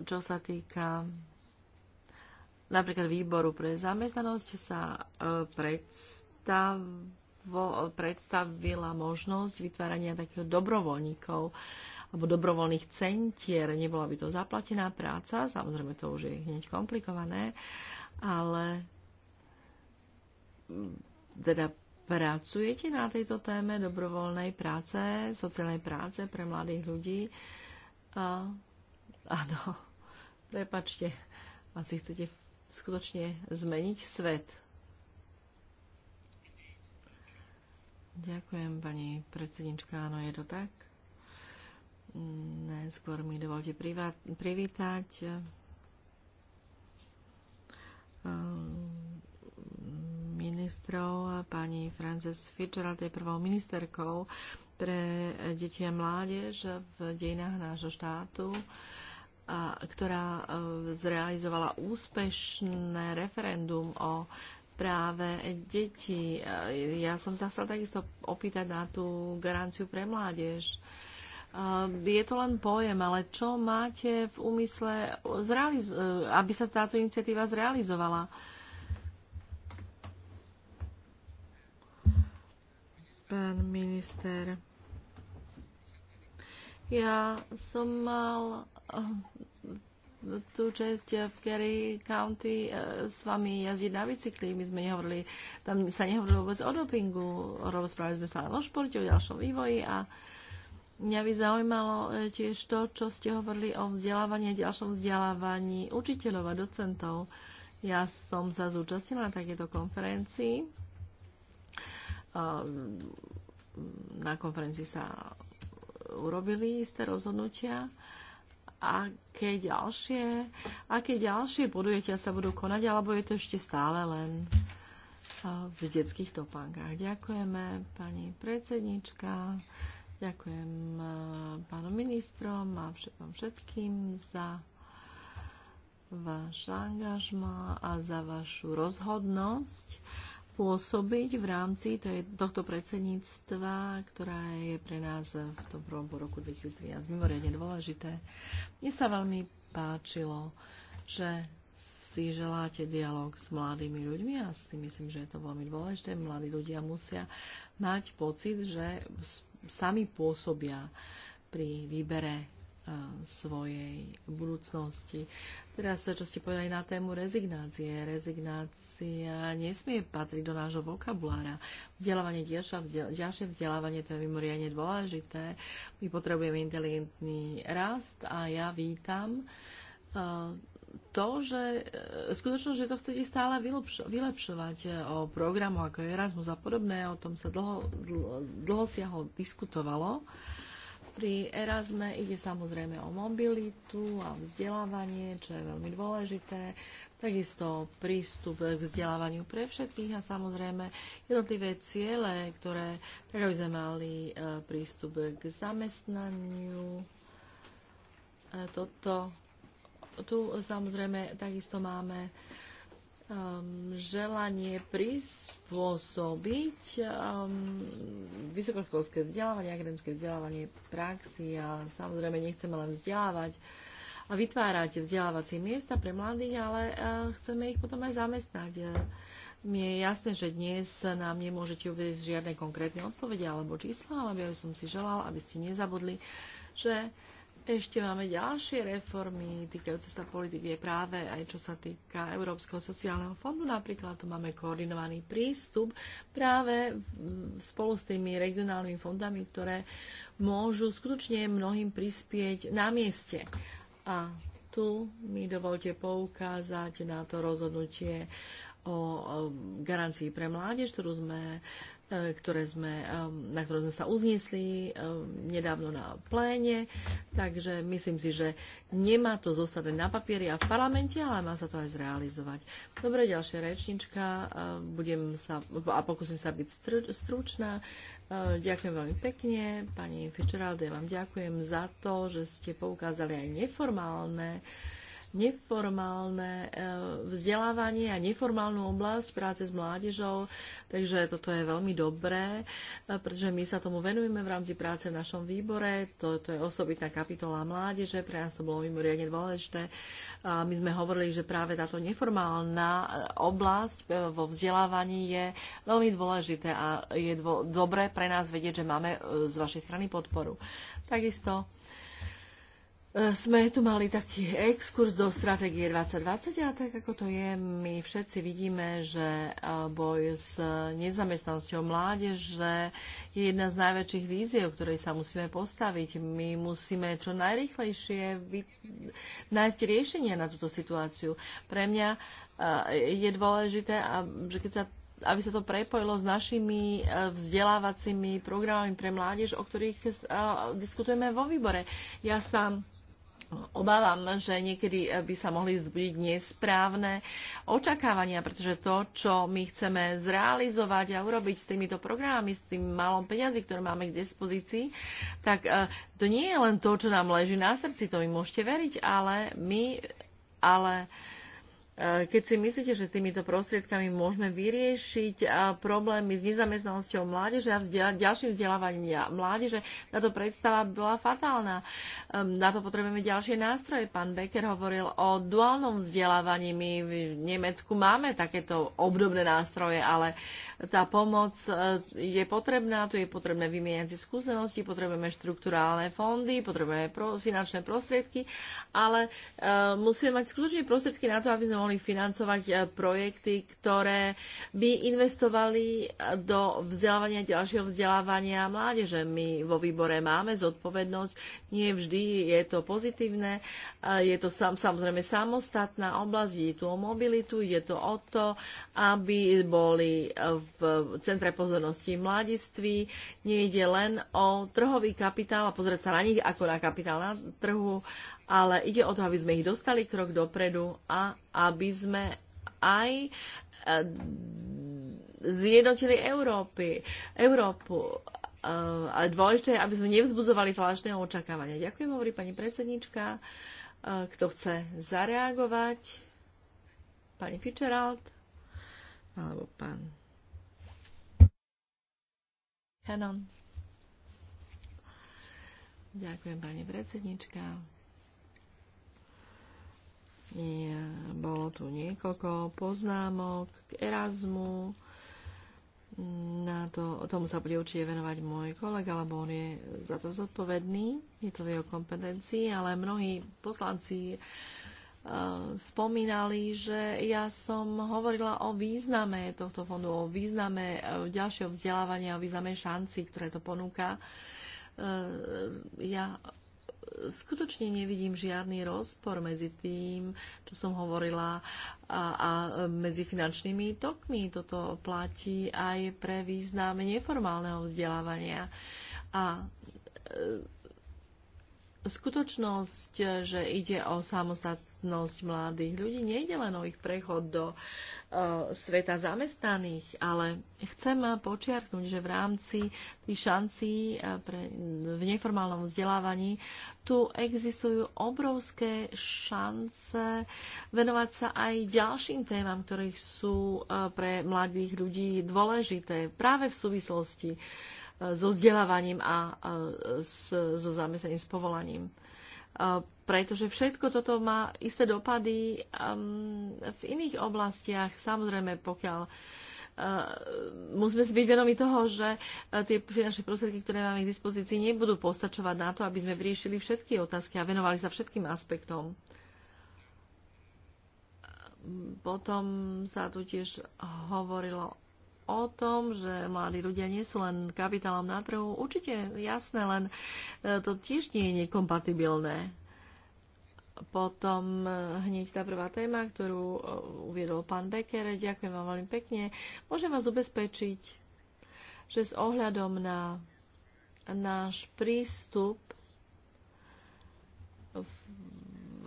čo sa týka napríklad výboru pre zamestnanosť sa e, predstavila možnosť vytvárania takých dobrovoľníkov alebo dobrovoľných centier. Nebola by to zaplatená práca, samozrejme to už je hneď komplikované, ale mm, teda pracujete na tejto téme dobrovoľnej práce, sociálnej práce pre mladých ľudí. A, áno, prepačte, asi chcete skutočne zmeniť svet. Ďakujem, pani predsednička, áno, je to tak. Najskôr mi dovolte privítať ehm, ministrov, pani Frances Fitzgerald je prvou ministerkou pre deti a mládež v dejinách nášho štátu a, ktorá e, zrealizovala úspešné referendum o práve detí. E, ja som sa chcela takisto opýtať na tú garanciu pre mládež. E, je to len pojem, ale čo máte v úmysle, aby sa táto iniciatíva zrealizovala? Pán minister, ja som mal Eh, tú časť eh, v Kerry County eh, s vami jazdiť na bicykli. My sme nehovorili, tam sa nehovorilo vôbec o dopingu, rozprávali sme sa len o športe, o ďalšom vývoji a mňa by zaujímalo tiež to, čo ste hovorili o vzdelávaní a ďalšom vzdelávaní učiteľov a docentov. Ja som sa zúčastnila na takéto konferencii. Na konferencii sa urobili isté rozhodnutia aké ďalšie, aké ďalšie podujatia sa budú konať, alebo je to ešte stále len v detských topánkach. Ďakujeme pani predsednička, ďakujem pánom ministrom a vám všetkým za váš angažma a za vašu rozhodnosť pôsobiť v rámci tej, tohto predsedníctva, ktorá je pre nás v tom prvom po roku 2013 mimoriadne dôležité. Mne sa veľmi páčilo, že si želáte dialog s mladými ľuďmi a ja si myslím, že je to veľmi dôležité. Mladí ľudia musia mať pocit, že sami pôsobia pri výbere svojej budúcnosti. Teraz, čo ste povedali na tému rezignácie. Rezignácia nesmie patriť do nášho vokabulára. Vzdelávanie vzdel, ďalšie vzdelávanie, to je mimoriadne dôležité. My potrebujeme inteligentný rast a ja vítam e, to, že e, skutočnosť, že to chcete stále vylepšovať e, o programu ako Erasmus a podobné, o tom sa dlho, dlho, dlho siaho diskutovalo. Pri Erasme ide samozrejme o mobilitu a vzdelávanie, čo je veľmi dôležité. Takisto prístup k vzdelávaniu pre všetkých a samozrejme jednotlivé ciele, ktoré tak aby sme mali e, prístup k zamestnaniu. E, toto tu samozrejme takisto máme um, želanie prispôsobiť um, vysokoškolské vzdelávanie, akademické vzdelávanie praxi a samozrejme nechceme len vzdelávať a vytvárať vzdelávacie miesta pre mladých, ale uh, chceme ich potom aj zamestnať. Mne je jasné, že dnes nám nemôžete uvieť žiadne konkrétne odpovede alebo čísla, ale ja by som si želala, aby ste nezabudli, že ešte máme ďalšie reformy týkajúce sa politiky práve aj čo sa týka Európskeho sociálneho fondu. Napríklad tu máme koordinovaný prístup práve spolu s tými regionálnymi fondami, ktoré môžu skutočne mnohým prispieť na mieste. A tu mi dovolte poukázať na to rozhodnutie o garancii pre mládež, ktorú sme E, ktoré sme, e, na ktoré sme sa uzniesli e, nedávno na pléne. Takže myslím si, že nemá to zostať na papieri a v parlamente, ale má sa to aj zrealizovať. Dobre, ďalšia rečnička. Budem sa, a pokúsim sa byť stručná. Ďakujem veľmi pekne. Pani Fitzgerald, ja vám ďakujem za to, že ste poukázali aj neformálne neformálne e, vzdelávanie a neformálnu oblasť práce s mládežou. Takže toto je veľmi dobré, e, pretože my sa tomu venujeme v rámci práce v našom výbore. Toto je osobitná kapitola mládeže, pre nás to bolo mimoriadne dôležité. My sme hovorili, že práve táto neformálna e, oblasť vo vzdelávaní je veľmi dôležité a je dvo- dobré pre nás vedieť, že máme z vašej strany podporu. Takisto sme tu mali taký exkurs do stratégie 2020 a tak ako to je, my všetci vidíme, že boj s nezamestnanosťou že je jedna z najväčších víziev, ktorej sa musíme postaviť. My musíme čo najrychlejšie nájsť riešenie na túto situáciu. Pre mňa je dôležité, že keď sa aby sa to prepojilo s našimi vzdelávacími programami pre mládež, o ktorých diskutujeme vo výbore. Ja sám obávam, že niekedy eh, by sa mohli vzbudiť nesprávne očakávania, pretože to, čo my chceme zrealizovať a urobiť s týmito programami, s tým malom peňazí, ktoré máme k dispozícii, tak eh, to nie je len to, čo nám leží na srdci, to mi môžete veriť, ale my, ale uh, E, keď si myslíte, že týmito prostriedkami môžeme vyriešiť e, problémy s nezamestnanosťou mládeže a vzdiela- ďalším vzdelávaním mládeže, táto predstava bola fatálna. E, na to potrebujeme ďalšie nástroje. Pán Becker hovoril o duálnom vzdelávaní. My v Nemecku máme takéto obdobné nástroje, ale tá pomoc je potrebná, tu je potrebné vymieňať si skúsenosti, potrebujeme štruktúrálne fondy, potrebujeme pro- finančné prostriedky, ale musíme mať skutočne prostriedky na to, aby sme mohli financovať e, projekty, ktoré by investovali do vzdelávania, ďalšieho vzdelávania mládeže. My vo výbore máme zodpovednosť, nie vždy je to pozitívne, e, je to sam, samozrejme samostatná oblasť, je tu o mobilitu, je to o to, aby boli e, v centre pozornosti mladiství, nejde len o trhový kapitál a pozrieť sa na nich ako na kapitál na trhu, ale ide o to, aby sme ich dostali krok dopredu a aby sme aj e, zjednotili Európy, Európu. E, a dôležité je, aby sme nevzbudzovali flášne očakávania. Ďakujem, hovorí pani predsednička. E, kto chce zareagovať? Pani Fitzgerald? Alebo pán Hanon? Ďakujem, pani predsednička. Bolo tu niekoľko poznámok k Erasmu. Na to, o tomu sa bude určite venovať môj kolega, lebo on je za to zodpovedný. Je to v jeho kompetencii, ale mnohí poslanci eh, spomínali, že ja som hovorila o význame tohto fondu, o význame eh, ďalšieho vzdelávania, o význame šanci, ktoré to ponúka. Eh, ja skutočne nevidím žiadny rozpor medzi tým, čo som hovorila, a, a medzi finančnými tokmi. Toto platí aj pre význam neformálneho vzdelávania. A e, skutočnosť, že ide o samostatnosť mladých ľudí, nejde len o ich prechod do uh, sveta zamestnaných, ale chcem počiarknúť, že v rámci tých šancí e, pre, v neformálnom vzdelávaní tu existujú obrovské šance venovať sa aj ďalším témam, ktorých sú uh, pre mladých ľudí dôležité práve v súvislosti uh, so vzdelávaním a so zamestnaním s povolaním. Pretože všetko toto má isté dopady um, v iných oblastiach. Samozrejme, pokiaľ uh, musíme si byť vedomi toho, že uh, tie finančné prostriedky, ktoré máme k dispozícii, nebudú postačovať na to, aby sme vyriešili všetky otázky a venovali sa všetkým aspektom. Potom sa tu tiež hovorilo o tom, že mladí ľudia nie sú len kapitálom na trhu. Určite jasné, len e, to tiež nie je nekompatibilné. Potom e, hneď tá prvá téma, ktorú e, uviedol pán Becker. Ďakujem vám veľmi pekne. Môžem vás ubezpečiť, že s ohľadom na náš prístup v, v,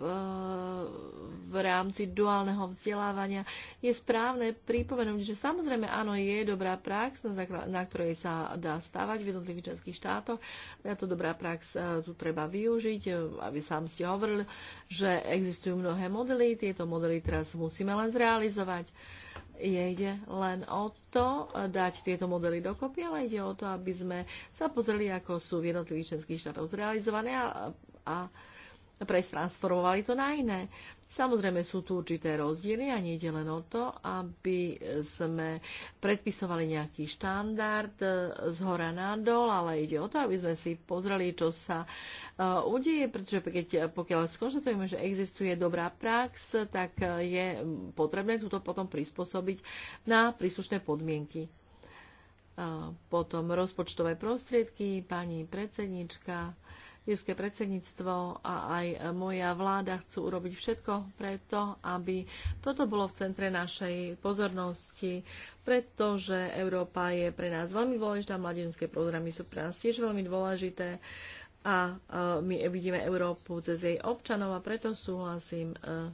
v rámci duálneho vzdelávania, je správne pripomenúť, že samozrejme áno, je dobrá prax, na, na ktorej sa dá stavať v jednotlivých členských štátoch. Táto dobrá prax e, tu treba využiť, e, aby sám ste hovorili, že existujú mnohé modely, tieto modely teraz musíme len zrealizovať. Je Ide len o to e, dať tieto modely dokopy, ale ide o to, aby sme sa pozreli, ako sú v jednotlivých členských štátoch zrealizované a, a prestransformovali to na iné. Samozrejme sú tu určité rozdiely a nie je len o to, aby sme predpisovali nejaký štandard e, z hora na dol, ale ide o to, aby sme si pozreli, čo sa e, udeje, pretože keď, pokiaľ skonštatujeme, že existuje dobrá prax, tak e, je potrebné túto potom prispôsobiť na príslušné podmienky. potom rozpočtové prostriedky, pani predsednička írske predsedníctvo a aj moja vláda chcú urobiť všetko preto, aby toto bolo v centre našej pozornosti, pretože Európa je pre nás veľmi dôležitá, mladežnické programy sú pre nás tiež veľmi dôležité a e, my vidíme Európu cez jej občanov a preto súhlasím e,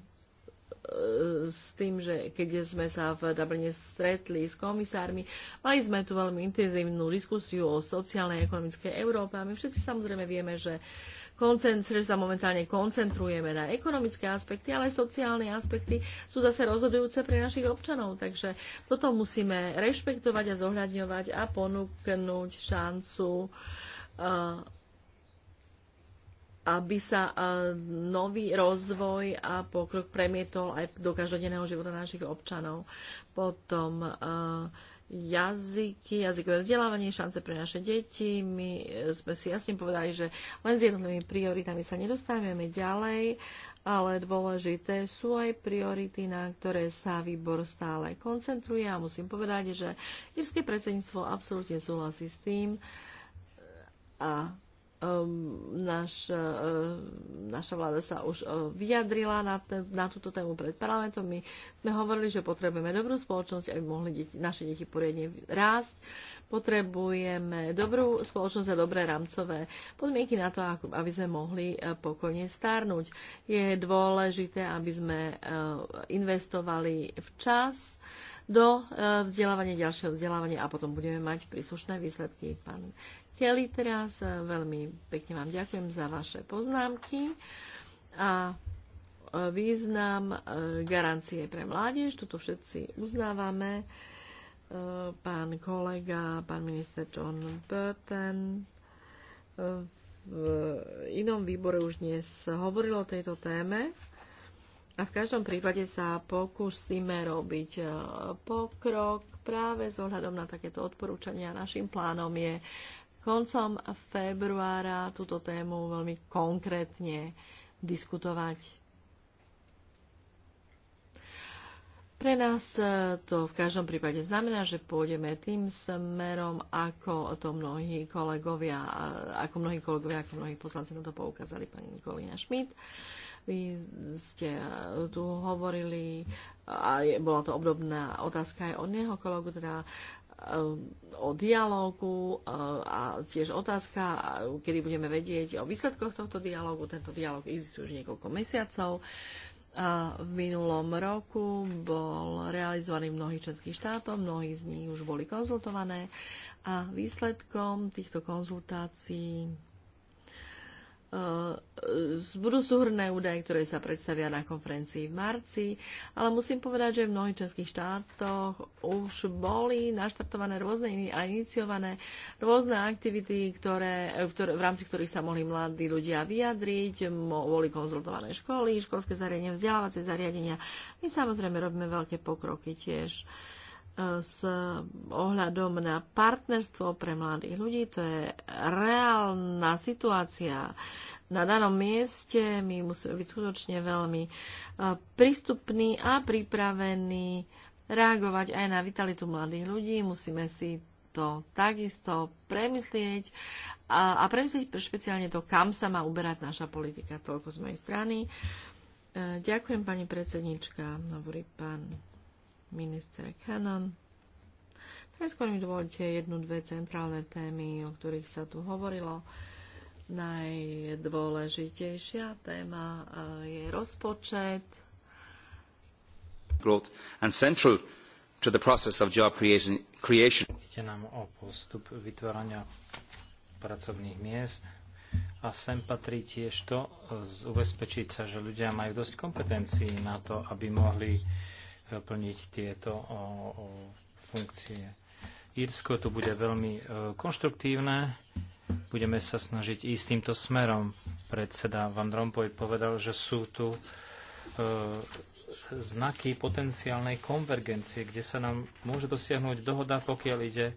E, s tým, že keď sme sa v Dubline stretli s komisármi, mali sme tu veľmi intenzívnu diskusiu o sociálnej a ekonomickej Európe a my všetci samozrejme vieme, že že sa momentálne koncentrujeme na ekonomické aspekty, ale sociálne aspekty sú zase rozhodujúce pre našich občanov. Takže toto musíme rešpektovať a zohľadňovať a ponúknuť šancu uh, aby sa e, nový rozvoj a pokrok premietol aj do každodenného života našich občanov. Potom e, jazyky, jazykové vzdelávanie, šance pre naše deti. My e, sme si jasne povedali, že len s jednotlivými prioritami sa nedostávame ďalej, ale dôležité sú aj priority, na ktoré sa výbor stále koncentruje a musím povedať, že Irské predsedníctvo absolútne súhlasí s tým a Ehm, naš, e, naša vláda sa už e, vyjadrila na, te, na túto tému pred parlamentom. My sme hovorili, že potrebujeme dobrú spoločnosť, aby mohli deti, naše deti poriadne rásť. Potrebujeme dobrú spoločnosť a dobré rámcové podmienky na to, aby sme mohli e, pokojne starnúť. Je dôležité, aby sme investovali investovali včas do vzdelávania, ďalšieho vzdelávania a potom budeme mať príslušné výsledky. Pán Kelly teraz. E, veľmi pekne vám ďakujem za vaše poznámky a e, význam e, garancie pre mládež. Toto všetci uznávame. Pán kolega, pán minister John Burton v inom výbore už dnes hovoril o tejto téme. A v každom prípade sa pokúsime robiť pokrok práve s ohľadom na takéto odporúčania. Našim plánom je koncom februára túto tému veľmi konkrétne diskutovať. Pre nás e, to v každom prípade znamená, že pôjdeme tým smerom, ako to mnohí kolegovia, e, ako mnohí kolegovia, ako mnohí poslanci na to poukázali, pani Nikolina Šmit. Vy ste e, tu hovorili, a je, bola to obdobná otázka aj od neho kolegu, teda Eh, o dialógu eh, a tiež otázka, kedy budeme vedieť o výsledkoch tohto dialógu. Tento dialóg existuje už niekoľko mesiacov. A v minulom roku bol realizovaný v mnohých členských štátoch, mnohí z nich už boli konzultované a výsledkom týchto konzultácií Eh, budú súhrné údaje, ktoré sa predstavia na konferencii v marci, ale musím povedať, že v mnohých českých štátoch už boli naštartované rôzne a iniciované rôzne aktivity, ktoré, ktoré, v rámci ktorých sa mohli mladí ľudia vyjadriť, boli konzultované školy, školské zariadenia, vzdelávacie zariadenia. My samozrejme robíme veľké pokroky tiež. Uh, s ohľadom na partnerstvo pre mladých ľudí. To je reálna situácia na danom mieste. My musíme byť skutočne veľmi e, prístupní a pripravení reagovať aj na vitalitu mladých ľudí. Musíme si to takisto premyslieť a, a premyslieť špeciálne to, kam sa má uberať naša politika. Toľko z mojej strany. E, ďakujem, pani predsednička, hovorí pán minister Cannon. Najskôr mi dovolte jednu, dve centrálne témy, o ktorých sa tu hovorilo. Najdôležitejšia téma je rozpočet. Growth and central to the process of job creation. Ide nám o postup vytvárania pracovných miest a sem patrí tiež to e, ubezpečiť sa, že ľudia majú dosť kompetencií na to, aby mohli uh, plniť tieto funkcie. Írsko tu bude veľmi e, konštruktívne. Budeme sa snažiť ísť týmto smerom. Predseda Van Rompuy povedal, že sú tu e, znaky potenciálnej konvergencie, kde sa nám môže dosiahnuť dohoda, pokiaľ ide e,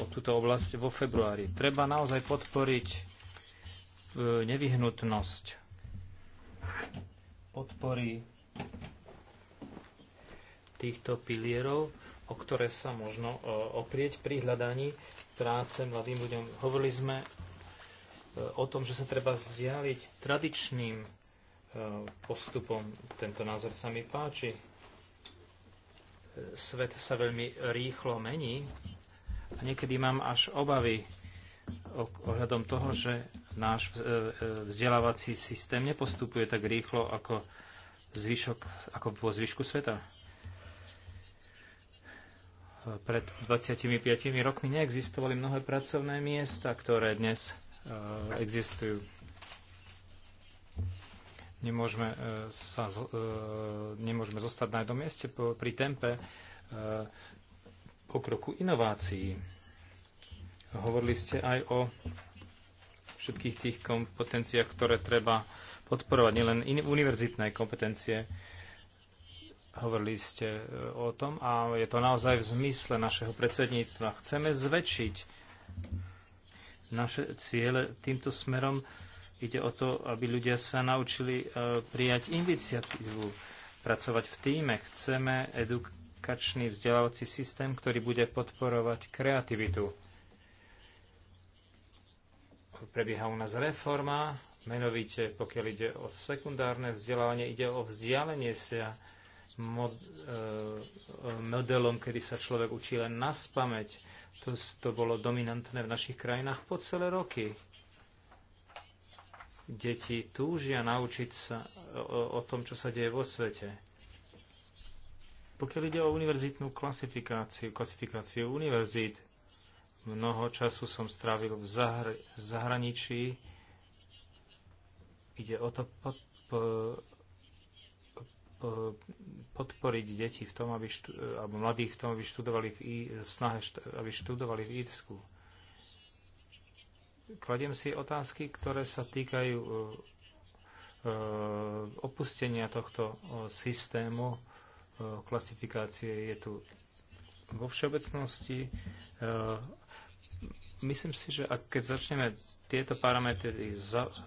o túto oblasť vo februári. Treba naozaj podporiť nevyhnutnosť podpory týchto pilierov, o ktoré sa možno e, oprieť pri hľadaní práce mladým ľuďom. Hovorili sme e, o tom, že sa treba vzdialiť tradičným e, postupom. Tento názor sa mi páči. Svet sa veľmi rýchlo mení a niekedy mám až obavy ohľadom toho, že náš vzdelávací systém nepostupuje tak rýchlo ako, zvyšok, ako vo zvyšku sveta pred 25 rokmi neexistovali mnohé pracovné miesta, ktoré dnes e, existujú. Nemôžeme, e, sa, e, nemôžeme zostať na jednom mieste pri tempe pokroku inovácií. Hovorili ste aj o všetkých tých kompetenciách, ktoré treba podporovať, nielen univerzitné kompetencie, Hovorili ste e, o tom a je to naozaj v zmysle našeho predsedníctva. Chceme zväčšiť naše ciele týmto smerom. Ide o to, aby ľudia sa naučili e, prijať iniciatívu, pracovať v týme. Chceme edukačný vzdelávací systém, ktorý bude podporovať kreativitu. Prebieha u nás reforma, menovite pokiaľ ide o sekundárne vzdelávanie, ide o vzdialenie sa mod, e, e, modelom, kedy sa človek učí len na spameť. To, to bolo dominantné v našich krajinách po celé roky. Deti túžia naučiť sa o, o tom, čo sa deje vo svete. Pokiaľ ide o univerzitnú klasifikáciu, klasifikáciu univerzít, mnoho času som strávil v zahr- zahraničí. Ide o to po, Eh, podporiť deti v tom, aby štú, eh, alebo mladých v tom, aby študovali v, I, v snahe, aby študovali v Írsku. Kladiem si otázky, ktoré sa týkajú eh, opustenia tohto systému klasifikácie. Je tu vo všeobecnosti. Myslím si, že ak keď začneme tieto parametry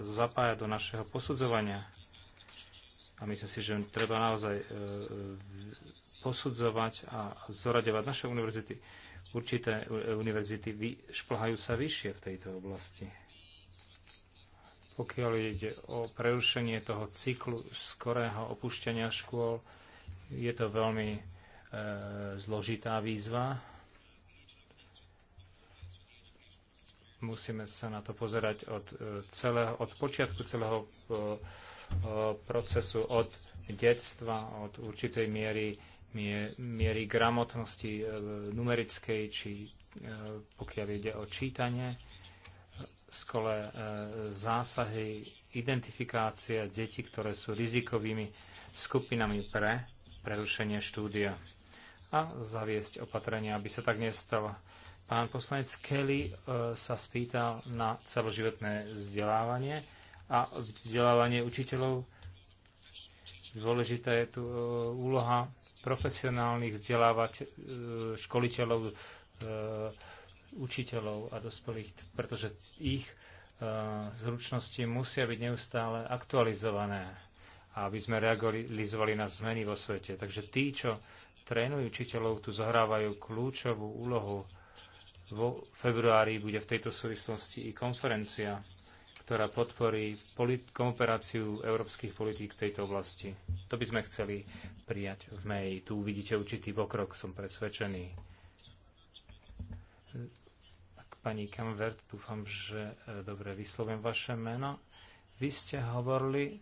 zapájať do našeho posudzovania, a myslím si, že treba naozaj e, posudzovať a zoradevať naše univerzity. Určité e, univerzity šplhajú sa vyššie v tejto oblasti. Pokiaľ ide o prerušenie toho cyklu skorého opušťania škôl, je to veľmi e, zložitá výzva. Musíme sa na to pozerať od, e, celého, od počiatku celého e, Eh, procesu od detstva, od určitej miery, miery gramotnosti eh, numerickej, či eh, pokiaľ ide o čítanie, skole zásahy, identifikácia detí, ktoré sú rizikovými skupinami pre prerušenie štúdia a zaviesť opatrenia, aby sa tak nestalo. Pán poslanec Kelly sa spýtal na celoživotné vzdelávanie a vzdelávanie učiteľov. Dôležitá je tu e, úloha profesionálnych vzdelávať e, školiteľov, e, učiteľov a dospelých, pretože ich zručnosti musia byť neustále aktualizované, aby sme realizovali na zmeny vo svete. Takže tí, čo trénujú učiteľov, tu zohrávajú kľúčovú úlohu. Vo februári bude v tejto súvislosti i konferencia ktorá podporí kooperáciu európskych politík v tejto oblasti. To by sme chceli prijať v meji. Tu uvidíte určitý pokrok, som presvedčený. Ak pani Kamvert, dúfam, že e, dobre vyslovím vaše meno. Vy ste hovorili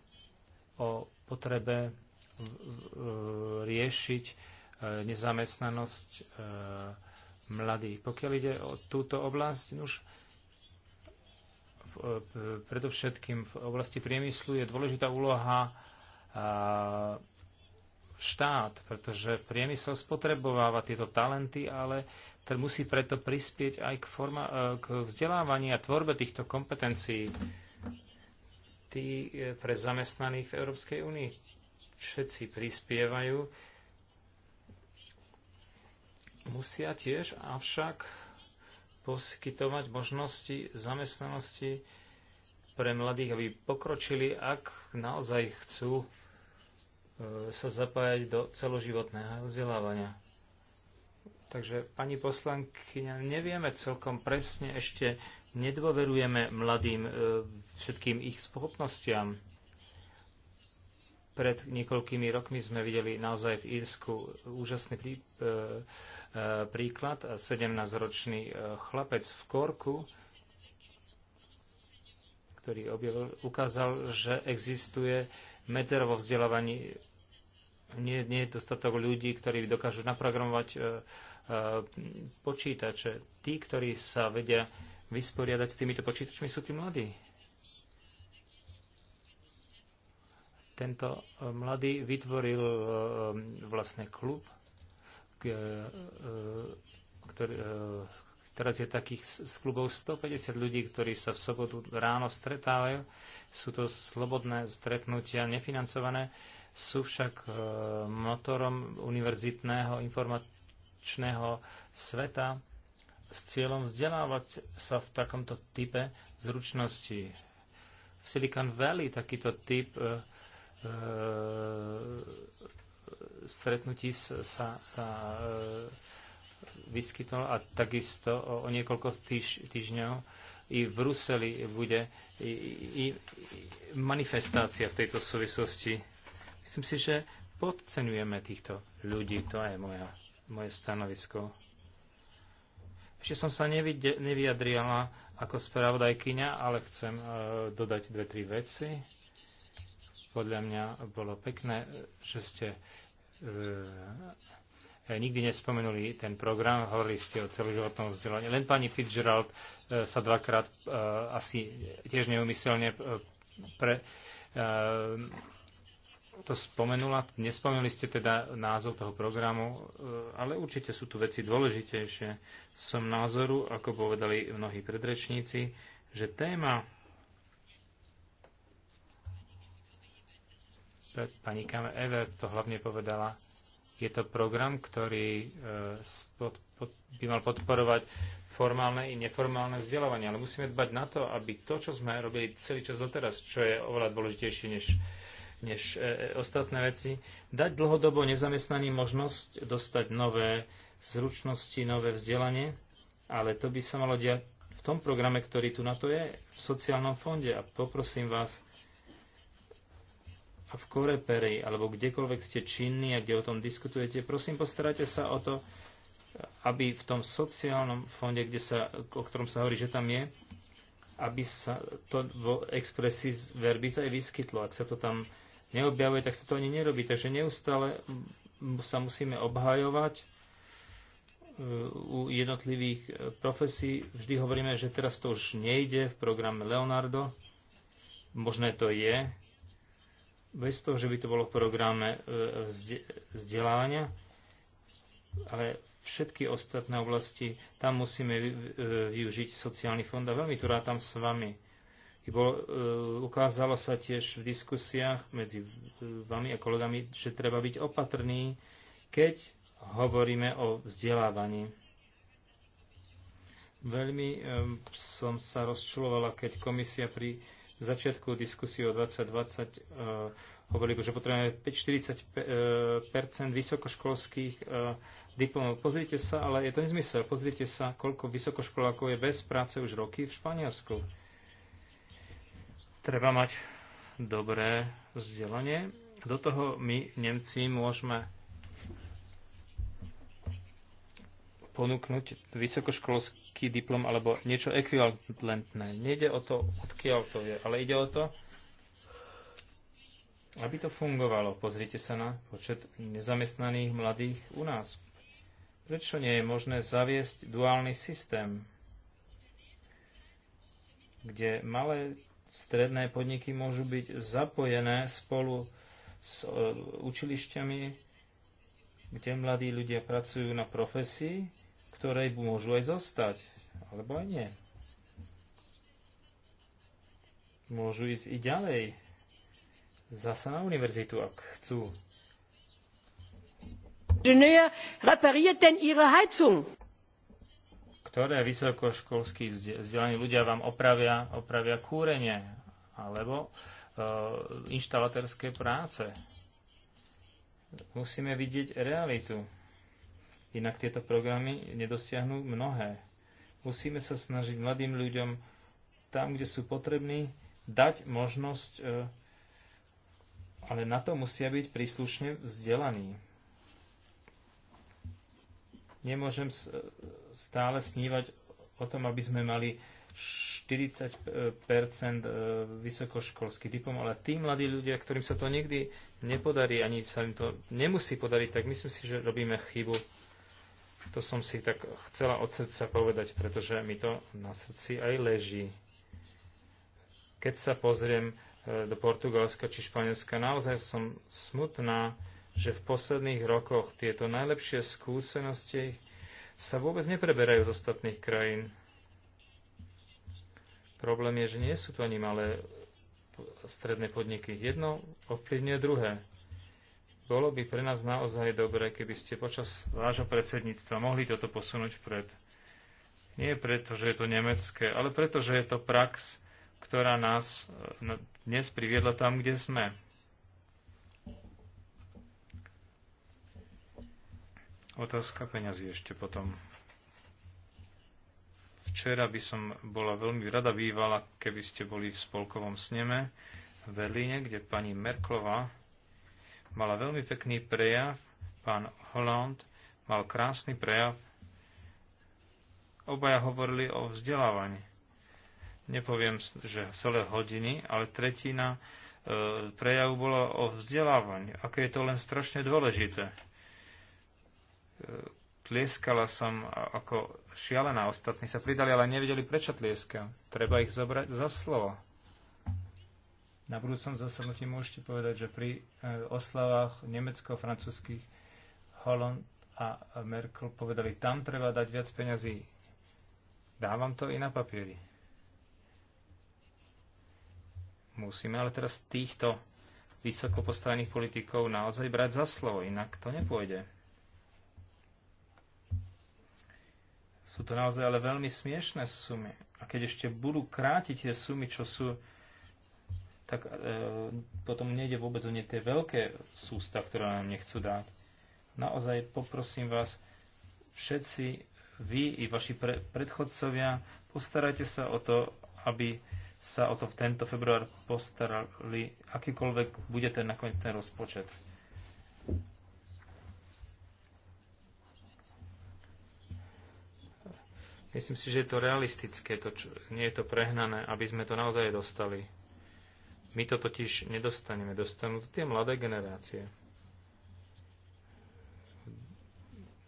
o potrebe e, riešiť e, nezamestnanosť mladých. Pokiaľ ide o túto oblasť, už E, predovšetkým v oblasti priemyslu je dôležitá úloha e, štát, pretože priemysel spotrebováva tieto talenty, ale ten musí preto prispieť aj k, forma, e, k vzdelávaní a tvorbe týchto kompetencií tí pre zamestnaných v Európskej únii. Všetci prispievajú. Musia tiež avšak poskytovať možnosti zamestnanosti pre mladých, aby pokročili, ak naozaj chcú e, sa zapájať do celoživotného vzdelávania. Takže, pani poslankyňa, nevieme celkom presne ešte, nedôverujeme mladým e, všetkým ich schopnostiam. Pred niekoľkými rokmi sme videli naozaj v Írsku úžasný prí, e, e, príklad. 17-ročný e, chlapec v Korku, ktorý objavil, ukázal, že existuje medzera vo vzdelávaní. Nie, nie je dostatok ľudí, ktorí dokážu naprogramovať e, e počítače. Tí, ktorí sa vedia vysporiadať s týmito počítačmi, sú tí mladí. Tento e, mladý vytvoril e, e, vlastne klub, ktorý, teraz je takých z klubov 150 ľudí, ktorí sa v sobotu ráno stretávajú. Sú to slobodné stretnutia, nefinancované. Sú však motorom univerzitného informačného sveta s cieľom vzdelávať sa v takomto type zručnosti. V Silicon Valley takýto typ E, stretnutí sa, sa e, vyskytol a takisto o, o niekoľko týž, týždňov i v Bruseli bude i, i, manifestácia v tejto súvislosti. Myslím si, že podceňujeme týchto ľudí, to je moja, moje stanovisko. Ešte som sa nevyjadrila ako spravodajkyňa, ale chcem e, dodať dve, tri veci podľa mňa bolo pekné, že ste e, nikdy nespomenuli ten program, hovorili ste o celoživotnom vzdelaní. Len pani Fitzgerald e, sa dvakrát e, asi tiež neumyselne e, pre, e, to spomenula. Nespomenuli ste teda názov toho programu, e, ale určite sú tu veci dôležitejšie. Som názoru, ako povedali mnohí predrečníci, že téma pani Kame Ever to hlavne povedala, je to program, ktorý e, spod, pod, by mal podporovať formálne i neformálne vzdelávanie, ale musíme dbať na to, aby to, čo sme robili celý čas doteraz, čo je oveľa dôležitejšie než, než e, e, ostatné veci, dať dlhodobo nezamestnaní možnosť dostať nové zručnosti, nové vzdelanie, ale to by sa malo diať v tom programe, ktorý tu na to je, v sociálnom fonde. A poprosím vás, a v Koreperi, alebo kdekoľvek ste činní a kde o tom diskutujete, prosím, postarajte sa o to, aby v tom sociálnom fonde, kde sa, o ktorom sa hovorí, že tam je, aby sa to vo expressis verbis aj vyskytlo. Ak sa to tam neobjavuje, tak sa to ani nerobí. Takže neustále sa musíme obhajovať u jednotlivých e, profesí. Vždy hovoríme, že teraz to už nejde v programe Leonardo. Možné to je, bez toho, že by to bolo v programe e, vzdelávania, ale všetky ostatné oblasti, tam musíme e, využiť sociálny fond a veľmi tu rátam s vami. Bolo, e, ukázalo sa tiež v diskusiách medzi vami a kolegami, že treba byť opatrný, keď hovoríme o vzdelávaní. Veľmi som sa rozčulovala, keď komisia pri v začiatku diskusie o 2020 eh, hovorili, že potrebujeme 40 eh, vysokoškolských eh, diplomov. Pozrite sa, ale je to nezmysel. Pozrite sa, koľko vysokoškolákov je bez práce už roky v Španielsku. Treba mať dobré vzdelanie. Do toho my, Nemci, môžeme ponúknuť vysokoškolský diplom alebo niečo ekvivalentné. Nejde o to, odkiaľ to je, ale ide o to, aby to fungovalo. Pozrite sa na počet nezamestnaných mladých u nás. Prečo nie je možné zaviesť duálny systém, kde malé stredné podniky môžu byť zapojené spolu s e, učilišťami, kde mladí ľudia pracujú na profesii ktorej môžu aj zostať, alebo aj nie. Môžu ísť i ďalej, zasa na univerzitu, ak chcú. Ktoré vysokoškolskí vzdelaní ľudia vám opravia, opravia kúrenie alebo uh, e, inštalatérske práce. Musíme vidieť realitu. Inak tieto programy nedosiahnu mnohé. Musíme sa snažiť mladým ľuďom tam, kde sú potrební, dať možnosť, e, ale na to musia byť príslušne vzdelaní. Nemôžem e, stále snívať o tom, aby sme mali 40 e, vysokoškolský diplom, ale tí mladí ľudia, ktorým sa to nikdy nepodarí, ani sa im to nemusí podariť, tak myslím si, že robíme chybu to som si tak chcela od srdca povedať, pretože mi to na srdci aj leží. Keď sa pozriem e, do Portugalska či Španielska, naozaj som smutná, že v posledných rokoch tieto najlepšie skúsenosti sa vôbec nepreberajú z ostatných krajín. Problém je, že nie sú to ani malé stredné podniky. Jedno ovplyvňuje druhé. Bolo by pre nás naozaj dobré, keby ste počas vášho predsedníctva mohli toto posunúť vpred. Nie preto, že je to nemecké, ale preto, že je to prax, ktorá nás eh, dnes priviedla tam, kde sme. Otázka peňazí ešte potom. Včera by som bola veľmi rada bývala, keby ste boli v spolkovom sneme v Berlíne, kde pani Merklova mala veľmi pekný prejav, pán Holland mal krásny prejav. Obaja hovorili o vzdelávaní. Nepoviem, že celé hodiny, ale tretina e, prejavu bola o vzdelávaní. Aké je to len strašne dôležité. E, tlieskala som ako šialená. Ostatní sa pridali, ale nevedeli, prečo tlieska. Treba ich zobrať za slovo na budúcom zasadnutí môžete povedať, že pri e, oslavách nemecko-francúzských Holland a Merkel povedali, tam treba dať viac peňazí. Dávam to i na papieri. Musíme ale teraz týchto vysoko postavených politikov naozaj brať za slovo, inak to nepôjde. Sú to naozaj ale veľmi smiešné sumy. A keď ešte budú krátiť tie sumy, čo sú tak e, potom nejde vôbec o ne tie veľké sústa, ktoré nám nechcú dať. Naozaj poprosím vás, všetci vy i vaši pre, predchodcovia, postarajte sa o to, aby sa o to v tento február postarali, akýkoľvek bude ten nakoniec ten rozpočet. Myslím si, že je to realistické, to, čo, nie je to prehnané, aby sme to naozaj dostali. My to totiž nedostaneme, dostanú to tie mladé generácie.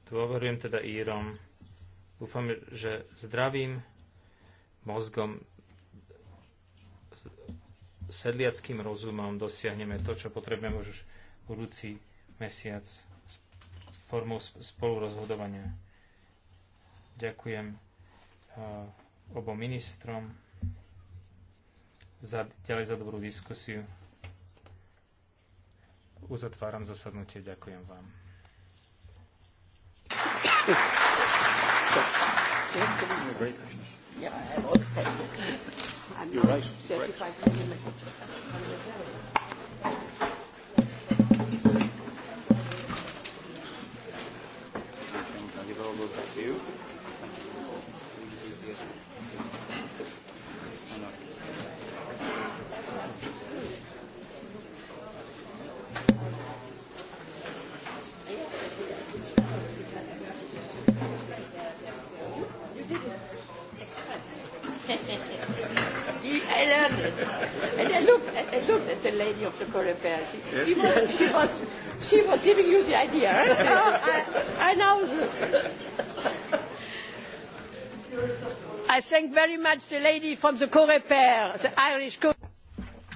Dôverujem teda Írom. Dúfam, že zdravým mozgom, sedliackým rozumom dosiahneme to, čo potrebujeme už budúci mesiac formou spolurozhodovania. Ďakujem eh, obom ministrom za, ďalej za dobrú diskusiu. Uzatváram zasadnutie. Ďakujem vám. Yeah, you. And I looked, I looked at the lady of the Corepair. She, yes, she, was, yes. she, was, she was giving you the idea. Right? Yes. I, I know. The, I thank very much the lady from the Corepair, the Irish Corepair.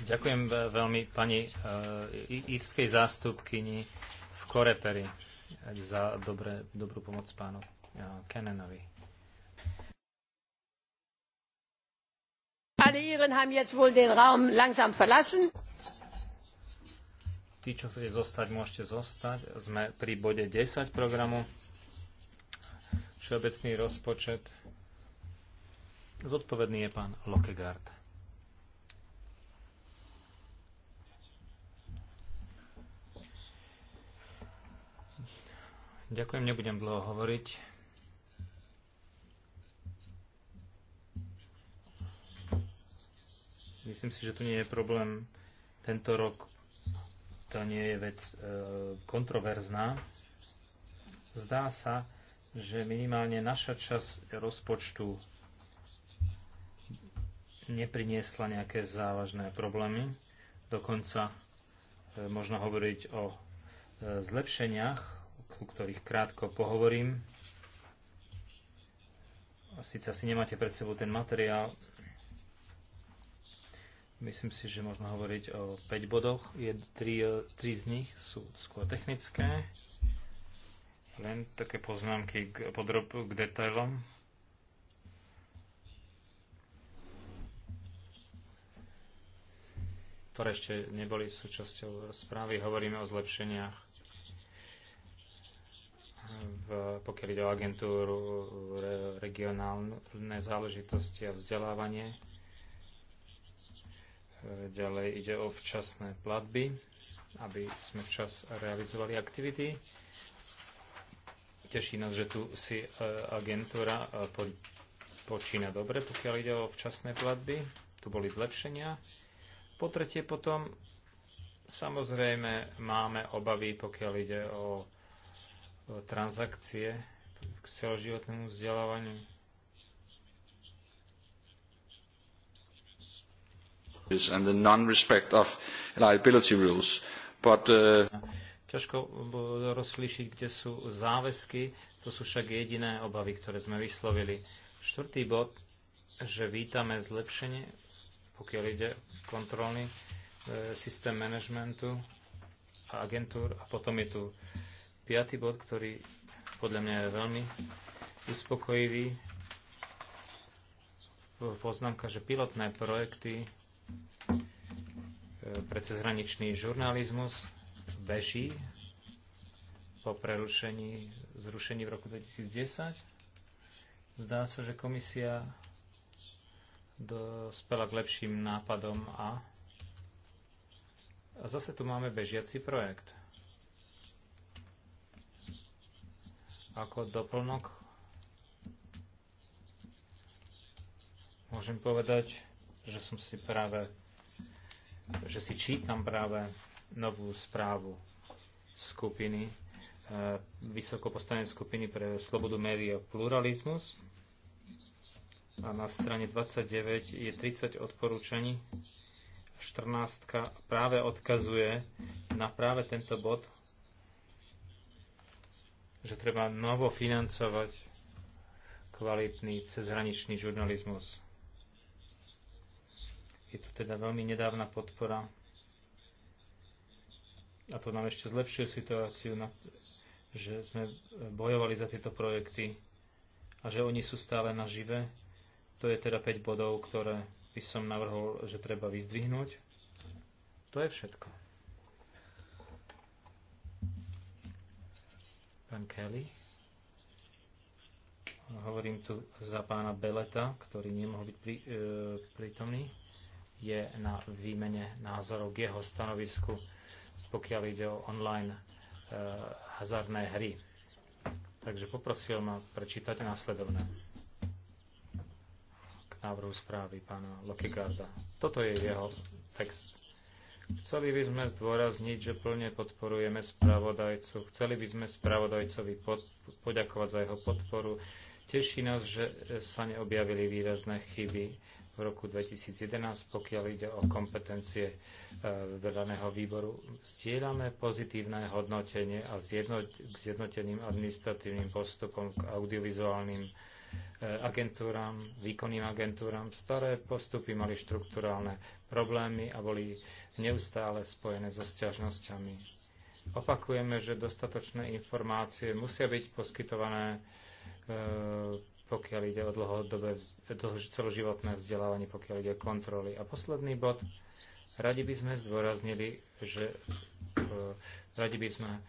Ďakujem veľmi pani uh, eh, írskej zástupkyni v Koreperi za dobré, dobrú pomoc pánu uh, eh, Kenenovi. Alle Iren haben jetzt wohl den Raum langsam verlassen. Tí, čo chcete zostať, môžete zostať. Sme pri bode 10 programu. Všeobecný rozpočet. Zodpovedný je pán Lokegard. Ďakujem, nebudem dlho hovoriť. Myslím si, že tu nie je problém tento rok. To nie je vec e, kontroverzná. Zdá sa, že minimálne naša časť rozpočtu nepriniesla nejaké závažné problémy. Dokonca e, možno hovoriť o e, zlepšeniach, o ktorých krátko pohovorím. Sice asi nemáte pred sebou ten materiál, Myslím si, že možno hovoriť o 5 bodoch. Je, 3, 3 z nich sú skôr technické. Len také poznámky k, podrob, k detailom. ktoré ešte neboli súčasťou správy. Hovoríme o zlepšeniach, v, pokiaľ ide o agentúru, re, regionálne záležitosti a vzdelávanie E, ďalej ide o včasné platby, aby sme včas realizovali aktivity. Teší nás, že tu si e, agentúra e, počína dobre, pokiaľ ide o včasné platby. Tu boli zlepšenia. Po tretie potom samozrejme máme obavy, pokiaľ ide o transakcie k celoživotnému vzdelávaniu and the non-respect of liability rules. But, uh, Ťažko rozlíšiť, kde sú záväzky, to sú však jediné obavy, ktoré sme vyslovili. Štvrtý bod, že vítame zlepšenie, pokiaľ ide kontrolný e, systém manažmentu a agentúr. A potom je tu piatý bod, ktorý podľa mňa je veľmi uspokojivý. Poznámka, že pilotné projekty pre cezhraničný žurnalizmus beží po prerušení, zrušení v roku 2010. Zdá sa, že komisia dospela k lepším nápadom a, a zase tu máme bežiaci projekt. Ako doplnok môžem povedať, že som si práve že si čítam práve novú správu skupiny, e, vysoko postavenej skupiny pre slobodu médií a pluralizmus. A na strane 29 je 30 odporúčaní. 14 práve odkazuje na práve tento bod, že treba novo financovať kvalitný cezhraničný žurnalizmus je tu teda veľmi nedávna podpora a to nám ešte zlepšuje situáciu, že sme e, bojovali za tieto projekty a že oni sú stále nažive. To je teda 5 bodov, ktoré by som navrhol, že treba vyzdvihnúť. To je všetko. Pán Kelly. Hovorím tu za pána Beleta, ktorý nemohol byť prí, e, prítomný je na výmene názorov k jeho stanovisku, pokiaľ ide o online e, hazardné hry. Takže poprosil ma prečítať následovné k návrhu správy pána Lokigarda. Toto je jeho text. Chceli by sme zdôrazniť, že plne podporujeme spravodajcu. Chceli by sme spravodajcovi pod, poďakovať za jeho podporu. Teší nás, že sa neobjavili výrazné chyby v roku 2011, pokiaľ ide o kompetencie vedaného výboru. Zdieľame pozitívne hodnotenie a zjednoteným administratívnym postupom k audiovizuálnym e, agentúram, výkonným agentúram. Staré postupy mali štruktúrálne problémy a boli neustále spojené so sťažnosťami. Opakujeme, že dostatočné informácie musia byť poskytované e, pokiaľ ide o dlhodobé celoživotné vzdelávanie, pokiaľ ide o kontroly. A posledný bod, radi by sme zdôraznili, že e, radi by sme e,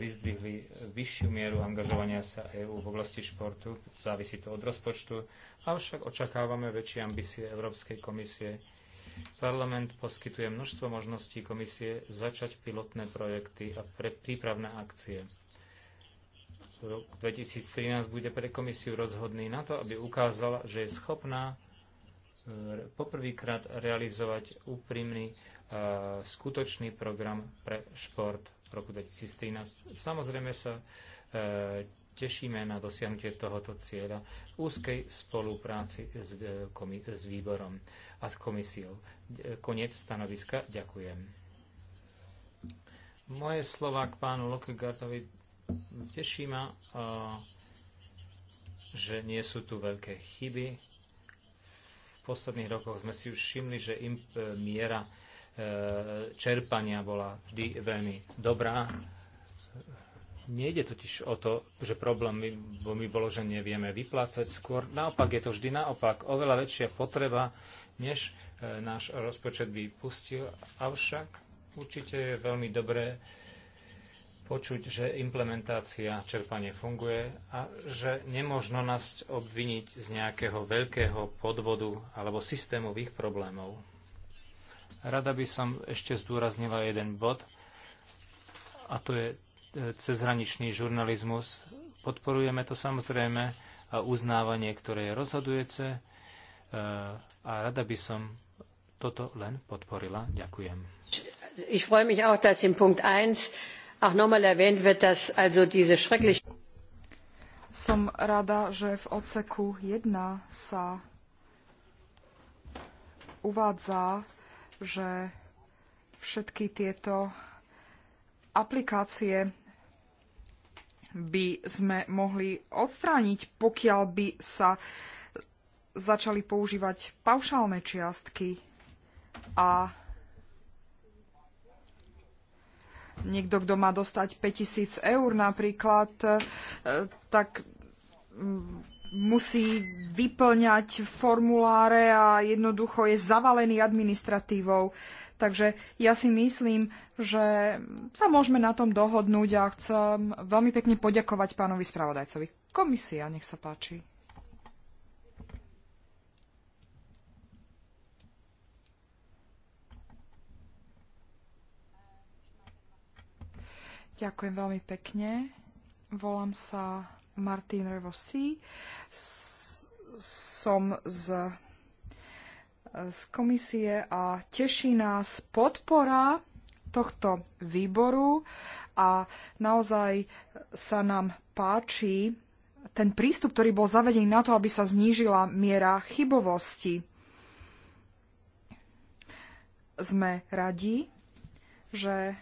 vyzdvihli vyššiu mieru angažovania sa EÚ v oblasti športu, závisí to od rozpočtu, avšak očakávame väčšie ambície Európskej komisie. Parlament poskytuje množstvo možností komisie začať pilotné projekty a prípravné akcie rok 2013 bude pre komisiu rozhodný na to, aby ukázala, že je schopná e, poprvýkrát realizovať úprimný, e, skutočný program pre šport v roku 2013. Samozrejme sa e, tešíme na dosiahnutie tohoto cieľa v úzkej spolupráci s, s výborom a s komisiou. Koniec stanoviska. Ďakujem. Moje slova k pánu Lokegartovi Teší ma, že nie sú tu veľké chyby. V posledných rokoch sme si už všimli, že im e, miera e, čerpania bola vždy veľmi dobrá. Nejde totiž o to, že problém by bolo, že nevieme vyplácať skôr. Naopak je to vždy naopak. Oveľa väčšia potreba, než e, náš rozpočet by pustil. Avšak určite je veľmi dobré počuť, že implementácia čerpanie funguje a že nemožno nás obviniť z nejakého veľkého podvodu alebo systémových problémov. Rada by som ešte zdôraznila jeden bod, a to je e, cezhraničný žurnalizmus. Podporujeme to samozrejme a uznávanie, ktoré je rozhodujúce e, a rada by som toto len podporila. Ďakujem. Ich freue mich auch, dass in Punkt 1 auch nochmal erwähnt wird, dass also diese schreckliche som rada, že v odseku 1 sa uvádza, že všetky tieto aplikácie by sme mohli odstrániť, pokiaľ by sa začali používať paušálne čiastky a niekto, kto má dostať 5000 eur napríklad, e, tak musí vyplňať formuláre a jednoducho je zavalený administratívou. Takže ja si myslím, že sa môžeme na tom dohodnúť a chcem veľmi pekne poďakovať pánovi spravodajcovi. Komisia, nech sa páči. Ďakujem veľmi pekne. Volám sa Martin Revosi, Som z, z komisie a teší nás podpora tohto výboru a naozaj sa nám páči ten prístup, ktorý bol zavedený na to, aby sa znížila miera chybovosti. Sme radi, že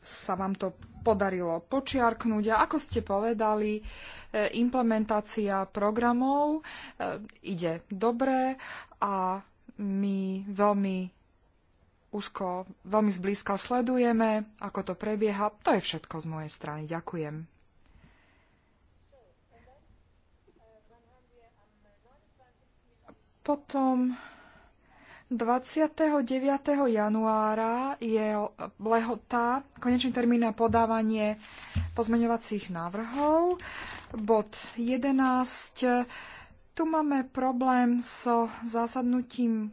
sa vám to podarilo počiarknúť. A ako ste povedali, e, implementácia programov e, ide dobre a my veľmi úzko, veľmi zblízka sledujeme, ako to prebieha. To je všetko z mojej strany. Ďakujem. Potom 29. januára je lehota, konečný termín na podávanie pozmeňovacích návrhov. Bod 11. Tu máme problém so zásadnutím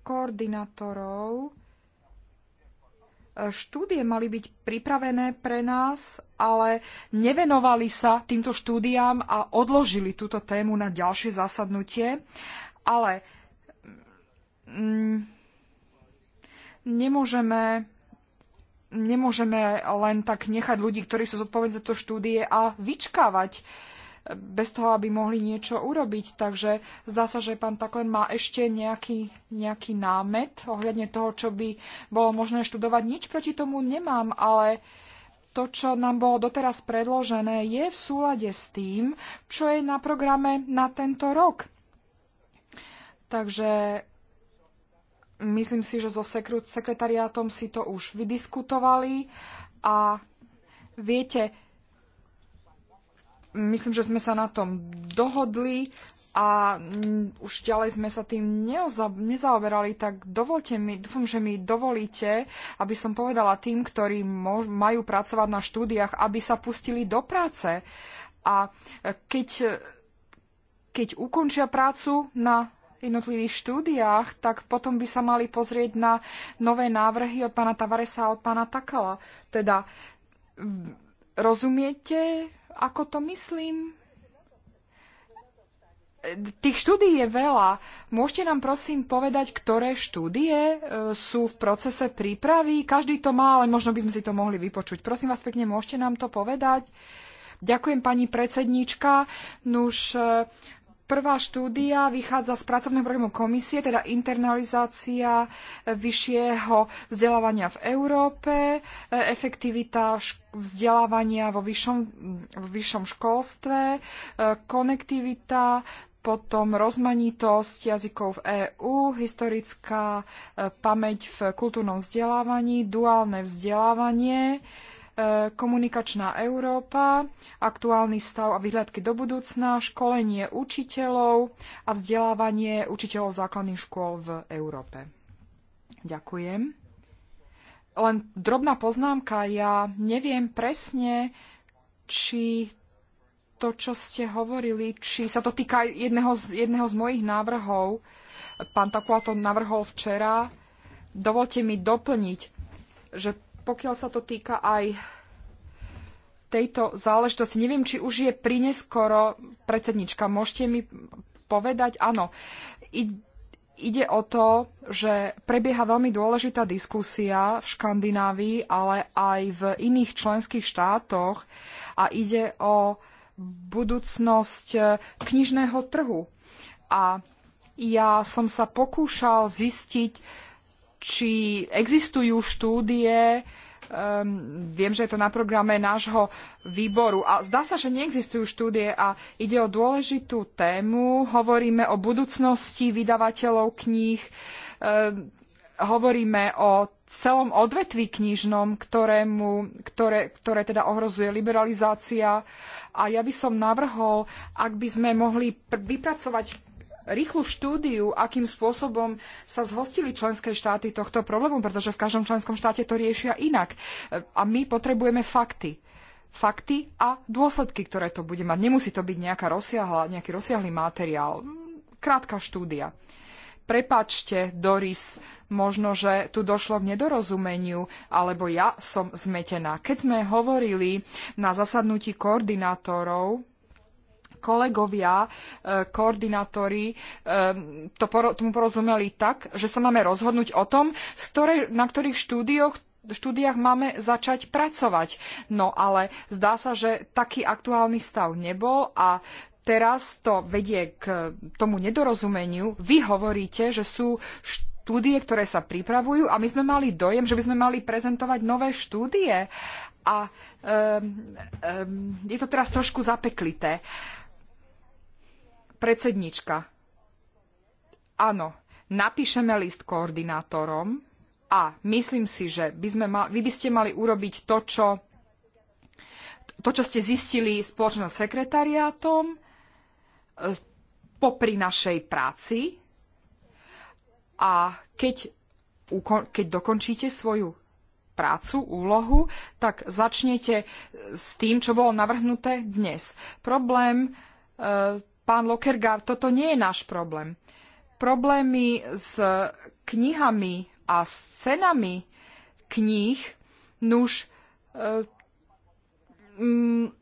koordinátorov. Štúdie mali byť pripravené pre nás, ale nevenovali sa týmto štúdiám a odložili túto tému na ďalšie zasadnutie. Ale Mm, nemôžeme nemôžeme len tak nechať ľudí, ktorí sú zodpovední za to štúdie a vyčkávať bez toho, aby mohli niečo urobiť. Takže zdá sa, že pán Taklen má ešte nejaký, nejaký námet ohľadne toho, čo by bolo možné študovať. Nič proti tomu nemám, ale to, čo nám bolo doteraz predložené, je v súlade s tým, čo je na programe na tento rok. Takže Myslím si, že so sekretariátom si to už vydiskutovali a viete, myslím, že sme sa na tom dohodli a mm, už ďalej sme sa tým nezaoberali, tak dovolte mi, dúfam, že mi dovolíte, aby som povedala tým, ktorí majú pracovať na štúdiách, aby sa pustili do práce. A keď, keď ukončia prácu na jednotlivých štúdiách, tak potom by sa mali pozrieť na nové návrhy od pána Tavaresa a od pána Takala. Teda rozumiete, ako to myslím? Tých štúdií je veľa. Môžete nám prosím povedať, ktoré štúdie e, sú v procese prípravy? Každý to má, ale možno by sme si to mohli vypočuť. Prosím vás pekne, môžete nám to povedať? Ďakujem pani predsedníčka. Nuž, e, Prvá štúdia vychádza z pracovného programu komisie, teda internalizácia e, vyššieho vzdelávania v Európe, e, efektivita vzdelávania vo vyššom, vyššom školstve, e, konektivita, potom rozmanitosť jazykov v EÚ, historická pamäť v kultúrnom vzdelávaní, duálne vzdelávanie komunikačná Európa, aktuálny stav a výhľadky do budúcna, školenie učiteľov a vzdelávanie učiteľov základných škôl v Európe. Ďakujem. Len drobná poznámka, ja neviem presne, či to, čo ste hovorili, či sa to týka jedného z, jedného z mojich návrhov. Pán Takula to navrhol včera. Dovolte mi doplniť, že pokiaľ sa to týka aj tejto záležitosti, neviem, či už je prineskoro predsednička. Môžete mi povedať? Áno. ide o to, že prebieha veľmi dôležitá diskusia v Škandinávii, ale aj v iných členských štátoch a ide o budúcnosť e, knižného trhu. A ja som sa pokúšal zistiť, či existujú štúdie, um, viem, že je to na programe nášho výboru a zdá sa, že neexistujú štúdie a ide o dôležitú tému. Hovoríme o budúcnosti vydavateľov kníh, um, hovoríme o celom odvetví knižnom, ktorému, ktoré, ktoré teda ohrozuje liberalizácia. A ja by som navrhol, ak by sme mohli vypracovať rýchlu štúdiu, akým spôsobom sa zhostili členské štáty tohto problému, pretože v každom členskom štáte to riešia inak. A my potrebujeme fakty. Fakty a dôsledky, ktoré to bude mať. Nemusí to byť nejaká rozsiahla, nejaký rozsiahly materiál. Krátka štúdia. Prepačte, Doris, možno, že tu došlo k nedorozumeniu, alebo ja som zmetená. Keď sme hovorili na zasadnutí koordinátorov kolegovia, e, koordinátori e, to, tomu porozumeli tak, že sa máme rozhodnúť o tom, ktoré, na ktorých štúdioch štúdiách máme začať pracovať. No ale zdá sa, že taký aktuálny stav nebol a teraz to vedie k tomu nedorozumeniu. Vy hovoríte, že sú štúdie, ktoré sa pripravujú a my sme mali dojem, že by sme mali prezentovať nové štúdie a um, um, je to teraz trošku zapeklité. Uh, Predsednička. Áno, napíšeme list koordinátorom a myslím si, že by sme mal, vy by ste mali urobiť to, čo, to, čo ste zistili spoločne s sekretariátom popri našej práci a keď, keď dokončíte svoju prácu, úlohu, tak začnete s tým, čo bolo navrhnuté dnes. Problém e, Pán Lokergar, toto nie je náš problém. Problémy s knihami a s cenami kníh, nuž, e, mm,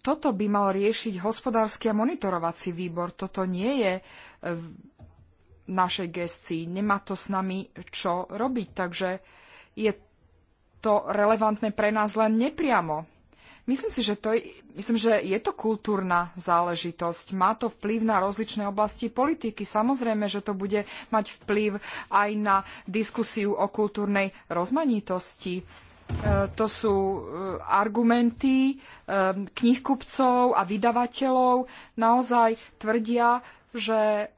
toto by mal riešiť hospodársky a monitorovací výbor. Toto nie je v našej gestii. Nemá to s nami čo robiť, takže je to relevantné pre nás len nepriamo Myslím si, že, to je, myslím, že je to kultúrna záležitosť. Má to vplyv na rozličné oblasti politiky. Samozrejme, že to bude mať vplyv aj na diskusiu o kultúrnej rozmanitosti. E, to sú e, argumenty e, knihkupcov a vydavateľov. Naozaj tvrdia, že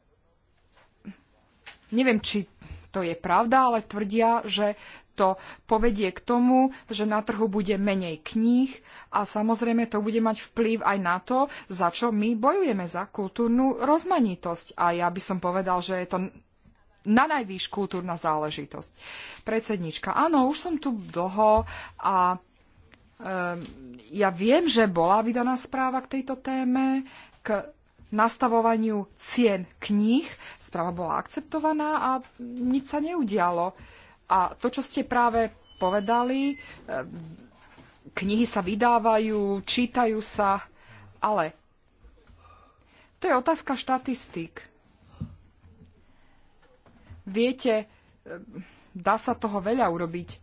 neviem, či to je pravda, ale tvrdia, že to povedie k tomu, že na trhu bude menej kníh a samozrejme to bude mať vplyv aj na to, za čo my bojujeme za kultúrnu rozmanitosť. A ja by som povedal, že je to na najvýš kultúrna záležitosť. Predsednička, áno, už som tu dlho a eh, ja viem, že bola vydaná správa k tejto téme, k nastavovaniu cien kníh. Správa bola akceptovaná a nič sa neudialo. A to, čo ste práve povedali, e, knihy sa vydávajú, čítajú sa, ale to je otázka štatistík. Viete, e, dá sa toho veľa urobiť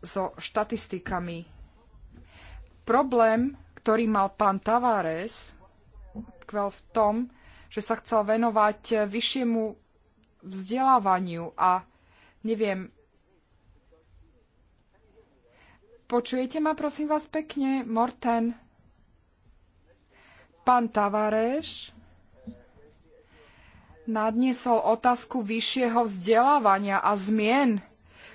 so štatistikami. Problém, ktorý mal pán Tavares, tkvel v tom, že sa chcel venovať vyššiemu vzdelávaniu a Neviem. Počujete ma, prosím vás, pekne? Morten. Pán Tavareš nadniesol otázku vyššieho vzdelávania a zmien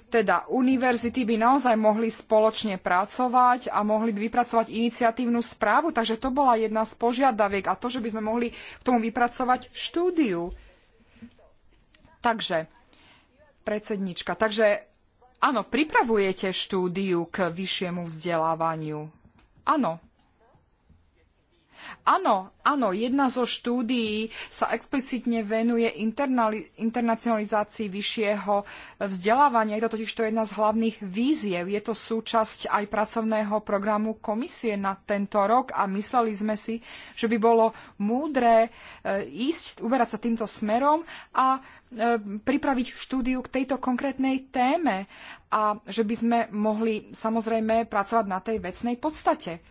teda univerzity by naozaj mohli spoločne pracovať a mohli by vypracovať iniciatívnu správu, takže to bola jedna z požiadaviek a to, že by sme mohli k tomu vypracovať štúdiu. Takže predsednička. Takže áno, pripravujete štúdiu k vyššiemu vzdelávaniu. Áno, Áno, áno, jedna zo štúdií sa explicitne venuje internacionalizácii vyššieho vzdelávania. Je to totiž to jedna z hlavných víziev. Je to súčasť aj pracovného programu komisie na tento rok a mysleli sme si, že by bolo múdre e, ísť, uberať sa týmto smerom a e, pripraviť štúdiu k tejto konkrétnej téme a že by sme mohli samozrejme pracovať na tej vecnej podstate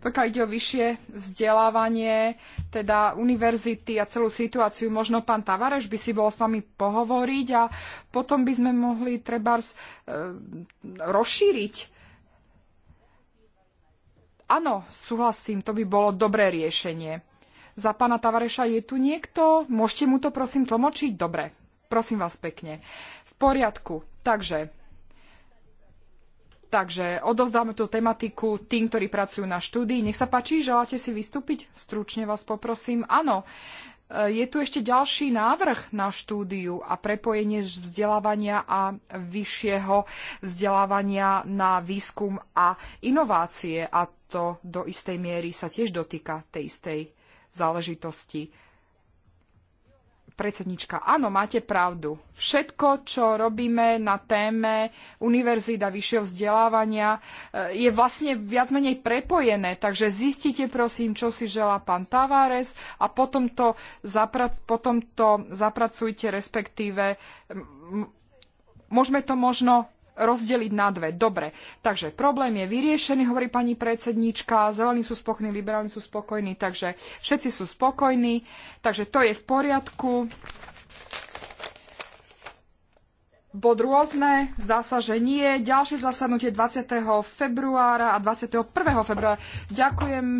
Pokiaľ ide o vyššie vzdelávanie, teda univerzity a celú situáciu, možno pán Tavareš by si bol s vami pohovoriť a potom by sme mohli trebárs e, rozšíriť. Áno, súhlasím, to by bolo dobré riešenie. Za pána Tavareša je tu niekto? Môžete mu to prosím tlmočiť? Dobre, prosím vás pekne. V poriadku, takže Takže odovzdáme tú tematiku tým, ktorí pracujú na štúdii. Nech sa páči, želáte si vystúpiť? Stručne vás poprosím. Áno, e, je tu ešte ďalší návrh na štúdiu a prepojenie vzdelávania a vyššieho vzdelávania na výskum a inovácie a to do istej miery sa tiež dotýka tej istej záležitosti. Predsednička, áno, máte pravdu. Všetko, čo robíme na téme univerzita vyššieho vzdelávania, e, je vlastne viac menej prepojené. Takže zistite, prosím, čo si želá pán Tavares a potom to, potom to zapracujte, respektíve môžeme to možno rozdeliť na dve. Dobre, takže problém je vyriešený, hovorí pani predsedníčka, zelení sú spokojní, liberálni sú spokojní, takže všetci sú spokojní, takže to je v poriadku. Bod rôzne, zdá sa, že nie. Ďalšie zasadnutie 20. februára a 21. februára. Ďakujem.